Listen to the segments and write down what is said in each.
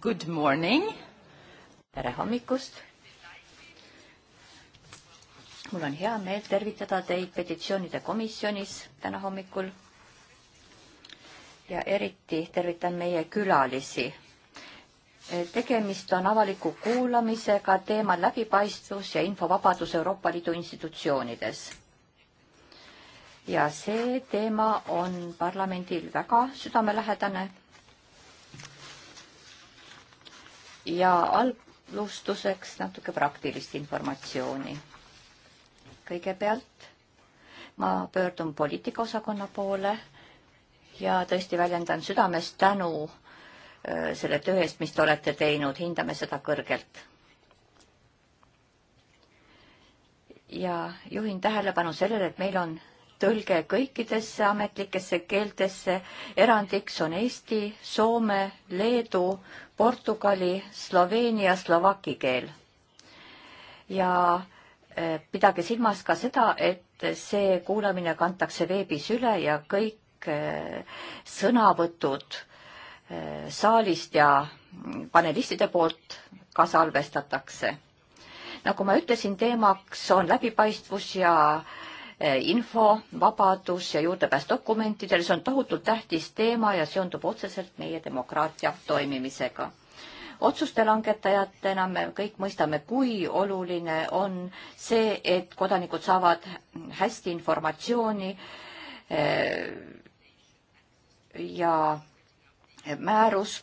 Good morning! tere hommikust! mul on hea meel tervitada teid petitsioonide komisjonis täna hommikul. ja eriti tervitan meie külalisi. tegemist on avaliku kuulamisega teemal läbipaistvus ja infovabadus Euroopa Liidu institutsioonides ja see teema on parlamendil väga südamelähedane ja alustuseks natuke praktilist informatsiooni. kõigepealt ma pöördun poliitikaosakonna poole ja tõesti väljendan südamest tänu äh, selle töö eest, mis te olete teinud, hindame seda kõrgelt. ja juhin tähelepanu sellele, et meil on tõlge kõikidesse ametlikesse keeltesse, erandiks on eesti, soome, leedu, portugali, Sloveenia, slovaki keel. ja eh, pidage silmas ka seda, et see kuulamine kantakse veebis üle ja kõik eh, sõnavõtud eh, saalist ja panelistide poolt ka salvestatakse. nagu ma ütlesin, teemaks on läbipaistvus ja äh, Eh, infovabadus ja juurdepääs dokumentidele, see on tohutult tähtis teema ja seondub otseselt meie demokraatia toimimisega. otsuste langetajatena me kõik mõistame, kui oluline on see, et kodanikud saavad hästi informatsiooni eh, ja määrus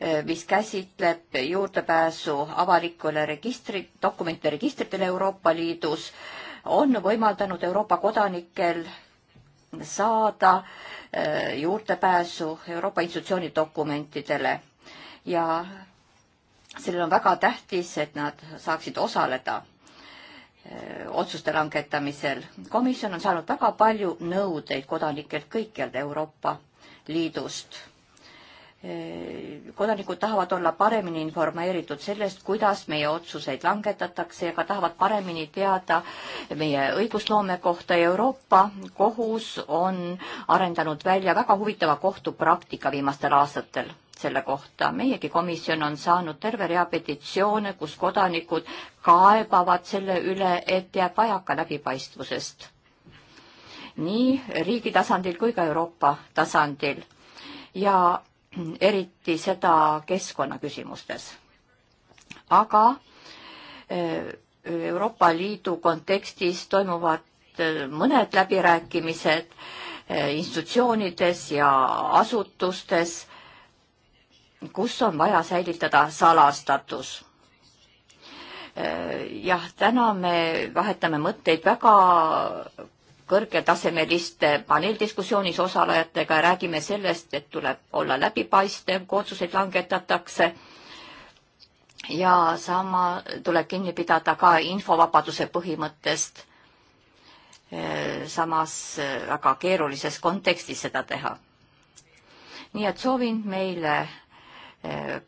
eh, mis käsitleb juurdepääsu avalikule registri, dokumentide registritele Euroopa Liidus on võimaldanud Euroopa kodanikel saada äh, juurdepääsu Euroopa institutsiooni dokumentidele ja sellel on väga tähtis, et nad saaksid osaleda äh, otsuste langetamisel. komisjon on saanud väga palju nõudeid kodanikelt kõikjalt Euroopa Liidust kodanikud tahavad olla paremini informeeritud sellest, kuidas meie otsuseid langetatakse ja ka tahavad paremini teada meie õigusloome kohta ja Euroopa Kohus on arendanud välja väga huvitava kohtupraktika viimastel aastatel selle kohta. meiegi komisjon on saanud terve rea petitsioone, kus kodanikud kaebavad selle üle, et jääb vajaka läbipaistvusest. nii riigi tasandil kui ka Euroopa tasandil ja eriti seda keskkonnaküsimustes. aga eh, Euroopa Liidu kontekstis toimuvad eh, mõned läbirääkimised eh, institutsioonides ja asutustes, kus on vaja säilitada salastatus. jah, täna me vahetame mõtteid väga kõrgetasemeliste paneeldiskussioonis osalejatega ja räägime sellest, et tuleb olla läbipaistev, kui otsuseid langetatakse. ja sama tuleb kinni pidada ka infovabaduse põhimõttest. samas väga keerulises kontekstis seda teha. nii et soovin meile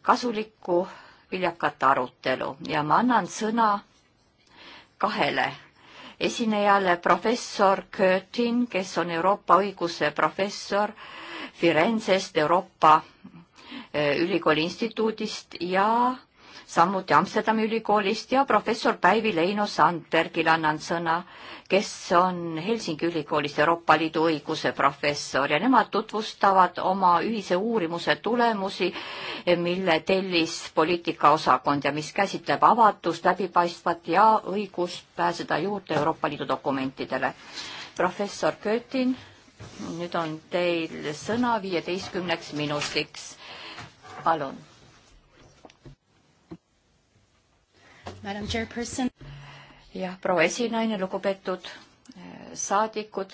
kasulikku viljakat arutelu ja ma annan sõna kahele esinejale professor Curtin, kes on Euroopa õiguse professor Firenzest Euroopa eh, Ülikooli instituudist ja samuti Amsterdami ülikoolist ja professor Päivi Leino Sandbergile annan sõna, kes on Helsingi ülikoolist Euroopa Liidu õiguse professor ja nemad tutvustavad oma ühise uurimuse tulemusi, mille tellis poliitikaosakond ja mis käsitleb avatust, läbipaistvat ja õigust pääseda juurde Euroopa Liidu dokumentidele. professor Kötin, nüüd on teil sõna viieteistkümneks minutiks. palun jah, proua esinaine, lugupeetud eh, saadikud.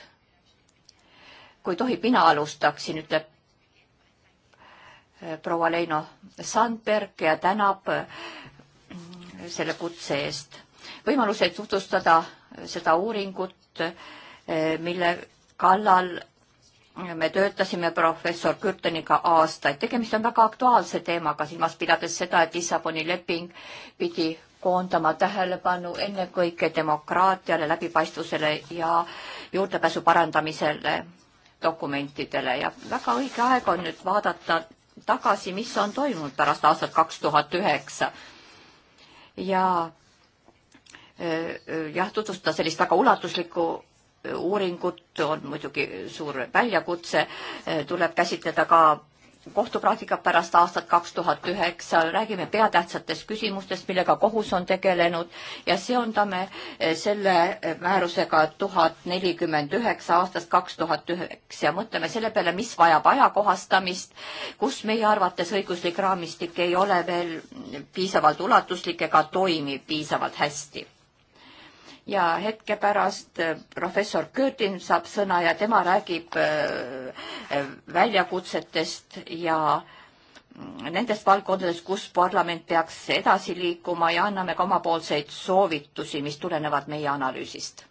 kui tohib, mina alustaksin, ütleb eh, proua Leino Sandberg ja tänab eh, selle kutse eest. võimaluse tutvustada seda uuringut, mille kallal me töötasime professor Kürteniga aastaid. tegemist on väga aktuaalse teemaga, silmas pidades seda, et Lissaboni leping pidi koondama tähelepanu ennekõike demokraatiale, läbipaistvusele ja juurdepääsu parandamisele dokumentidele ja väga õige aeg on nüüd vaadata tagasi, mis on toimunud pärast aastat kaks tuhat üheksa. ja jah, tutvustada sellist väga ulatuslikku uuringut on muidugi suur väljakutse, tuleb käsitleda ka kohtupraktikat pärast aastat kaks tuhat üheksa, räägime peatähtsatest küsimustest, millega kohus on tegelenud ja seondame eh, selle määrusega tuhat nelikümmend üheksa aastast kaks tuhat üheksa ja mõtleme selle peale, mis vajab ajakohastamist, kus meie arvates õiguslik raamistik ei ole veel piisavalt ulatuslik ega toimi piisavalt hästi ja hetke pärast äh, professor Kürtin saab sõna ja tema räägib äh, äh, väljakutsetest ja mm, nendest valdkondadest, kus parlament peaks edasi liikuma ja anname ka omapoolseid soovitusi, mis tulenevad meie analüüsist.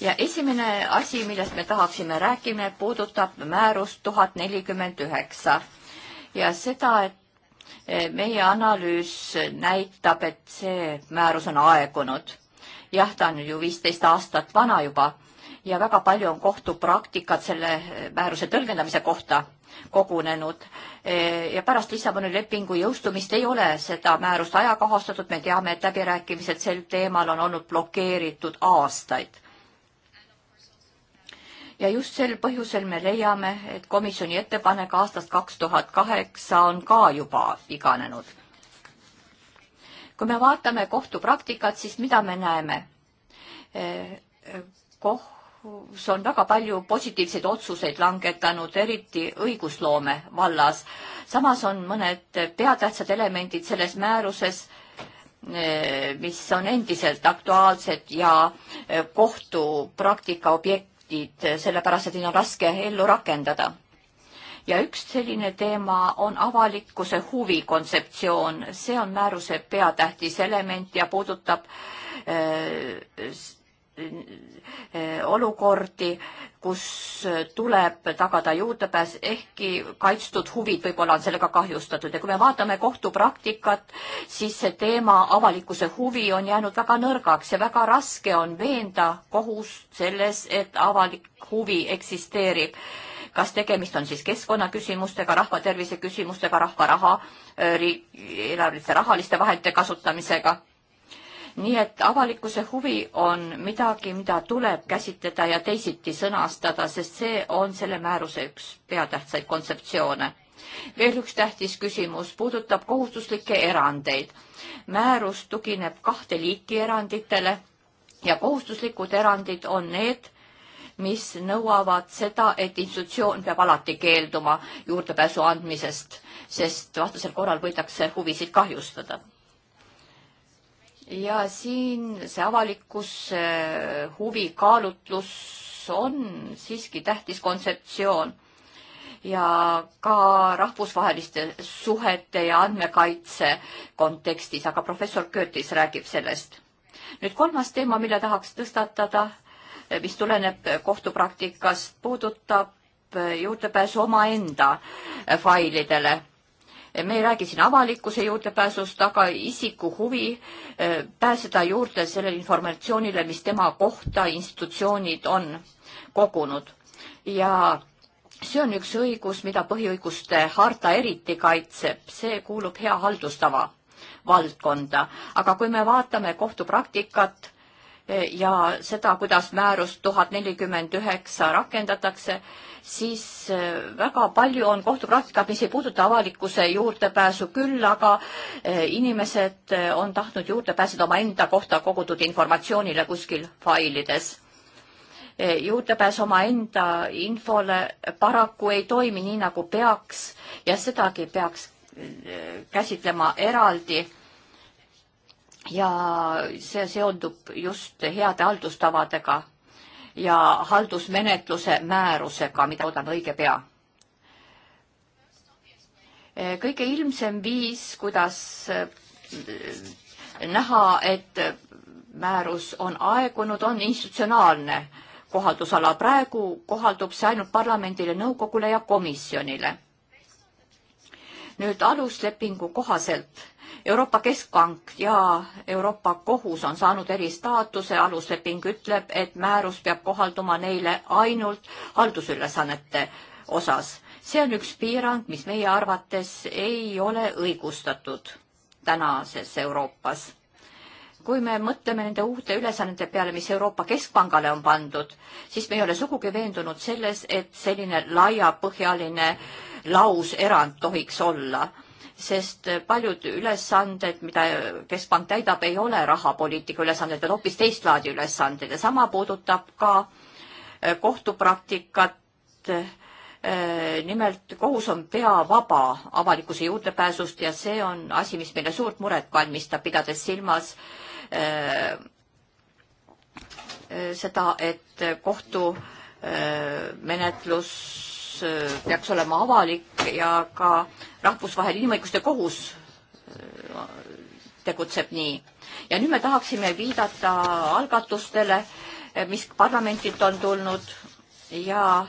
ja esimene asi, millest me tahaksime rääkida, puudutab määrust tuhat nelikümmend üheksa ja seda, et Eh, meie analüüs näitab, et see määrus on aegunud. jah, ta on ju viisteist aastat vana juba ja väga palju on kohtupraktikat selle eh, määruse tõlgendamise kohta kogunenud eh, ja pärast Lissaboni lepingu jõustumist ei ole seda määrust ajakohastatud, me teame, et läbirääkimised sel teemal on olnud blokeeritud aastaid ja just sel põhjusel me leiame, et komisjoni ettepanek aastast kaks tuhat kaheksa on ka juba iganenud. kui me vaatame kohtupraktikat, siis mida me näeme? Eh, kohus on väga palju positiivseid otsuseid langetanud, eriti õigusloome vallas. samas on mõned peatähtsad elemendid selles määruses, eh, mis on endiselt aktuaalsed ja eh, kohtupraktika objekt aktid, sellepärast et neid on raske ellu rakendada. ja üks selline teema on avalikkuse huvi kontseptsioon, see on määruse peatähtis element ja puudutab äh, Eh, olukordi, kus tuleb tagada juurdepääs, ehkki kaitstud huvid võib-olla on sellega kahjustatud ja kui me vaatame kohtupraktikat, siis see teema avalikkuse huvi on jäänud väga nõrgaks ja väga raske on veenda kohust selles, et avalik huvi eksisteerib kas tegemist on siis keskkonnaküsimustega, rahvatervise küsimustega, rahva raha, eh, eelarveliste rahaliste vahendite kasutamisega nii et avalikkuse huvi on midagi, mida tuleb käsitleda ja teisiti sõnastada, sest see on selle määruse üks peatähtsaid kontseptsioone. veel üks tähtis küsimus puudutab kohustuslikke erandeid. määrus tugineb kahte liiki eranditele ja kohustuslikud erandid on need, mis nõuavad seda, et institutsioon peab alati keelduma juurdepääsu andmisest, sest vastasel korral võidakse huvisid kahjustada ja siin see avalikkuse äh, huvi kaalutlus on siiski tähtis kontseptsioon ja ka rahvusvaheliste suhete ja andmekaitse kontekstis, aga professor Köötis räägib sellest. nüüd kolmas teema, mille tahaks tõstatada, äh, mis tuleneb kohtupraktikast, puudutab äh, juurdepääsu omaenda failidele me ei räägi siin avalikkuse juurdepääsust, aga isiku huvi eh, pääseda juurde sellele informatsioonile, mis tema kohta institutsioonid on kogunud. ja see on üks õigus, mida põhiõiguste harta eriti kaitseb, see kuulub hea haldustava valdkonda, aga kui me vaatame kohtupraktikat eh, ja seda, kuidas määrus tuhat nelikümmend üheksa rakendatakse, siis äh, väga palju on kohtupraktikat, mis ei puuduta avalikkuse juurdepääsu küll, aga äh, inimesed äh, on tahtnud juurde pääseda omaenda kohta kogutud informatsioonile kuskil failides. juurdepääs omaenda infole paraku ei toimi nii, nagu peaks ja sedagi peaks käsitlema eraldi ja see seondub just heade haldustavadega ja haldusmenetluse määrusega, mida oodan õige pea. kõige ilmsem viis, kuidas äh, näha, et määrus on aegunud, on institutsionaalne kohaldusala. praegu kohaldub see ainult parlamendile, nõukogule ja komisjonile nüüd aluslepingu kohaselt Euroopa Keskpank ja Euroopa Kohus on saanud eristaatuse, alusleping ütleb, et määrus peab kohalduma neile ainult haldusülesannete osas. see on üks piirang, mis meie arvates ei ole õigustatud tänases Euroopas kui me mõtleme nende uute ülesannete peale, mis Euroopa Keskpangale on pandud, siis me ei ole sugugi veendunud selles, et selline laiapõhjaline äh, lauserand tohiks olla, sest paljud ülesanded, mida keskpank täidab, ei ole rahapoliitika ülesanded, vaid hoopis teist laadi ülesanded ja sama puudutab ka eh, kohtupraktikat. Eh, nimelt kohus on pea vaba avalikkuse juurdepääsust ja see on asi, mis meile suurt muret valmistab, pidades silmas eh, seda, et kohtumenetlus Äh, peaks olema avalik ja ka rahvusvaheline inimõiguste kohus äh, tegutseb nii. ja nüüd me tahaksime viidata algatustele, äh, mis parlamentilt on tulnud ja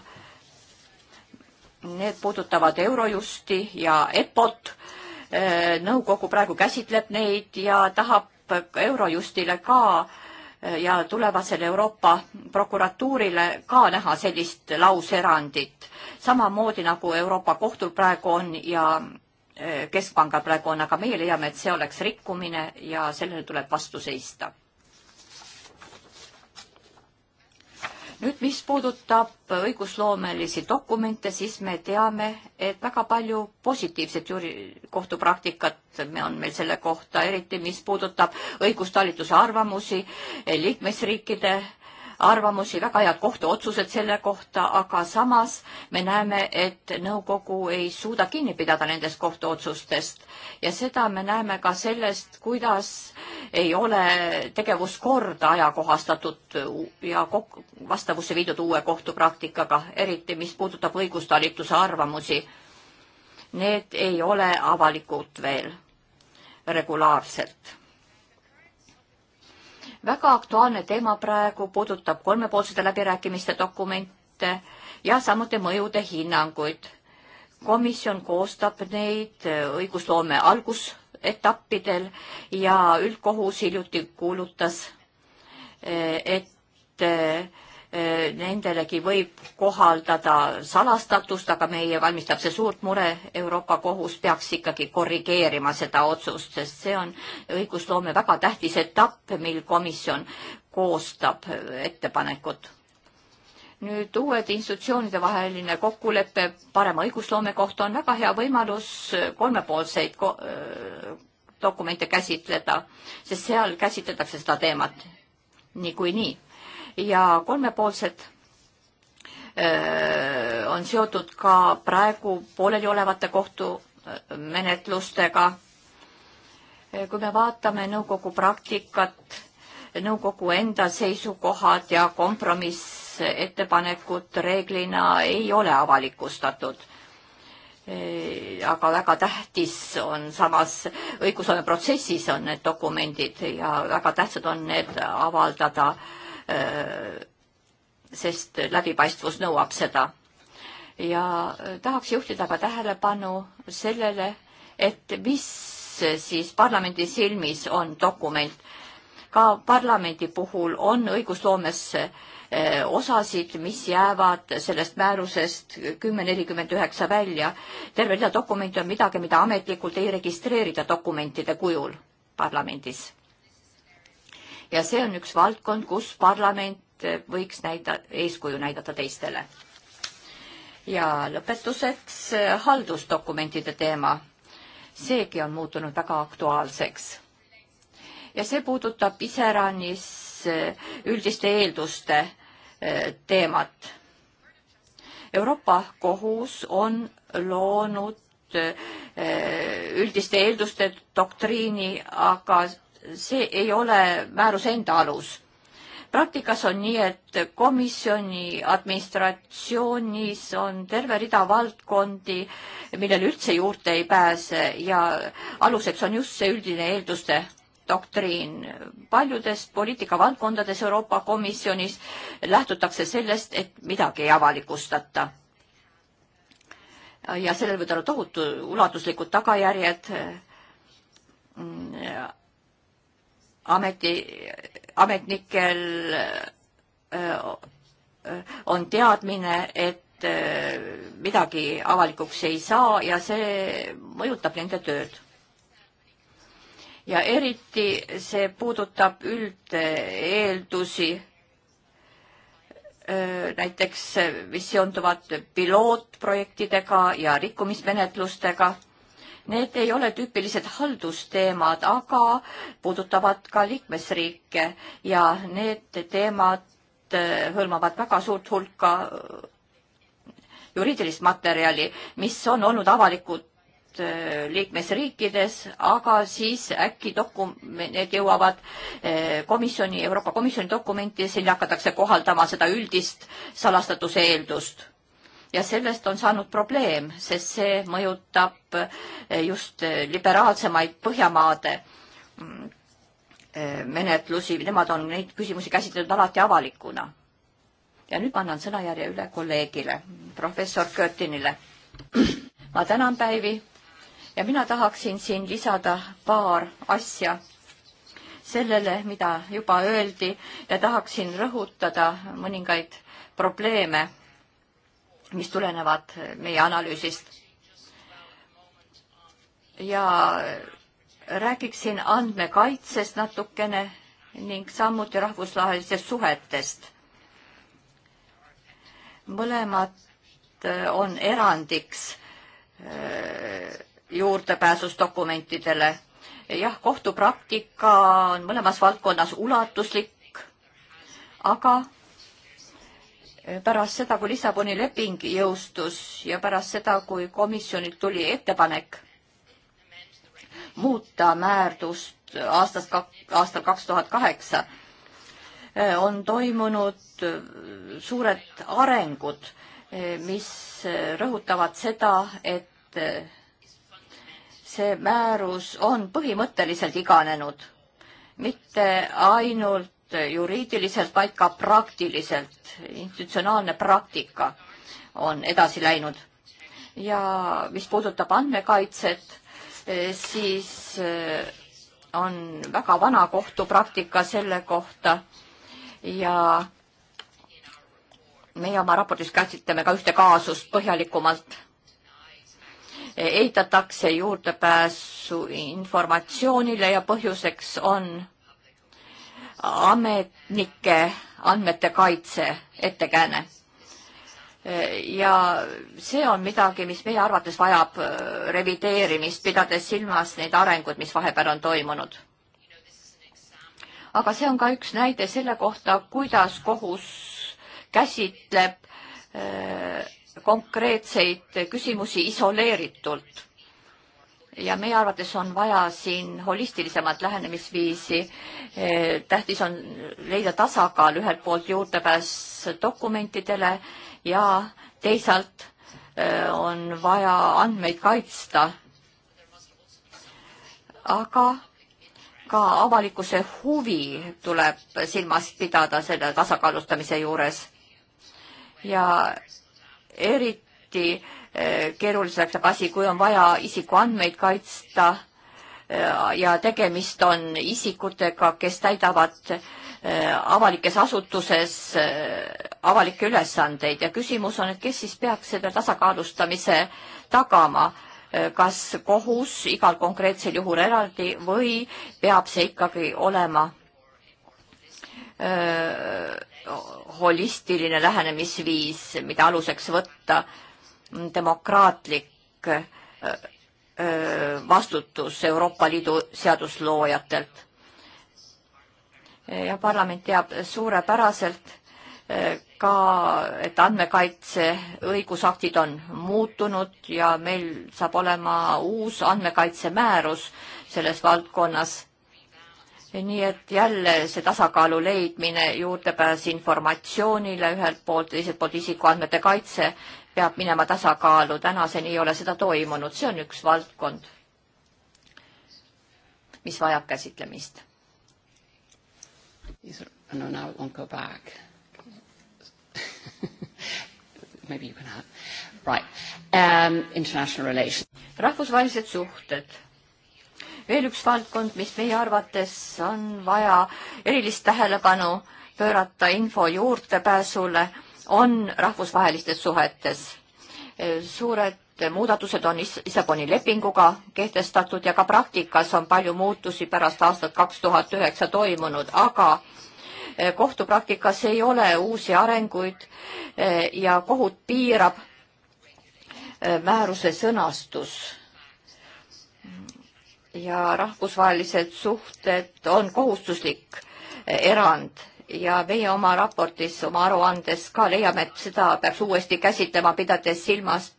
need puudutavad Eurojusti ja EPOt. nõukogu praegu käsitleb neid ja tahab Eurojustile ka ja tulevasele Euroopa prokuratuurile ka näha sellist lauserandit samamoodi nagu Euroopa Kohtul praegu on ja e, Keskpangal praegu on, aga meie leiame, et see oleks rikkumine ja sellele tuleb vastu seista. nüüd, mis puudutab õigusloomelisi dokumente, siis me teame, et väga palju positiivset juri-, kohtupraktikat me on meil selle kohta, eriti mis puudutab õigustalituse arvamusi e, liikmesriikide arvamusi, väga head kohtuotsused selle kohta, aga samas me näeme, et nõukogu ei suuda kinni pidada nendest kohtuotsustest ja seda me näeme ka sellest, kuidas ei ole tegevuskorda ajakohastatud ja vastavusse viidud uue kohtupraktikaga, eriti mis puudutab õigustalituse arvamusi. Need ei ole avalikud veel regulaarselt väga aktuaalne teema praegu puudutab kolmepoolsete läbirääkimiste dokumente ja samuti mõjude hinnanguid. komisjon koostab neid õigusloome algusetappidel ja üldkohus hiljuti kuulutas, eh, et eh, Äh, nendelegi võib kohaldada salastatust, aga meie valmistab see suurt mure. Euroopa Kohus peaks ikkagi korrigeerima seda otsust, sest see on õigusloome väga tähtis etapp, mil komisjon koostab ettepanekut nüüd uued institutsioonide vaheline kokkulepe parema õigusloome kohta on väga hea võimalus kolmepoolseid ko dokumente käsitleda, sest seal käsitletakse seda teemat niikuinii. Nii ja kolmepoolsed äh, on seotud ka praegu pooleliolevate kohtumenetlustega. Äh, kui me vaatame nõukogu praktikat, nõukogu enda seisukohad ja kompromissettepanekud reeglina ei ole avalikustatud äh, aga väga tähtis on samas õigusloome protsessis on need dokumendid ja väga tähtsad on need avaldada äh, Äh, sest läbipaistvus nõuab seda. ja äh, tahaks juhtida ka tähelepanu sellele, et mis siis parlamendi silmis on dokument. ka parlamendi puhul on õigusloomes äh, osasid, mis jäävad sellest määrusest kümme nelikümmend üheksa välja. terve rida dokumente on midagi, mida ametlikult ei registreerida dokumentide kujul parlamendis ja see on üks valdkond, kus parlament võiks näida, eeskuju näidata teistele. ja lõpetuseks eh, haldusdokumentide teema. seegi on muutunud väga aktuaalseks. ja see puudutab iseäranis eh, üldiste eelduste eh, teemat. Euroopa Kohus on loonud üldiste eelduste doktriini, aga see ei ole määruse enda alus. praktikas on nii, et komisjoni administratsioonis on terve rida valdkondi, millele üldse juurde ei pääse ja aluseks on just see üldine eelduste doktriin. paljudes poliitikavaldkondades Euroopa Komisjonis lähtutakse sellest, et midagi ei avalikustata ja sellel võivad olla tohutu ulatuslikud tagajärjed ameti, ametnikel on teadmine, et midagi avalikuks ei saa ja see mõjutab nende tööd. ja eriti see puudutab üldeeldusi näiteks, mis seonduvad pilootprojektidega ja rikkumismenetlustega Need ei ole tüüpilised haldusteemad, aga puudutavad ka liikmesriike ja need teemad eh, hõlmavad väga suurt hulka eh, juriidilist materjali, mis on olnud avalikud eh, liikmesriikides, aga siis äkki dokum-, need jõuavad komisjoni, Euroopa Komisjoni dokumenti ja siin hakatakse kohaldama seda üldist salastatuse eeldust ja sellest on saanud probleem, sest see mõjutab eh, just eh, liberaalsemaid Põhjamaade mm, eh, menetlusi, nemad on neid küsimusi käsitlenud alati avalikuna. ja nüüd ma annan sõnajärje üle kolleegile, professor Kötinile. ma tänan, Päivi, ja mina tahaksin siin lisada paar asja sellele, mida juba öeldi ja tahaksin rõhutada mõningaid probleeme mis tulenevad meie analüüsist. ja räägiksin andmekaitsest natukene ning samuti rahvusvahelistest suhetest. mõlemad äh, on erandiks äh, juurdepääsus dokumentidele. jah, kohtupraktika on mõlemas valdkonnas ulatuslik, aga pärast seda, kui Lissaboni leping jõustus ja pärast seda, kui komisjonilt tuli ettepanek muuta määrdust aastast, aastal kaks tuhat kaheksa, eh, on toimunud eh, suured arengud, eh, mis rõhutavad seda, et see määrus on põhimõtteliselt iganenud, mitte ainult ainult juriidiliselt, vaid ka praktiliselt. institutsionaalne praktika on edasi läinud. ja mis puudutab andmekaitset, eh, siis eh, on väga vana kohtupraktika selle kohta ja meie oma raportis käsitleme ka ühte kaasust põhjalikumalt. eitatakse juurdepääsu informatsioonile ja põhjuseks on ametnike andmete kaitse ettekääne. ja see on midagi, mis meie arvates vajab äh, revideerimist, pidades silmas neid arenguid, mis vahepeal on toimunud. aga see on ka üks näide selle kohta, kuidas kohus käsitleb äh, konkreetseid küsimusi isoleeritult ja meie arvates on vaja siin holistilisemat lähenemisviisi. Eh, tähtis on leida tasakaal ühelt poolt juurdepääs dokumentidele ja teisalt eh, on vaja andmeid kaitsta. aga ka avalikkuse huvi tuleb silmas pidada selle tasakaalustamise juures ja eriti keeruliseks, aga asi, kui on vaja isikuandmeid kaitsta äh, ja tegemist on isikutega, kes täidavad äh, avalikes asutuses äh, avalikke ülesandeid ja küsimus on, et kes siis peaks selle tasakaalustamise tagama, kas kohus igal konkreetsel juhul eraldi või peab see ikkagi olema öö, holistiline lähenemisviis, mida aluseks võtta demokraatlik äh, äh, vastutus Euroopa Liidu seadusloojatelt. ja parlament teab suurepäraselt äh, ka, et andmekaitse õigusaktid on muutunud ja meil saab olema uus andmekaitsemäärus selles valdkonnas nii et jälle see tasakaalu leidmine, juurdepääs informatsioonile ühelt poolt, teiselt poolt isikuandmete kaitse peab minema tasakaalu, tänaseni ei ole seda toimunud, see on üks valdkond, mis vajab käsitlemist. No, now I won't go back. Maybe you can have. Right. Um, international relations. rahvusvahelised suhted veel üks valdkond, mis meie arvates on vaja erilist tähelepanu pöörata info juurdepääsule, on rahvusvahelistes suhetes. suured muudatused on Lissaboni lepinguga kehtestatud ja ka praktikas on palju muutusi pärast aastat kaks tuhat üheksa toimunud, aga eh, kohtupraktikas ei ole uusi arenguid eh, ja kohut piirab eh, määruse sõnastus ja rahvusvahelised suhted on kohustuslik erand ja meie oma raportis, oma aruandes ka leiame, et seda peaks uuesti käsitlema, pidades silmas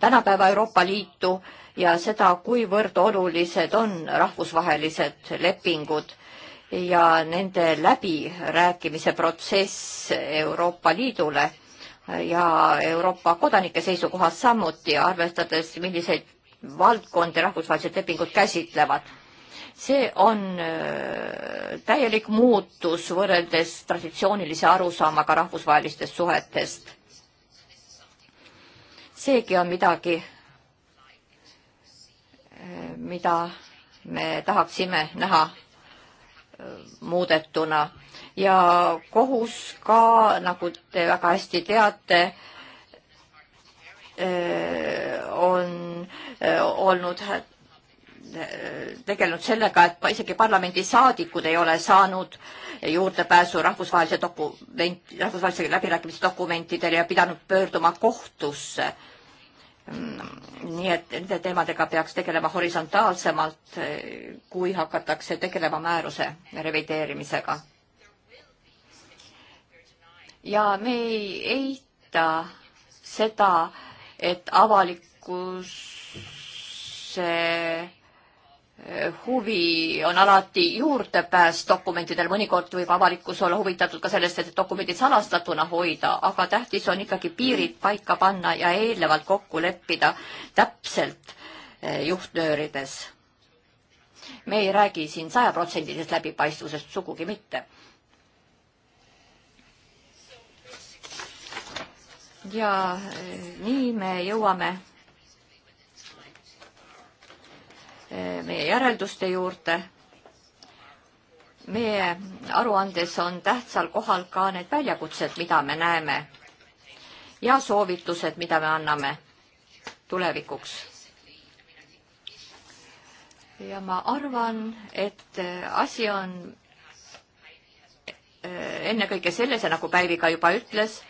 tänapäeva Euroopa Liitu ja seda, kuivõrd olulised on rahvusvahelised lepingud ja nende läbirääkimise protsess Euroopa Liidule ja Euroopa kodanike seisukohast samuti, arvestades, milliseid valdkondi rahvusvahelised lepingud käsitlevad. see on äh, täielik muutus võrreldes traditsioonilise arusaamaga rahvusvahelistest suhetest. seegi on midagi, äh, mida me tahaksime näha äh, muudetuna ja kohus ka, nagu te väga hästi teate, Äh, on äh, olnud äh, tegelenud sellega, et isegi parlamendisaadikud ei ole saanud juurdepääsu rahvusvahelise dokument, rahvusvahelise läbirääkimise dokumentidele ja pidanud pöörduma kohtusse. Mm, nii et nende teemadega peaks tegelema horisontaalsemalt, kui hakatakse tegelema määruse revideerimisega. ja me ei eita seda, et avalikkuse eh, huvi on alati juurdepääs dokumentidel, mõnikord võib avalikkus olla huvitatud ka sellest, et dokumendid salastatuna hoida, aga tähtis on ikkagi piirid paika panna ja eelnevalt kokku leppida täpselt eh, juhtnöörides. me ei räägi siin sajaprotsendilisest läbipaistvusest sugugi mitte ja eh, nii me jõuame eh, meie järelduste juurde. meie aruandes on tähtsal kohal ka need väljakutsed, mida me näeme ja soovitused, mida me anname tulevikuks. ja ma arvan, et eh, asi on ennekõike selles ja nagu Päivi ka juba ütles,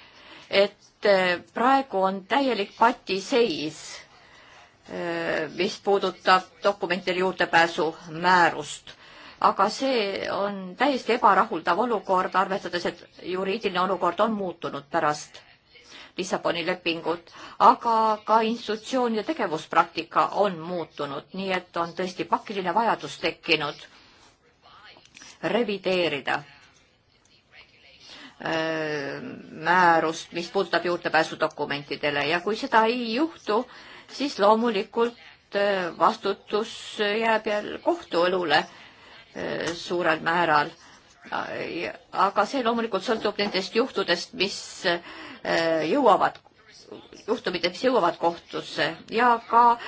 et et eh, praegu on täielik patiseis, eh, mis puudutab dokumentide juurdepääsu määrust. aga see on täiesti ebarahuldav olukord, arvestades, et juriidiline olukord on muutunud pärast Lissaboni lepingut, aga ka institutsioonide tegevuspraktika on muutunud, nii et on tõesti pakiline vajadus tekkinud revideerida Äh, määrust, mis puudutab juurdepääsu dokumentidele ja kui seda ei juhtu, siis loomulikult äh, vastutus jääb jälle kohtu õlule äh, suurel määral. aga see loomulikult sõltub nendest juhtudest, mis jõuavad, juhtumid, mis jõuavad kohtusse ja ka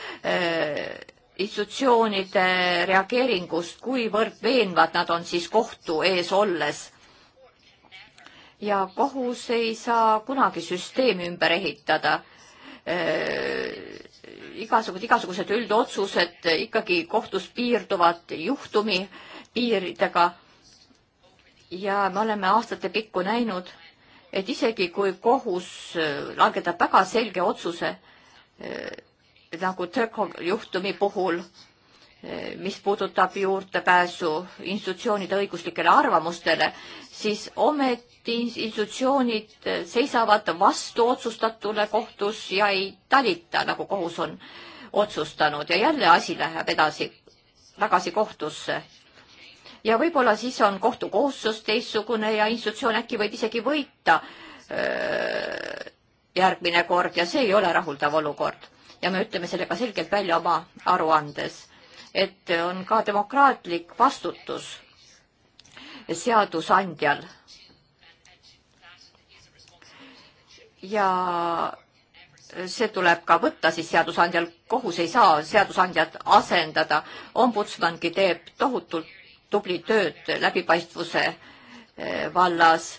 institutsioonide reageeringust, kuivõrd veenvad nad on siis kohtu ees olles ja kohus ei saa kunagi süsteemi ümber ehitada äh,. igasugused, igasugused üldotsused ikkagi kohtus piirduvad juhtumi piiridega. ja me oleme aastate pikku näinud, et isegi kui kohus äh, langetab väga selge otsuse äh,, nagu Tõrko juhtumi puhul äh,, mis puudutab juurdepääsu institutsioonide õiguslikele arvamustele, siis ometi institutsioonid seisavad vastu otsustatule kohtus ja ei talita, nagu kohus on otsustanud ja jälle asi läheb edasi, tagasi kohtusse. ja võib-olla siis on kohtukohustus teistsugune ja institutsioon äkki võib isegi võita öö, järgmine kord ja see ei ole rahuldav olukord. ja me ütleme selle ka selgelt välja oma aruandes et on ka demokraatlik vastutus seadusandjal. ja see tuleb ka võtta siis seadusandjal, kohus ei saa seadusandjat asendada. ombudsmangi teeb tohutult tubli tööd läbipaistvuse eh, vallas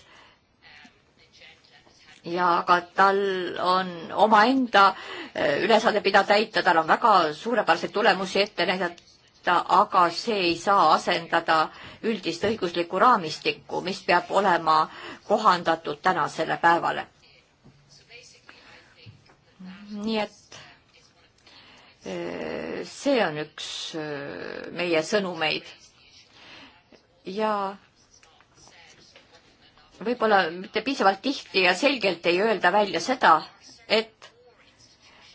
ja aga tal on omaenda eh, ülesanne, mida täita, tal on väga suurepäraseid tulemusi ette näidata, aga see ei saa asendada üldist õiguslikku raamistikku, mis peab olema kohandatud tänasele päevale. nii et eh, see on üks eh, meie sõnumeid ja võib-olla mitte piisavalt tihti ja selgelt ei öelda välja seda, et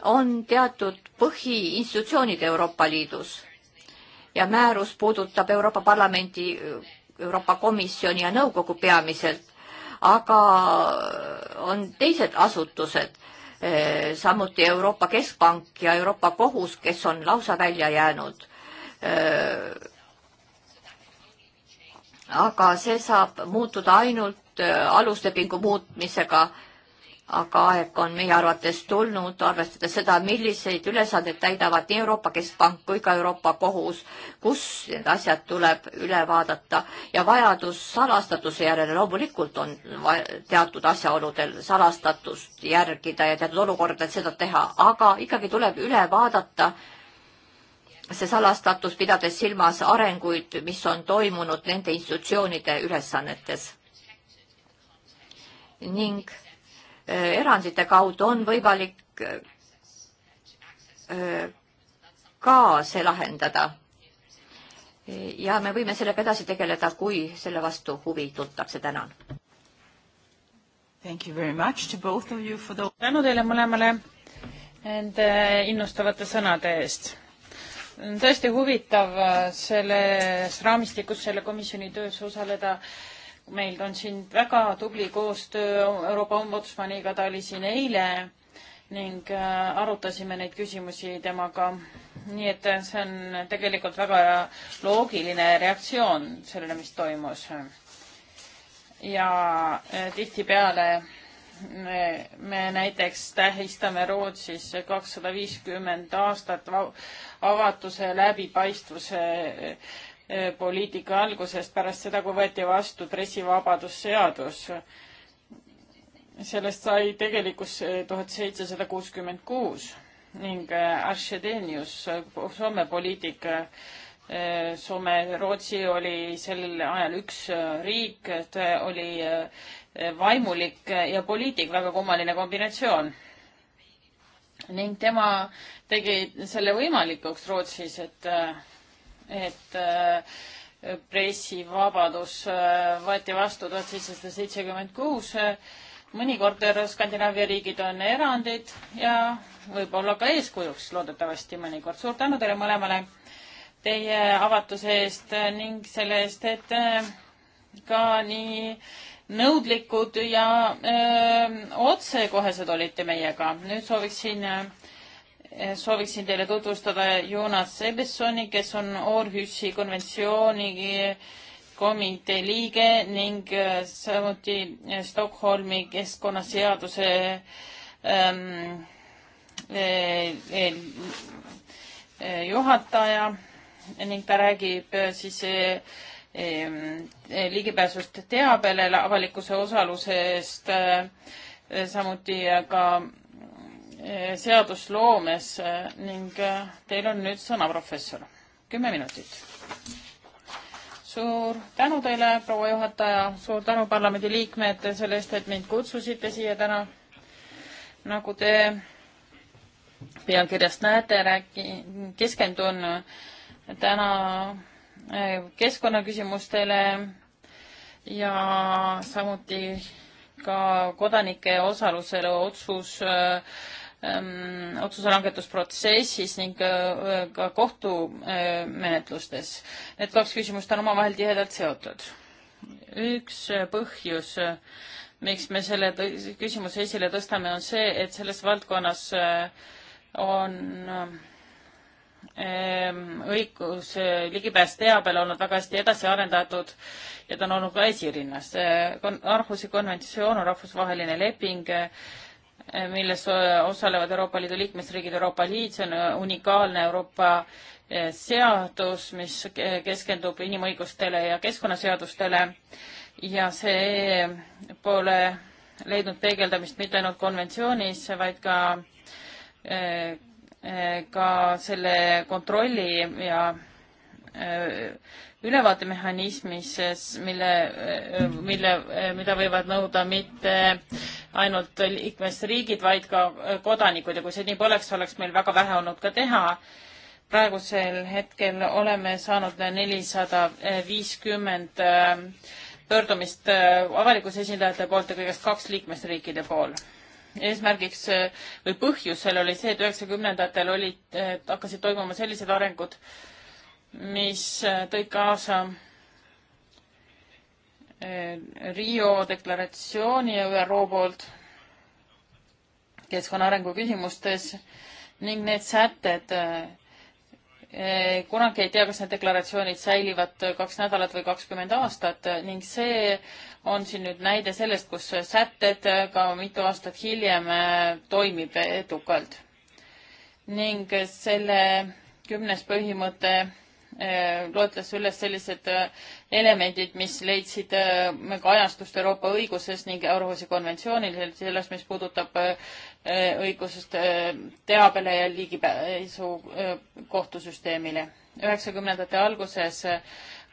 on teatud põhiinstitutsioonid Euroopa Liidus ja määrus puudutab Euroopa Parlamendi, Euroopa Komisjoni ja nõukogu peamiselt, aga on teised asutused, eh, samuti Euroopa Keskpank ja Euroopa Kohus, kes on lausa välja jäänud. Eh, aga see saab muutuda ainult seotud äh, aluslepingu muutmisega, aga aeg on meie arvates tulnud, arvestades seda, milliseid ülesandeid täidavad nii Euroopa Keskpank kui ka Euroopa Kohus, kus need asjad tuleb üle vaadata ja vajadus salastatuse järele loomulikult on teatud asjaoludel salastatust järgida ja teatud olukordadel seda teha, aga ikkagi tuleb üle vaadata see salastatus, pidades silmas arenguid, mis on toimunud nende institutsioonide ülesannetes ning eh, erandite kaudu on võimalik eh, eh, ka see lahendada. ja me võime sellega edasi tegeleda, kui selle vastu huvi tuntakse. tänan. tänu teile mõlemale nende innustavate sõnade eest. on tõesti huvitav selles raamistikus selle komisjoni töös osaleda äh, meil on siin väga tubli koostöö Euroopa Ombudsmaniga, ta oli siin eile ning äh, arutasime neid küsimusi temaga. nii et see on tegelikult väga loogiline reaktsioon sellele, mis toimus. ja äh, tihtipeale me, äh, me näiteks tähistame Rootsis kakssada viiskümmend aastat avatuse läbipaistvuse Äh, poliitika algusest, pärast seda, kui võeti vastu pressivabadusseadus. sellest sai tegelikkus äh, tuhat seitsesada kuuskümmend kuus ning äh, Aršedenius, Soome poliitik, Soome, Rootsi oli sel ajal üks riik, ta oli vaimulik ja poliitik, väga kummaline kombinatsioon. ning tema tegi selle võimalikuks Rootsis, et et äh, pressivabadus äh, võeti vastu tuhat seitsesada seitsekümmend kuus. mõnikord Skandinaavia riigid on erandid ja võib-olla ka eeskujuks loodetavasti mõnikord. suur tänu teile mõlemale teie avatuse eest ning selle eest, et äh, ka nii nõudlikud ja öö, otsekohesed olite meiega. nüüd sooviksin öö, sooviksin teile tutvustada Jonas Sebessoni, kes on Orhüsi konventsiooni komitee liige ning äh, samuti äh, Stockholmi keskkonnaseaduse ähm, äh, juhataja ning ta räägib siis ligipääsust teabele, avalikkuse osalusest, samuti ka seadusloomes eh, ning eh, teil on nüüd sõna, professor. kümme minutit. suur tänu teile, proua juhataja, suur tänu parlamendi liikmed selle eest, et mind kutsusite siia täna. nagu te pealkirjast näete, räägin, keskendun eh, täna keskkonnaküsimustele ja samuti ka kodanike osalusele otsus äh, Ähm, otsuse langetusprotsessis ning äh, ka kohtumenetlustes. Äh, Need kaks küsimust on omavahel tihedalt seotud. üks äh, põhjus, miks me selle küsimuse esile tõstame, on see, et selles valdkonnas on ähm, õigus ligipääs teabele olnud väga hästi edasi arendatud ja ta on olnud ka esirinnas. Arhusi konventsioon on rahvusvaheline leping milles äh, osalevad Euroopa Liidu liikmesriigid, Euroopa Liit, see on äh, unikaalne Euroopa äh, seadus, mis keskendub inimõigustele ja keskkonnaseadustele ja see pole leidnud peegeldamist mitte ainult konventsioonis, vaid ka, ka selle kontrolli ja Äh, ülevaatemehhanismis, mille, äh, mille, äh, mida võivad nõuda mitte ainult liikmesriigid, vaid ka kodanikud ja kui see nii poleks, oleks meil väga vähe olnud ka teha. praegusel hetkel oleme saanud nelisada viiskümmend pöördumist avalikkuse esindajate poolt ja kõigest kaks liikmesriikide pool eesmärgiks või põhjusel oli see, et üheksakümnendatel olid, hakkasid toimuma sellised arengud, mis äh, tõid kaasa äh, Rio deklaratsiooni ÜRO poolt keskkonna arengu küsimustes ning need sätted äh, kunagi ei tea, kas need deklaratsioonid säilivad kaks nädalat või kakskümmend aastat ning see on siin nüüd näide sellest, kus sätted ka mitu aastat hiljem toimib edukalt. ning selle kümnes põhimõte Eh, loetles üles sellised eh, elemendid, mis leidsid kajastust eh, nagu Euroopa õiguses ning Euroopa konventsioonil, selles, mis puudutab õigusest teabele ja ligipääsu kohtusüsteemile. üheksakümnendate alguses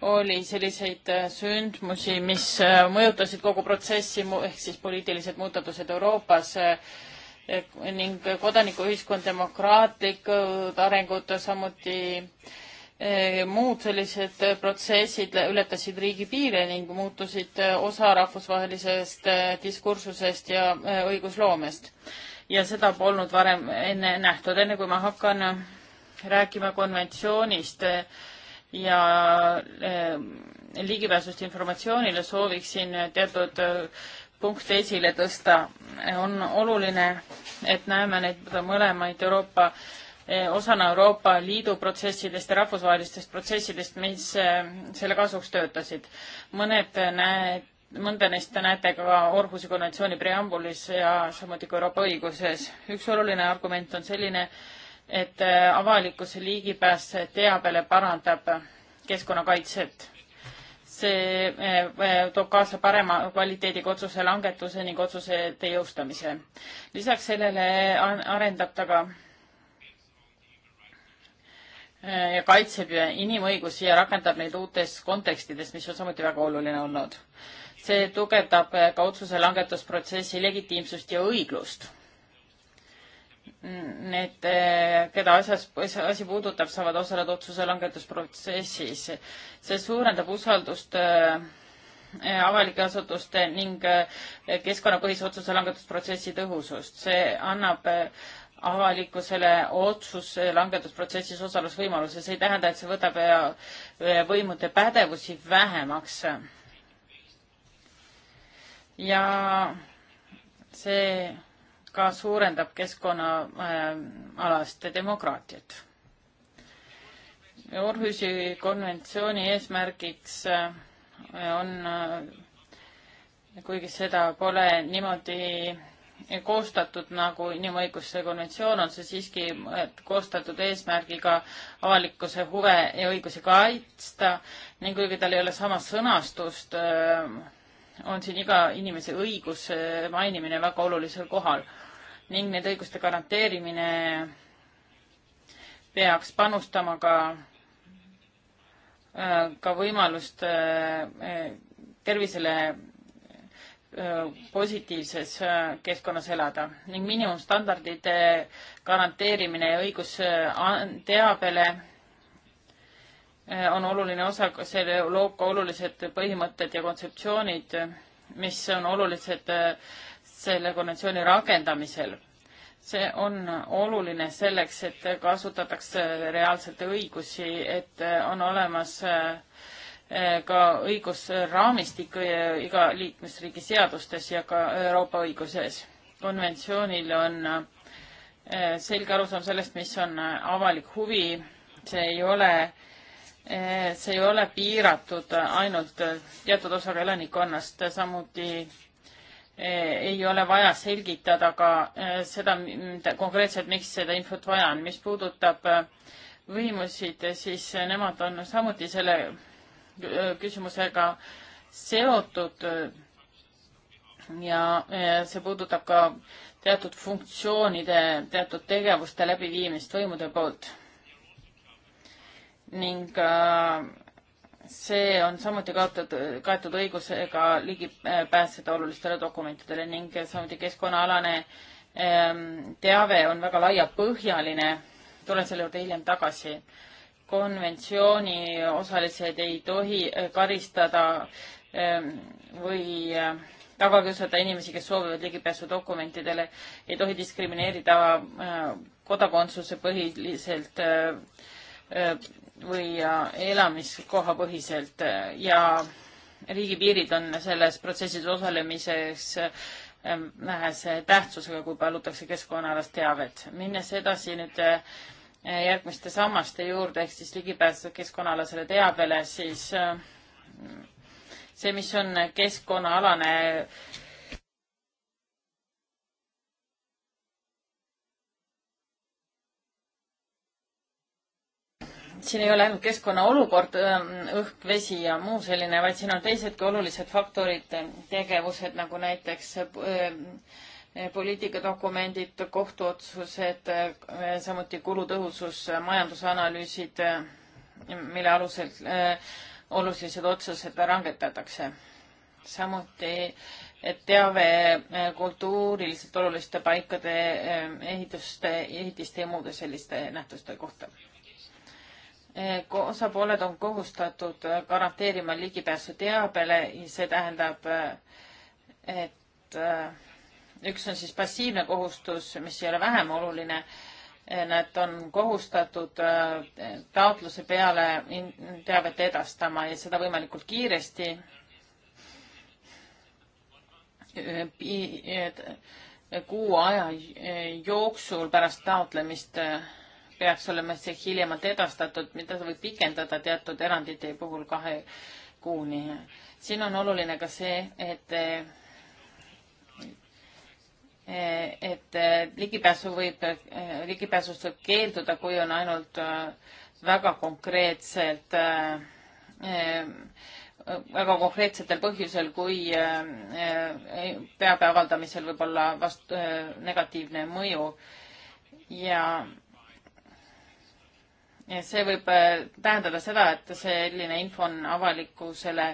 oli selliseid sündmusi, mis mõjutasid kogu protsessi, ehk siis poliitilised muudatused Euroopas ning kodanikuühiskond, demokraatlikud arengud, samuti äh, Eh, muud sellised eh, protsessid ületasid riigipiire ning muutusid eh, osa rahvusvahelisest diskursusest ja õigusloomest. ja seda polnud varem enne nähtud, enne kui ma hakkan rääkima konventsioonist ja ligipääsust informatsioonile, sooviksin teatud punkte esile tõsta. on oluline, et näeme neid mõlemaid Euroopa Eh, osana Euroopa Liidu protsessidest ja rahvusvahelistest protsessidest, mis eh, selle kasuks töötasid. mõned eh, näed, mõnda neist te näete ka Orhusi konventsiooni preambulis ja samuti ka Euroopa õiguses. üks oluline argument on selline, et avalikkuse ligipääs teabele parandab keskkonnakaitset. see toob kaasa parema kvaliteediga otsuse langetuse ning otsuste jõustamise. lisaks sellele arendab ta ka Äh, ja kaitseb inimõigusi ja rakendab neid uutes kontekstides, mis on samuti väga oluline olnud. see tugevdab äh, ka otsuse langetusprotsessi legitiimsust ja õiglust. Need, äh, keda asjas, asi puudutab, saavad osaleda otsuse langetusprotsessis. see suurendab usaldust avalike asutuste ning keskkonnapõhise otsuse langetusprotsessi tõhusust. see annab äh, avalikkusele otsuse langetusprotsessis osalusvõimaluse, see ei tähenda, et see võtab äh, võimude pädevusi vähemaks. ja see ka suurendab keskkonnaalast äh, demokraatiat. Orhusi konventsiooni eesmärgiks äh, on, kuigi seda pole niimoodi koostatud nagu inimõiguste konventsioon, on see siiski koostatud eesmärgiga avalikkuse huve ja õigusi kaitsta ning kuigi tal ei ole sama sõnastust, on siin iga inimese õigus mainimine väga olulisel kohal ning nende õiguste garanteerimine peaks panustama ka, ka võimalust tervisele positiivses keskkonnas elada ning miinimumstandardite garanteerimine ja õigus teabele on oluline osa, selle loob ka olulised põhimõtted ja kontseptsioonid, mis on olulised selle konventsiooni rakendamisel. see on oluline selleks, et kasutatakse reaalselt õigusi, et on olemas äh, ka õigusraamistik iga liikmesriigi seadustes ja ka Euroopa õiguses. konventsioonil on äh, selge arusaam sellest, mis on äh, avalik huvi, see ei ole, äh, see ei ole piiratud ainult teatud osaga elanikkonnast, samuti ei ole vaja selgitada ka seda konkreetselt, miks seda infot vaja on. mis puudutab võimusid, siis nemad on samuti selle Äh, küsimusega seotud ja see puudutab ka teatud funktsioonide, teatud tegevuste läbiviimist võimude poolt. ning äh, see on samuti kaotatud, kaetud õigusega ligi äh, pääseda olulistele dokumentidele ning samuti keskkonnaalane ähm, teave on väga laiapõhjaline. tulen selle juurde hiljem tagasi konventsiooni osalised ei tohi eh, karistada ehm, või eh, taga kiusata inimesi, kes soovivad ligipääsu dokumentidele, ei tohi diskrimineerida eh, kodakondsuse põhiliselt või elamiskoha põhiselt ja riigipiirid on selles protsessis osalemiseks vähese tähtsusega, kui palutakse keskkonnaalast teavet. minnes edasi nüüd Eh, järgmiste sammaste juurde ehk siis ligipääs keskkonnaalasele teabele, siis eh, see, mis on keskkonnaalane siin ei ole ainult keskkonna olukord, eh, õhk, vesi ja muu selline, vaid siin on teisedki olulised faktorid, tegevused nagu näiteks Eh, poliitikadokumendid, kohtuotsused, eh, samuti kulutõhusus, majandusanalüüsid, eh, mille alusel olulised otsused langetatakse. samuti teave kultuuriliselt oluliste paikade ehituste, ehitiste ja muude selliste nähtuste kohta. osapooled on kohustatud garanteerima ligipääsu teabele, see tähendab, et üks on siis passiivne kohustus, mis ei ole vähem oluline. Nad on kohustatud äh, taotluse peale teavet edastama ja seda võimalikult kiiresti. Äh, kuu aja äh, jooksul pärast taotlemist peaks olema see hiljemalt edastatud, mida võib pikendada teatud erandite puhul kahe kuuni. siin on oluline ka see, et et ligipääsu võib, ligipääsust võib keelduda, kui on ainult äh, väga konkreetselt, äh, äh, väga konkreetsetel põhjusel, kui teabe avaldamisel võib olla vast-, negatiivne mõju ja ja see võib tähendada seda, et selline info on avalikkusele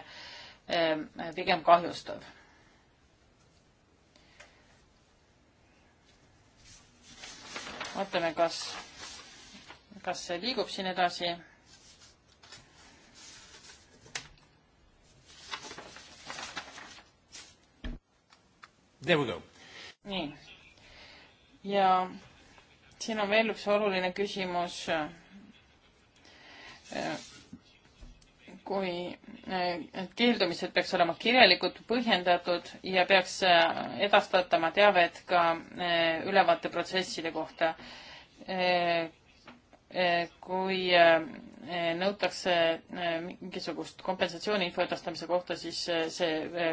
pigem kahjustav vaatame, kas, kas see liigub siin edasi. There we go. nii. ja siin on veel üks oluline küsimus kui eh, keeldumised peaks olema kirjalikult põhjendatud ja peaks eh, edastatama teavet ka eh, ülevaateprotsesside kohta. kui nõutakse mingisugust kompensatsiooniinfo edastamise kohta, siis see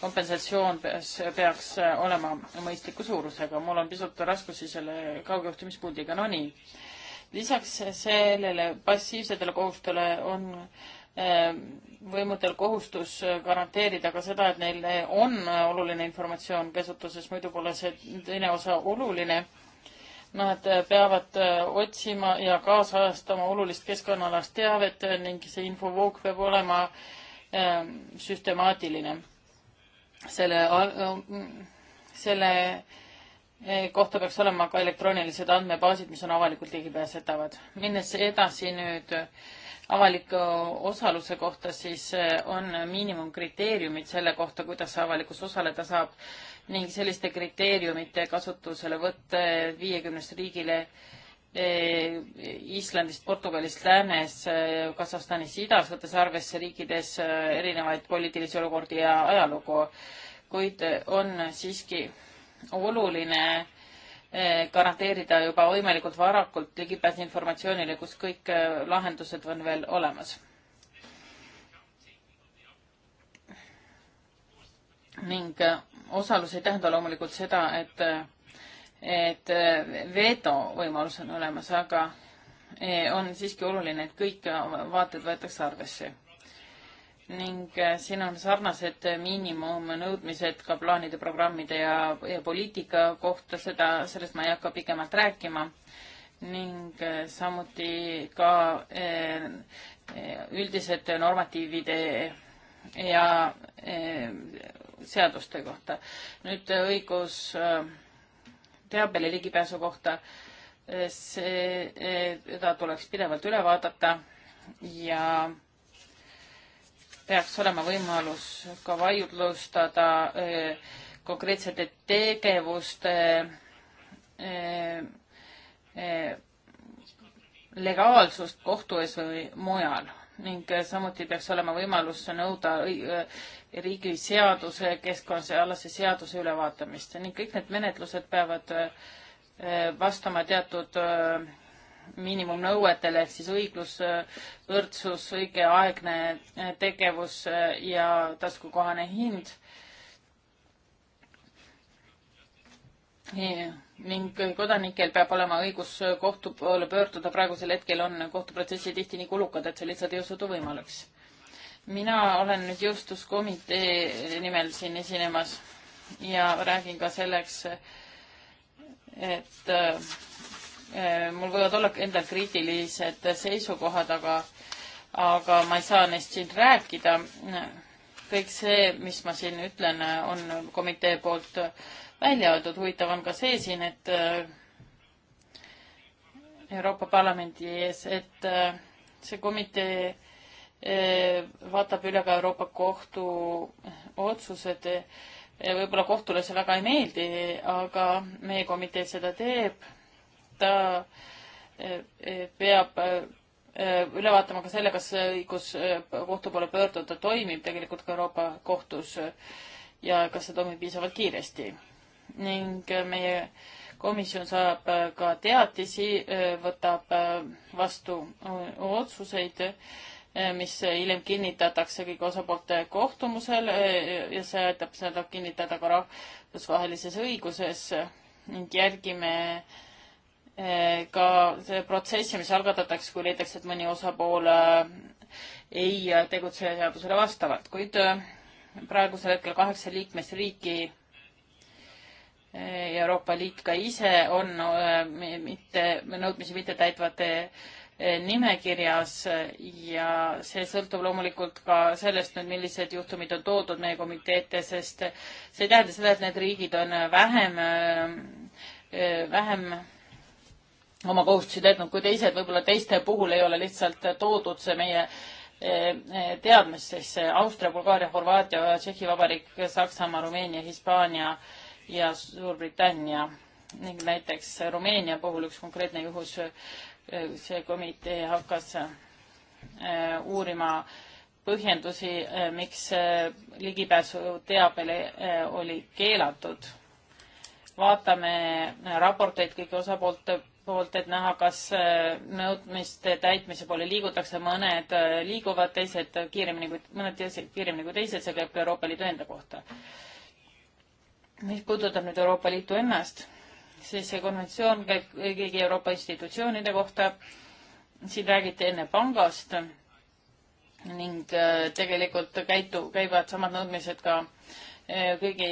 kompensatsioon peaks olema mõistliku suurusega. mul on pisut raskusi selle kaugjuhtimispuldiga, no nii lisaks sellele passiivsetele kohustele on äh, Ehm, võimudel kohustus garanteerida ka seda, et neil on oluline informatsioon käsutuses, muidu pole see teine osa oluline. Nad peavad otsima ja kaasajastama olulist keskkonnaalast teavet ning see infovoog peab olema ehm, süstemaatiline. selle, ehm, selle eh, kohta peaks olema ka elektroonilised andmebaasid, mis on avalikult ligipääsetavad. minnes edasi nüüd äh, avaliku osaluse kohta, siis eh, on miinimumkriteeriumid selle kohta, kuidas avalikus osaleda saab ning selliste kriteeriumite kasutuselevõtt viiekümnest riigile eh, Islandist, Portugalist, Läänes, eh, Kasahstanis, idas, võttes arvesse riikides erinevaid poliitilisi olukordi ja ajalugu. kuid on siiski oluline Eh, garanteerida juba võimalikult varakult ligipääs informatsioonile, kus kõik eh, lahendused on veel olemas. ning eh, osalus ei tähenda loomulikult seda, et, et veto võimalus on olemas, aga on siiski oluline, et kõik vaated võetakse arvesse ning äh, siin on sarnased äh, miinimumnõudmised ka plaanide, programmide ja, ja poliitika kohta, seda, sellest ma ei hakka pikemalt rääkima ning äh, samuti ka üldised normatiivide ja seaduste kohta. nüüd õigus teabele ligipääsu kohta, see, seda tuleks pidevalt üle vaadata ja peaks olema võimalus ka vaidlustada eh, konkreetsete tegevuste eh, eh, legaalsust kohtu ees või mujal ning samuti peaks olema võimalus nõuda riigi seaduse, keskkonnaalase seaduse ülevaatamist ning kõik need menetlused peavad vastama teatud miinimumnõuetele ehk siis õiglus, võrdsus, õigeaegne tegevus ja taskukohane hind. ning kodanikel peab olema õigus kohtu poole pöörduda, praegusel hetkel on kohtuprotsessid tihti nii kulukad, et see lihtsalt ei osutu võimalus. mina olen nüüd jõustuskomitee nimel siin esinemas ja räägin ka selleks, et Äh, mul võivad olla endal kriitilised seisukohad, aga, aga ma ei saa neist siin rääkida. kõik see, mis ma siin ütlen, on komitee poolt välja öeldud. huvitav on ka see siin, et äh, Euroopa Parlamendi ees, et äh, see komitee vaatab üle ka Euroopa Kohtu otsused. võib-olla kohtule see väga ei meeldi, aga meie komitee seda teeb ta eh, eh, peab eh, üle vaatama ka selle, kas õigus kohtu poole pöörduda toimib tegelikult ka Euroopa kohtus ja kas see toimib piisavalt kiiresti. ning meie komisjon saab ka teatisi, võtab vastu otsuseid, mis hiljem kinnitatakse kõigi osapoolte kohtumusel ja see aitab seda kinnitada ka rahvusvahelises õiguses ning järgime äh, Eh, ka see protsess, mis algatatakse, kui leitakse, et mõni osapool eh, ei eh, tegutse seadusele vastavalt, kuid praegusel hetkel kaheksa liikmesriiki Euroopa Liit ka ise on mitte, nõudmisi mitte täitvate nimekirjas ja see sõltub loomulikult ka sellest nüüd, millised juhtumid on toodud meie komitee ette, sest see ei tähenda seda, et need riigid on vähem, vähem oma kohustusi täitnud kui teised, võib-olla teiste puhul ei ole lihtsalt toodud see meie eh, eh, teadmistesse Austria, Bulgaaria, Horvaatia, Tšehhi Vabariik, Saksamaa, Rumeenia, Hispaania ja Suurbritannia ning näiteks Rumeenia puhul üks konkreetne juhus, eh, see komitee hakkas uurima põhjendusi, miks ligipääsu teabele oli keelatud. vaatame raporteid kõigi osapoolte poolt, et näha, kas äh, nõudmiste täitmise poole liigutakse, mõned äh, liiguvad, teised kiiremini kui, mõned teised kiiremini kui teised, see käib ka Euroopa Liidu enda kohta. mis puudutab nüüd Euroopa Liitu ennast, siis see konventsioon käib kõigi Euroopa institutsioonide kohta, siin räägiti enne pangast ning äh, tegelikult käitu, käivad samad nõudmised ka kõigi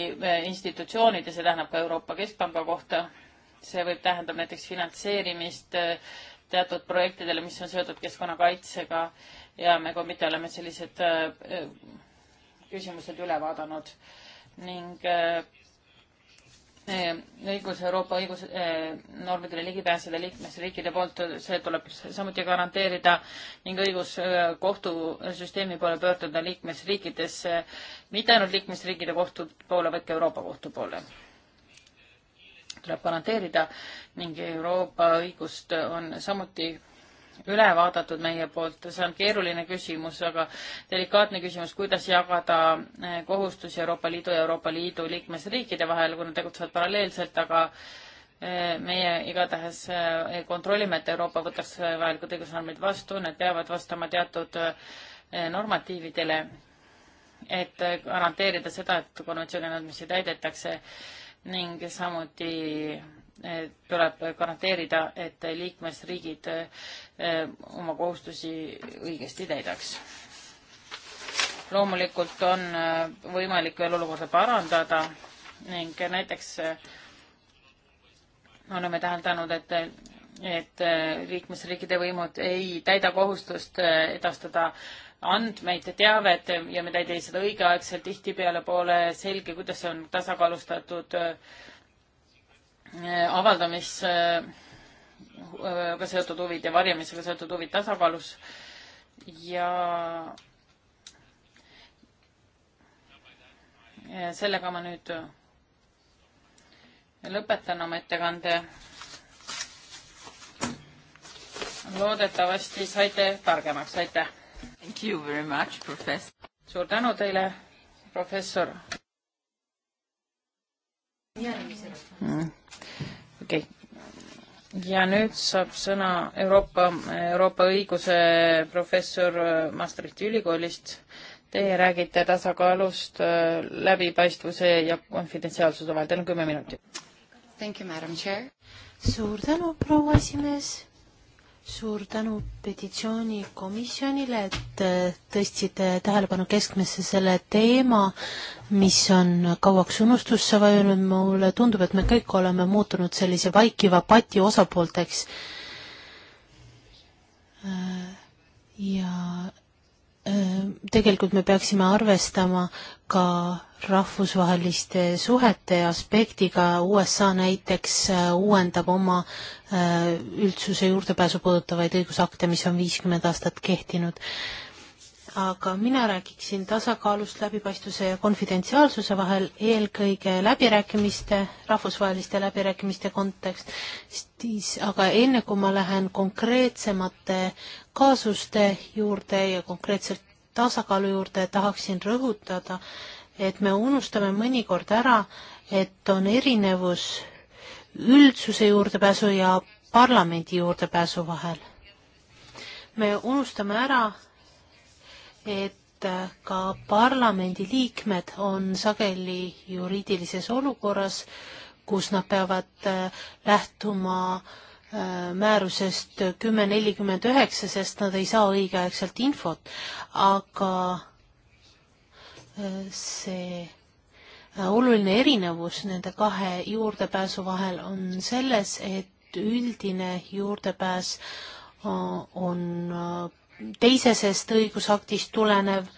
institutsioonide, see tähendab ka Euroopa Keskpanga kohta see võib tähendada näiteks finantseerimist äh, teatud projektidele, mis on seotud keskkonnakaitsega ja me komitee oleme sellised äh, äh, küsimused üle vaadanud ning õigus Euroopa õigusnormidele ligipääseda liikmesriikide poolt, see tuleb samuti garanteerida ning õigus kohtusüsteemi poole pöörduda liikmesriikides, mitte ainult liikmesriikide kohtu poole, vaid ka Euroopa kohtu poole tuleb garanteerida ning Euroopa õigust on samuti üle vaadatud meie poolt, see on keeruline küsimus, aga delikaatne küsimus, kuidas jagada eh, kohustusi Euroopa Liidu ja Euroopa Liidu liikmesriikide vahel, kui nad tegutsevad paralleelselt, aga eh, meie igatahes eh, kontrollime, et Euroopa võtaks vajalikud õigusnormid vastu, need peavad vastama teatud normatiividele, et garanteerida seda, et konventsiooni nõudmisi täidetakse ning samuti eh, tuleb garanteerida, et liikmesriigid eh, oma kohustusi õigesti täidaks. loomulikult on eh, võimalik veel olukorda parandada ning näiteks oleme täheldanud, et, et liikmesriikide võimud ei täida kohustust edastada äh, andmeid ja teavet ja me ei tee seda õigeaegselt, tihtipeale pole selge, kuidas on tasakaalustatud äh, avaldamisega äh, seotud huvid ja varjamisega seotud huvid tasakaalus ja Ja sellega ma nüüd lõpetan oma ettekande. loodetavasti saite targemaks, aitäh! Thank you very much, professor. suur tänu teile, professor. Hmm. okei okay., ja nüüd saab sõna Euroopa, Euroopa õiguse professor äh, Maastrichti ülikoolist. Teie räägite tasakaalust äh, läbipaistvuse ja konfidentsiaalsuse vahel, teil on kümme minutit. Thank you, madam chair. suur tänu, proua esimees suur tänu petitsioonikomisjonile, et äh, tõstsite tähelepanu keskmesse selle teema, mis on kauaks unustusse vajunud, mulle tundub, et me kõik oleme muutunud sellise vaikiva pati osapoolteks. Äh, ja äh, tegelikult me peaksime arvestama ka rahvusvaheliste suhete aspektiga, USA näiteks äh, uuendab oma äh, üldsuse juurdepääsu puudutavaid õigusakte, mis on viiskümmend aastat kehtinud. aga mina räägiksin tasakaalust läbipaistvuse ja konfidentsiaalsuse vahel, eelkõige läbirääkimiste, rahvusvaheliste läbirääkimiste kontekstis, aga enne kui ma lähen konkreetsemate kaasuste juurde ja konkreetselt tasakaalu juurde tahaksin rõhutada, et me unustame mõnikord ära, et on erinevus üldsuse juurdepääsu ja parlamendi juurdepääsu vahel. me unustame ära, et ka parlamendiliikmed on sageli juriidilises olukorras, kus nad peavad äh, lähtuma äh, Äh, määrusest kümme nelikümmend üheksa, sest nad ei saa õigeaegselt infot, aga äh, see äh, oluline erinevus nende kahe juurdepääsu vahel on selles, et üldine juurdepääs on teisesest õigusaktist tulenev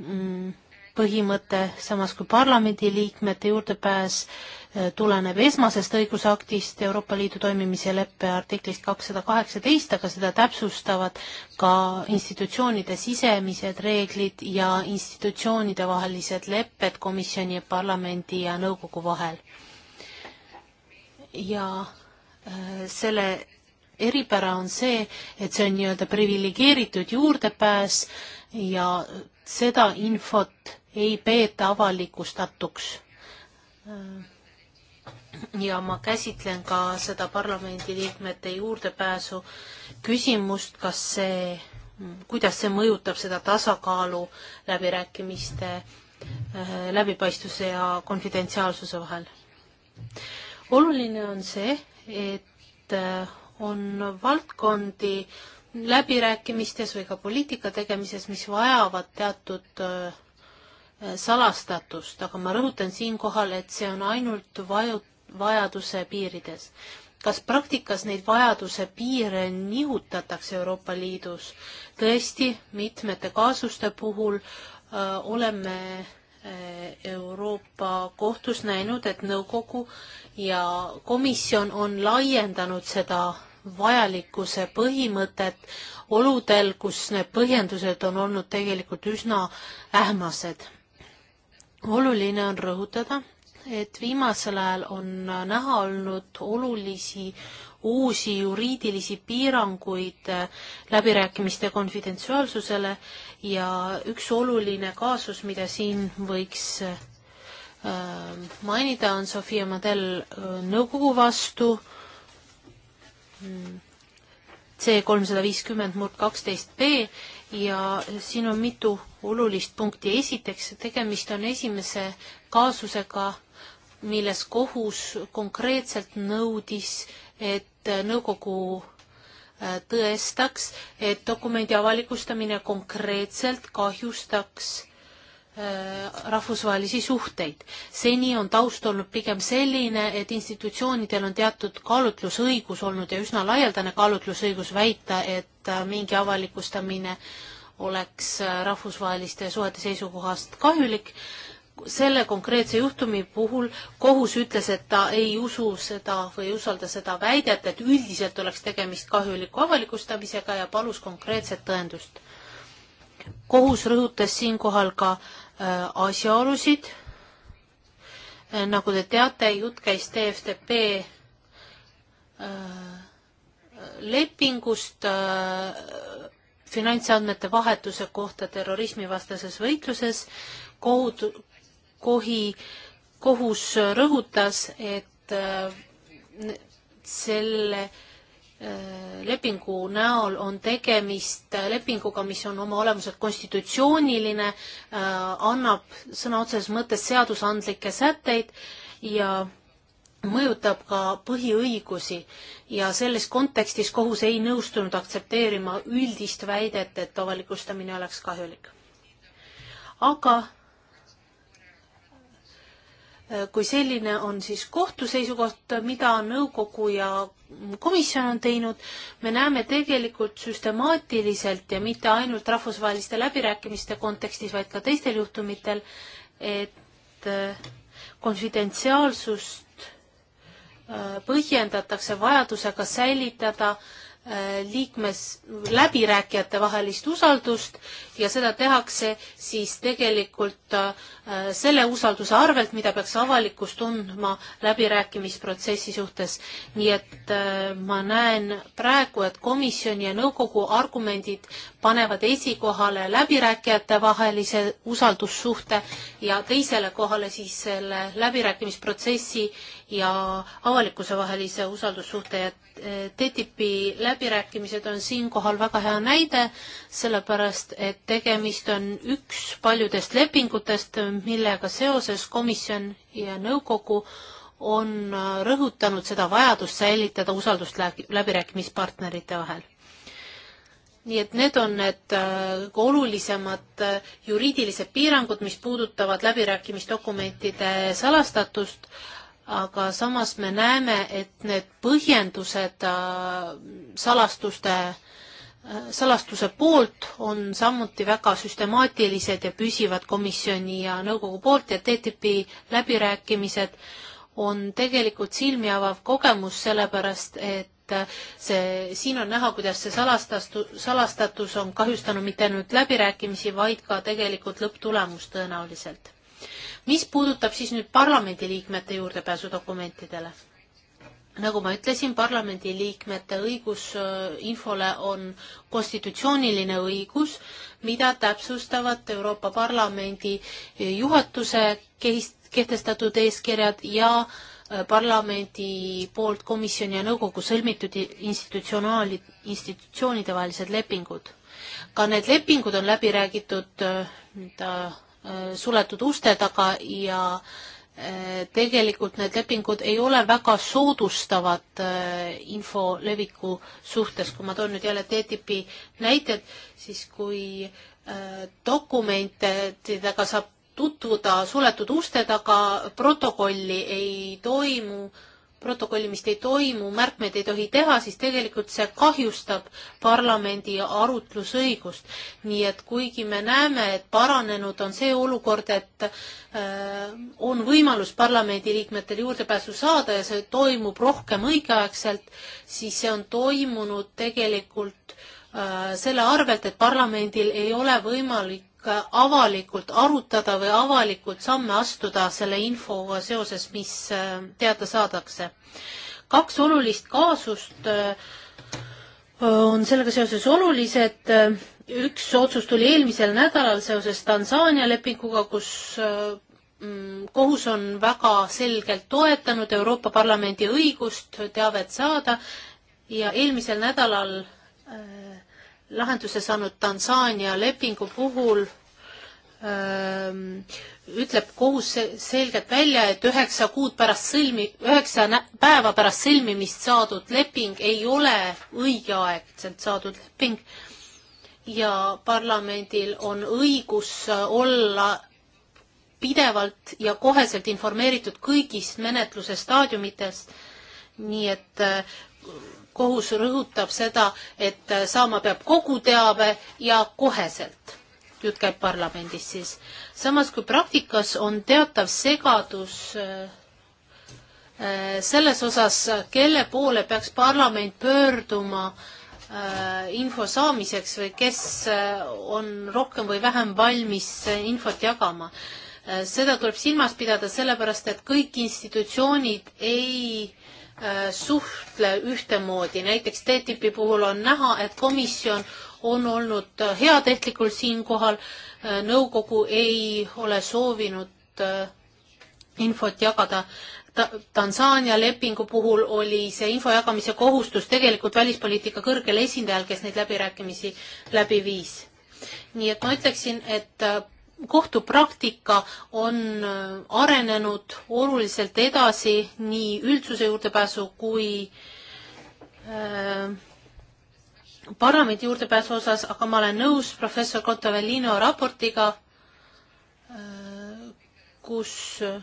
mm, põhimõte, samas kui parlamendiliikmete juurdepääs eh, tuleneb esmasest õigusaktist Euroopa Liidu toimimise leppe artiklist kakssada kaheksateist, aga seda täpsustavad ka institutsioonide sisemised reeglid ja institutsioonide vahelised lepped komisjoni ja parlamendi ja nõukogu vahel. ja eh, selle eripära on see, et see on nii-öelda priviligeeritud juurdepääs ja seda infot ei peeta avalikustatuks. ja ma käsitlen ka seda parlamendiliikmete juurdepääsu küsimust, kas see, kuidas see mõjutab seda tasakaalu läbirääkimiste läbipaistvuse ja konfidentsiaalsuse vahel. oluline on see, et on valdkondi, läbirääkimistes või ka poliitika tegemises, mis vajavad teatud äh, salastatust, aga ma rõhutan siinkohal, et see on ainult vaju-, vajaduse piirides. kas praktikas neid vajaduse piire nihutatakse Euroopa Liidus? tõesti, mitmete kaasuste puhul öö, äh, oleme äh, Euroopa kohtus näinud, et nõukogu ja komisjon on laiendanud seda vajalikkuse põhimõtet oludel, kus need põhjendused on olnud tegelikult üsna ähmased. oluline on rõhutada, et viimasel ajal on näha olnud olulisi uusi juriidilisi piiranguid läbirääkimiste konfidentsiaalsusele ja üks oluline kaasus, mida siin võiks äh, mainida, on Sofia Madel äh, nõukogu vastu C kolmsada viiskümmend murd kaksteist B ja siin on mitu olulist punkti. esiteks, tegemist on esimese kaasusega, milles kohus konkreetselt nõudis, et nõukogu äh, tõestaks, et dokumendi avalikustamine konkreetselt kahjustaks Äh, rahvusvahelisi suhteid. seni on taust olnud pigem selline, et institutsioonidel on teatud kaalutlusõigus olnud ja üsna laialdane kaalutlusõigus väita, et äh, mingi avalikustamine oleks äh, rahvusvaheliste suhete seisukohast kahjulik. selle konkreetse juhtumi puhul kohus ütles, et ta ei usu seda või ei usalda seda väidet, et üldiselt oleks tegemist kahjuliku avalikustamisega ja palus konkreetset tõendust. kohus rõhutas siinkohal ka äh, Äh, asjaolusid. Äh, nagu te teate, jutt käis TFTP äh, lepingust finantsandmete vahetuse kohta terrorismivastases võitluses. kohut-, kohi, kohus rõhutas, et selle äh, Äh, lepingu näol on tegemist äh, lepinguga, mis on oma olemuselt konstitutsiooniline, äh, annab sõna otseses mõttes seadusandlikke sätteid ja mõjutab ka põhiõigusi ja selles kontekstis kohus ei nõustunud aktsepteerima üldist väidet, et avalikustamine oleks kahjulik. aga kui selline on siis kohtu seisukoht, mida nõukogu ja komisjon on teinud, me näeme tegelikult süstemaatiliselt ja mitte ainult rahvusvaheliste läbirääkimiste kontekstis, vaid ka teistel juhtumitel, et äh, konfidentsiaalsust äh, põhjendatakse vajadusega säilitada äh, liikmes, läbirääkijate vahelist usaldust ja seda tehakse siis tegelikult äh, selle usalduse arvelt, mida peaks avalikkus tundma läbirääkimisprotsessi suhtes. nii et äh, ma näen praegu, et komisjoni ja nõukogu argumendid panevad esikohale läbirääkijate vahelise usaldussuhte ja teisele kohale siis selle läbirääkimisprotsessi ja avalikkusevahelise usaldussuhte ja eh, TTIP-i läbirääkimised on siinkohal väga hea näide, sellepärast et tegemist on üks paljudest lepingutest, millega seoses komisjon ja nõukogu on eh, rõhutanud seda vajadust säilitada usaldust läbirääkimispartnerite vahel nii et need on need eh, olulisemad juriidilised piirangud, mis puudutavad läbirääkimisdokumentide salastatust, aga samas me näeme, et need põhjendused äh, salastuste, äh, salastuse poolt on samuti väga süstemaatilised ja püsivad komisjoni ja nõukogu poolt ja TTIP-i läbirääkimised on tegelikult silmi avav kogemus, sellepärast et äh, see, siin on näha, kuidas see salastastu, salastatus on kahjustanud mitte ainult läbirääkimisi, vaid ka tegelikult lõpptulemust tõenäoliselt mis puudutab siis nüüd parlamendiliikmete juurdepääsu dokumentidele? nagu ma ütlesin, parlamendiliikmete õigus äh, infole on konstitutsiooniline õigus, mida täpsustavad Euroopa Parlamendi äh, juhatuse kehtestatud eeskirjad ja äh, parlamendi poolt komisjoni ja nõukogu sõlmitud institutsionaali, institutsioonide vahelised lepingud. ka need lepingud on läbi räägitud nii-öelda Äh, suletud uste taga ja äh, tegelikult need lepingud ei ole väga soodustavad äh, info leviku suhtes, kui ma toon nüüd jälle TTIP-i näited, siis kui dokumentidega saab tutvuda suletud uste taga, protokolli ei toimu äh, protokollimist ei toimu, märkmeid ei tohi teha, siis tegelikult see kahjustab parlamendi arutlusõigust. nii et kuigi me näeme, et paranenud on see olukord, et äh, on võimalus parlamendiliikmetel juurdepääsu saada ja see toimub rohkem õigeaegselt, siis see on toimunud tegelikult äh, selle arvelt, et parlamendil ei ole võimalik avalikult arutada või avalikult samme astuda selle infoga seoses, mis äh, teada saadakse. kaks olulist kaasust äh, on sellega seoses olulised. üks otsus tuli eelmisel nädalal seoses Tansaania lepinguga, kus äh, mm, kohus on väga selgelt toetanud Euroopa Parlamendi õigust teavet saada ja eelmisel nädalal äh, lahenduse saanud Tansaania lepingu puhul ähm, ütleb kohus selgelt välja, et üheksa kuud pärast sõlmi, üheksa päeva pärast sõlmimist saadud leping ei ole õigeaegselt saadud leping ja parlamendil on õigus äh, olla pidevalt ja koheselt informeeritud kõigist menetluse staadiumitest, nii et äh, kohus rõhutab seda, et saama peab kogu teave ja koheselt. jutt käib parlamendis siis. samas kui praktikas on teatav segadus äh, äh, selles osas, kelle poole peaks parlament pöörduma äh, info saamiseks või kes on rohkem või vähem valmis infot jagama. seda tuleb silmas pidada, sellepärast et kõik institutsioonid ei äh, Äh, suhtle ühtemoodi, näiteks TTIP-i puhul on näha, et komisjon on olnud äh, heatehtlikul siinkohal, äh, nõukogu ei ole soovinud infot jagada. Tansaania lepingu puhul oli see info jagamise kohustus tegelikult välispoliitika kõrgel esindajal, kes neid läbirääkimisi läbi viis. nii et ma ütleksin, et kohtupraktika on äh, arenenud oluliselt edasi nii üldsuse juurdepääsu kui äh, parlamendi juurdepääsu osas, aga ma olen nõus professor Cotovellino raportiga äh,, kus äh,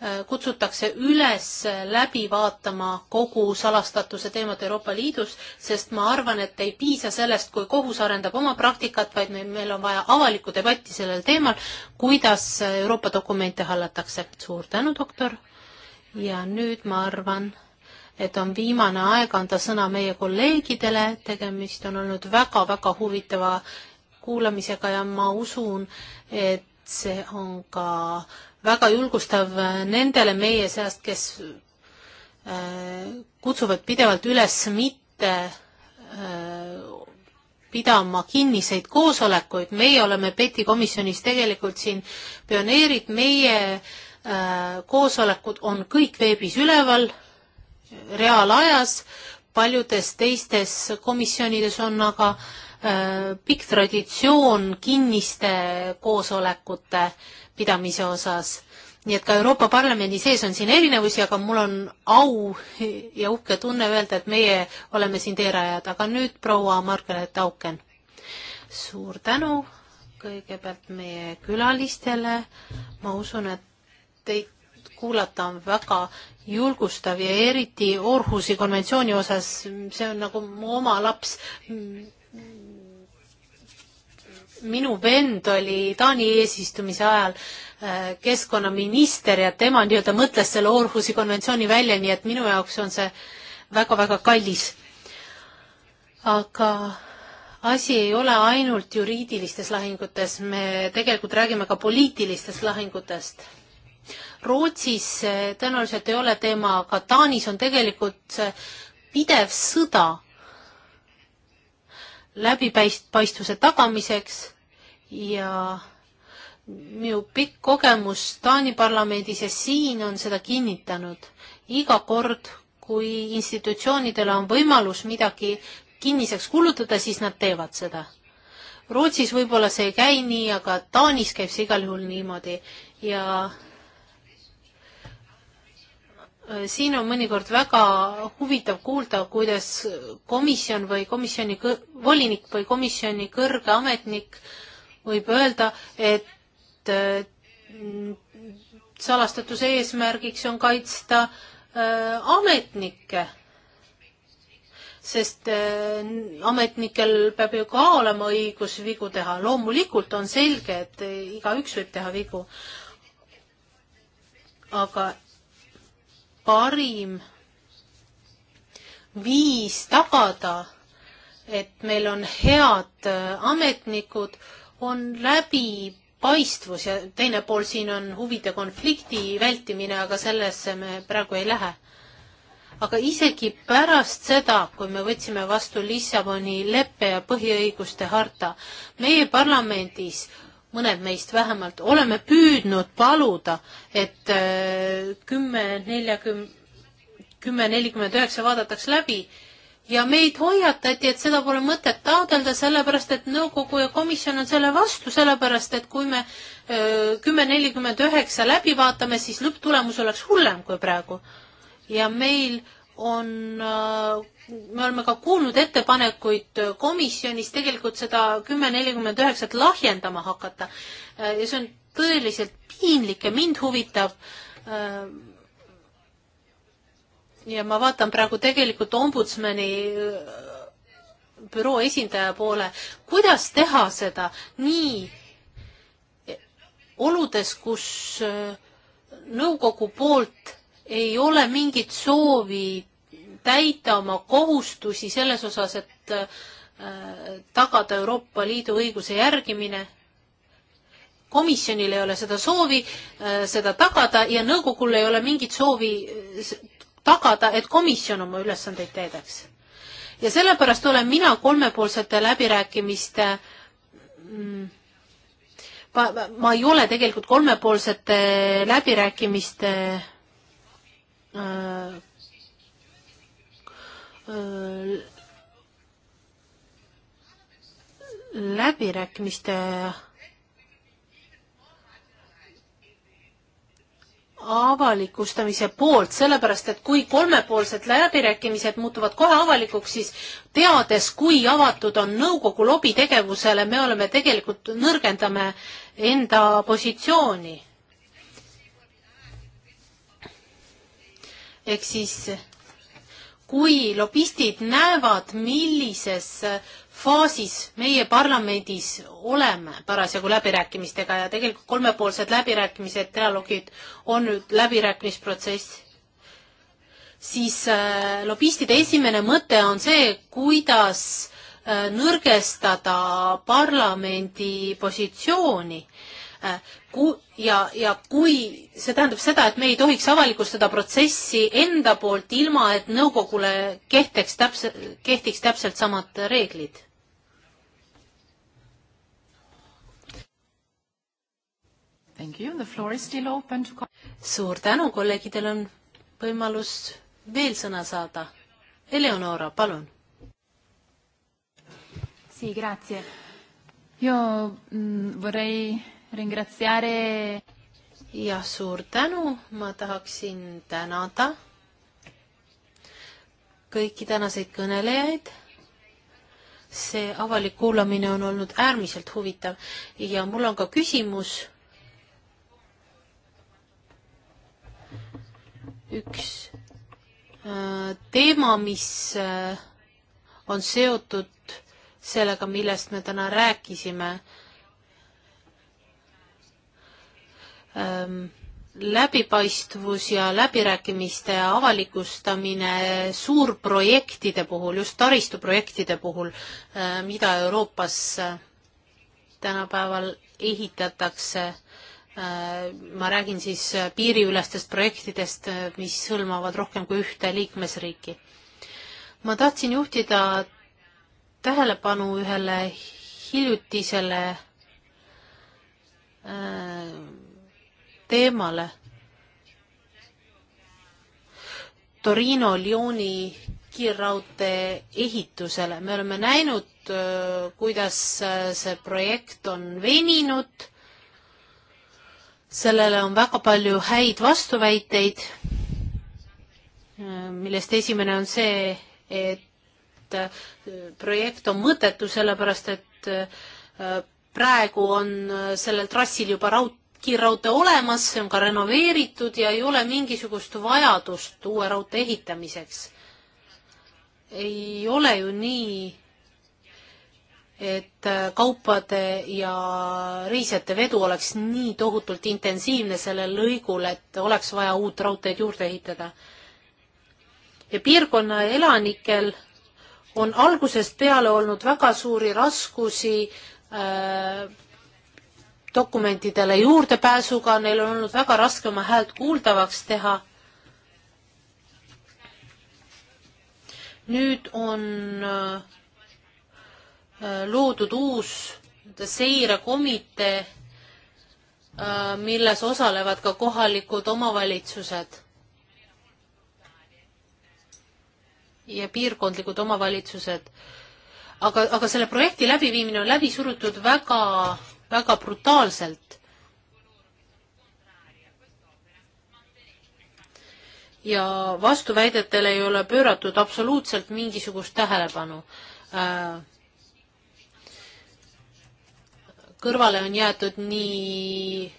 Äh, kutsutakse üles läbi vaatama kogu salastatuse teemat Euroopa Liidus, sest ma arvan, et ei piisa sellest, kui kohus arendab oma praktikat, vaid meil, meil on vaja avalikku debatti sellel teemal, kuidas Euroopa dokumente hallatakse. suur tänu, doktor! ja nüüd ma arvan, et on viimane aeg anda sõna meie kolleegidele, tegemist on olnud väga-väga huvitava kuulamisega ja ma usun, et see on ka väga julgustav nendele meie seast, kes äh, kutsuvad pidevalt üles mitte äh, pidama kinniseid koosolekuid, meie oleme PETi komisjonis tegelikult siin pioneerid, meie äh, koosolekud on kõik veebis üleval, reaalajas, paljudes teistes komisjonides on aga äh, Äh, pikk traditsioon kinniste koosolekute pidamise osas. nii et ka Euroopa Parlamendi sees on siin erinevusi, aga mul on au ja uhke tunne öelda, et meie oleme siin teerajajad, aga nüüd proua Margaret Auken. suur tänu kõigepealt meie külalistele, ma usun, et teid kuulata on väga julgustav ja eriti Orhusi konventsiooni osas, see on nagu mu oma laps, minu vend oli Taani eesistumise ajal äh, keskkonnaminister ja tema nii-öelda mõtles selle Orhusi konventsiooni välja, nii et minu jaoks on see väga-väga kallis. aga asi ei ole ainult juriidilistes lahingutes, me tegelikult räägime ka poliitilistest lahingutest. Rootsis äh, tõenäoliselt ei ole teema, aga Taanis on tegelikult äh, pidev sõda läbipaistvuse tagamiseks ja minu pikk kogemus Taani parlamendis ja siin on seda kinnitanud. iga kord, kui institutsioonidel on võimalus midagi kinniseks kulutada, siis nad teevad seda. Rootsis võib-olla see ei käi nii, aga Taanis käib see igal juhul niimoodi ja Äh, siin on mõnikord väga huvitav kuulda, kuidas komisjon või komisjoni volinik või komisjoni kõrge ametnik võib öelda, et äh, salastatuse eesmärgiks on kaitsta äh, ametnikke, sest ametnikel peab ju ka olema õigus vigu teha. loomulikult on selge, et igaüks võib teha vigu, aga parim viis tagada, et meil on head äh, ametnikud, on läbipaistvus ja teine pool siin on huvide konflikti vältimine, aga sellesse me praegu ei lähe. aga isegi pärast seda, kui me võtsime vastu Lissaboni leppe ja põhiõiguste harta, meie parlamendis mõned meist vähemalt, oleme püüdnud paluda, et äh, kümme, neljakümne, kümme, nelikümmend üheksa vaadataks läbi ja meid hoiatati, et seda pole mõtet taotleda, sellepärast et nõukogu ja komisjon on selle vastu, sellepärast et kui me äh, kümme, nelikümmend üheksa läbi vaatame, siis lõpptulemus oleks hullem kui praegu. ja meil öö, on, äh, me oleme ka kuulnud ettepanekuid komisjonis tegelikult seda kümme nelikümmend üheksat lahjendama hakata. Äh, ja see on tõeliselt piinlik ja mind huvitab äh, ja ma vaatan praegu tegelikult ombudsmani büroo esindaja poole, kuidas teha seda nii oludes, kus nõukogu poolt ei ole mingit soovi täita oma kohustusi selles osas, et äh, tagada Euroopa Liidu õiguse järgimine. komisjonil ei ole seda soovi äh, seda tagada ja nõukogul ei ole mingit soovi äh, tagada, et komisjon oma ülesandeid täidaks. ja sellepärast olen mina kolmepoolsete läbirääkimiste mm, ma, ma, ma ei ole tegelikult kolmepoolsete läbirääkimiste äh, läbirääkimiste avalikustamise poolt, sellepärast et kui kolmepoolsed läbirääkimised muutuvad kohe avalikuks, siis teades, kui avatud on nõukogu lobitegevusele, me oleme tegelikult, nõrgendame enda positsiooni. ehk siis kui lobistid näevad, millises faasis meie parlamendis oleme parasjagu läbirääkimistega ja tegelikult kolmepoolsed läbirääkimised, dialoogid on nüüd läbirääkimisprotsess, siis äh, lobistide esimene mõte on see, kuidas äh, nõrgestada parlamendi positsiooni äh, ku-, ja, ja kui see tähendab seda, et me ei tohiks avalikustada protsessi enda poolt, ilma et nõukogule kehteks täpse, kehtiks täpselt samad reeglid? To... suur tänu, kolleegidel on võimalus veel sõna saada. Eleonora, palun. Sì, grazie. Io mh, mm, vorrei ringraziare. jah, suur tänu, ma tahaksin tänada kõiki tänaseid kõnelejaid. see avalik kuulamine on olnud äärmiselt huvitav ja mul on ka küsimus. üks äh, teema, mis äh, on seotud sellega, millest me täna rääkisime ähm, läbipaistvus ja läbirääkimiste avalikustamine suurprojektide puhul, just taristuprojektide puhul, äh, mida Euroopas äh, tänapäeval ehitatakse. Äh, ma räägin siis piiriülestest projektidest, mis hõlmavad rohkem kui ühte liikmesriiki. ma tahtsin juhtida tähelepanu ühele hiljutisele teemale. Torino-Lyoni kiirraudtee ehitusele, me oleme näinud, kuidas see projekt on veninud, sellele on väga palju häid vastuväiteid, millest esimene on see, et projekt on mõttetu, sellepärast et praegu on sellel trassil juba raud, kiirraudtee olemas, see on ka renoveeritud ja ei ole mingisugust vajadust uue raudtee ehitamiseks. ei ole ju nii, et äh, kaupade ja reisijate vedu oleks nii tohutult intensiivne sellel lõigul, et oleks vaja uut raudteed juurde ehitada. ja piirkonna elanikel on algusest peale olnud väga suuri raskusi äh, dokumentidele juurdepääsuga, neil on olnud väga raske oma häält kuuldavaks teha. nüüd on äh, loodud uus seirekomitee, äh, milles osalevad ka kohalikud omavalitsused ja piirkondlikud omavalitsused. aga, aga selle projekti läbiviimine on läbi surutud väga väga brutaalselt. ja vastuväidetele ei ole pööratud absoluutselt mingisugust tähelepanu. kõrvale on jäetud nii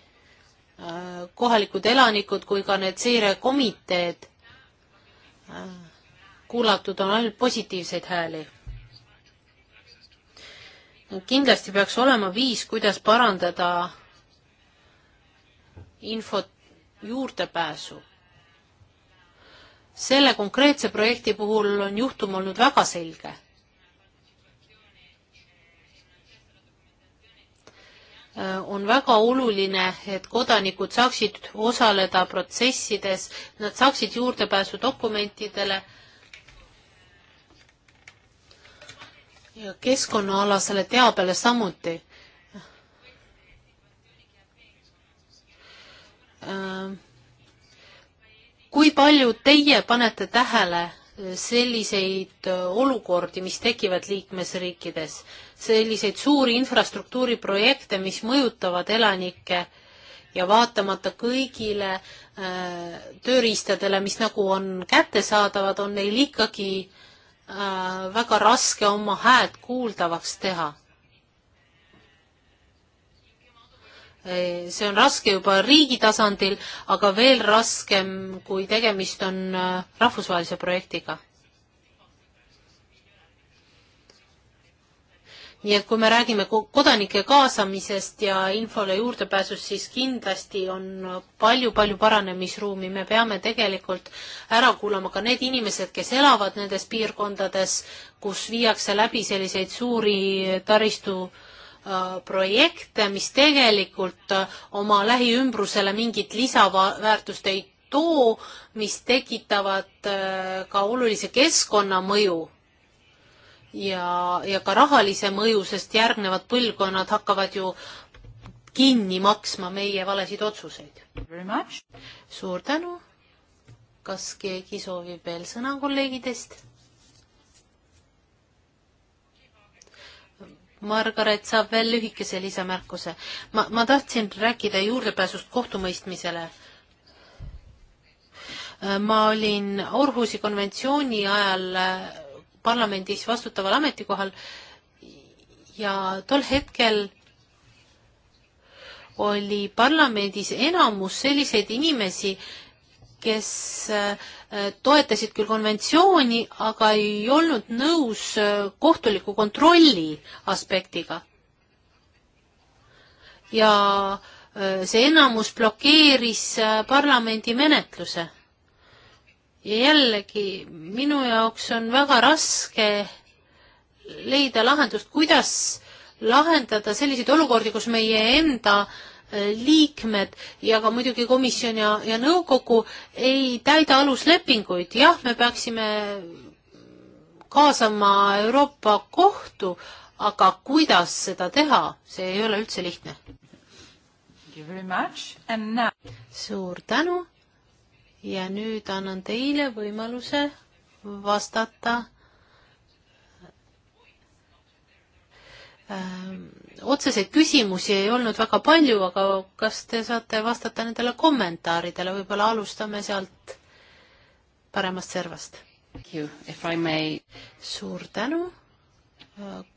äh, kohalikud elanikud kui ka need seirekomiteed. Äh, kuulatud on ainult positiivseid hääli kindlasti peaks olema viis, kuidas parandada infot juurdepääsu. selle konkreetse projekti puhul on juhtum olnud väga selge. on väga oluline, et kodanikud saaksid osaleda protsessides, nad saaksid juurdepääsu dokumentidele ja keskkonnaalasele teabele samuti äh,. kui palju teie panete tähele selliseid äh, olukordi, mis tekivad liikmesriikides, selliseid suuri infrastruktuuriprojekte, mis mõjutavad elanikke ja vaatamata kõigile äh, tööriistadele, mis nagu on kättesaadavad, on neil ikkagi äh, Äh, väga raske oma häält kuuldavaks teha. see on raske juba riigi tasandil, aga veel raskem, kui tegemist on äh, rahvusvahelise projektiga nii et kui me räägime kodanike kaasamisest ja infole juurdepääsust, siis kindlasti on palju-palju paranemisruumi, me peame tegelikult ära kuulama ka need inimesed, kes elavad nendes piirkondades, kus viiakse läbi selliseid suuri taristu äh, projekte, mis tegelikult äh, oma lähiümbrusele mingit lisaväärtust ei too, mis tekitavad äh, ka olulise keskkonnamõju ja, ja ka rahalise mõju, sest järgnevad põlvkonnad hakkavad ju kinni maksma meie valesid otsuseid. suur tänu. kas keegi soovib veel sõna kolleegidest? Margaret saab veel lühikese lisamärkuse. ma, ma tahtsin rääkida juurdepääsust kohtumõistmisele äh, ma olin Orhusi konventsiooni ajal äh, parlamendis vastutaval ametikohal ja tol hetkel oli parlamendis enamus selliseid inimesi, kes äh, toetasid küll konventsiooni, aga ei olnud nõus äh, kohtuliku kontrolli aspektiga. ja äh, see enamus blokeeris parlamendi menetluse ja jällegi, minu jaoks on väga raske leida lahendust, kuidas lahendada selliseid olukordi, kus meie enda äh, liikmed ja ka muidugi komisjon ja, ja nõukogu ei täida aluslepinguid, jah, me peaksime kaasama Euroopa Kohtu, aga kuidas seda teha, see ei ole üldse lihtne. suur tänu ja nüüd annan teile võimaluse vastata ähm, otseseid küsimusi ei olnud väga palju, aga kas te saate vastata nendele kommentaaridele, võib-olla alustame sealt paremast servast. May... suur tänu.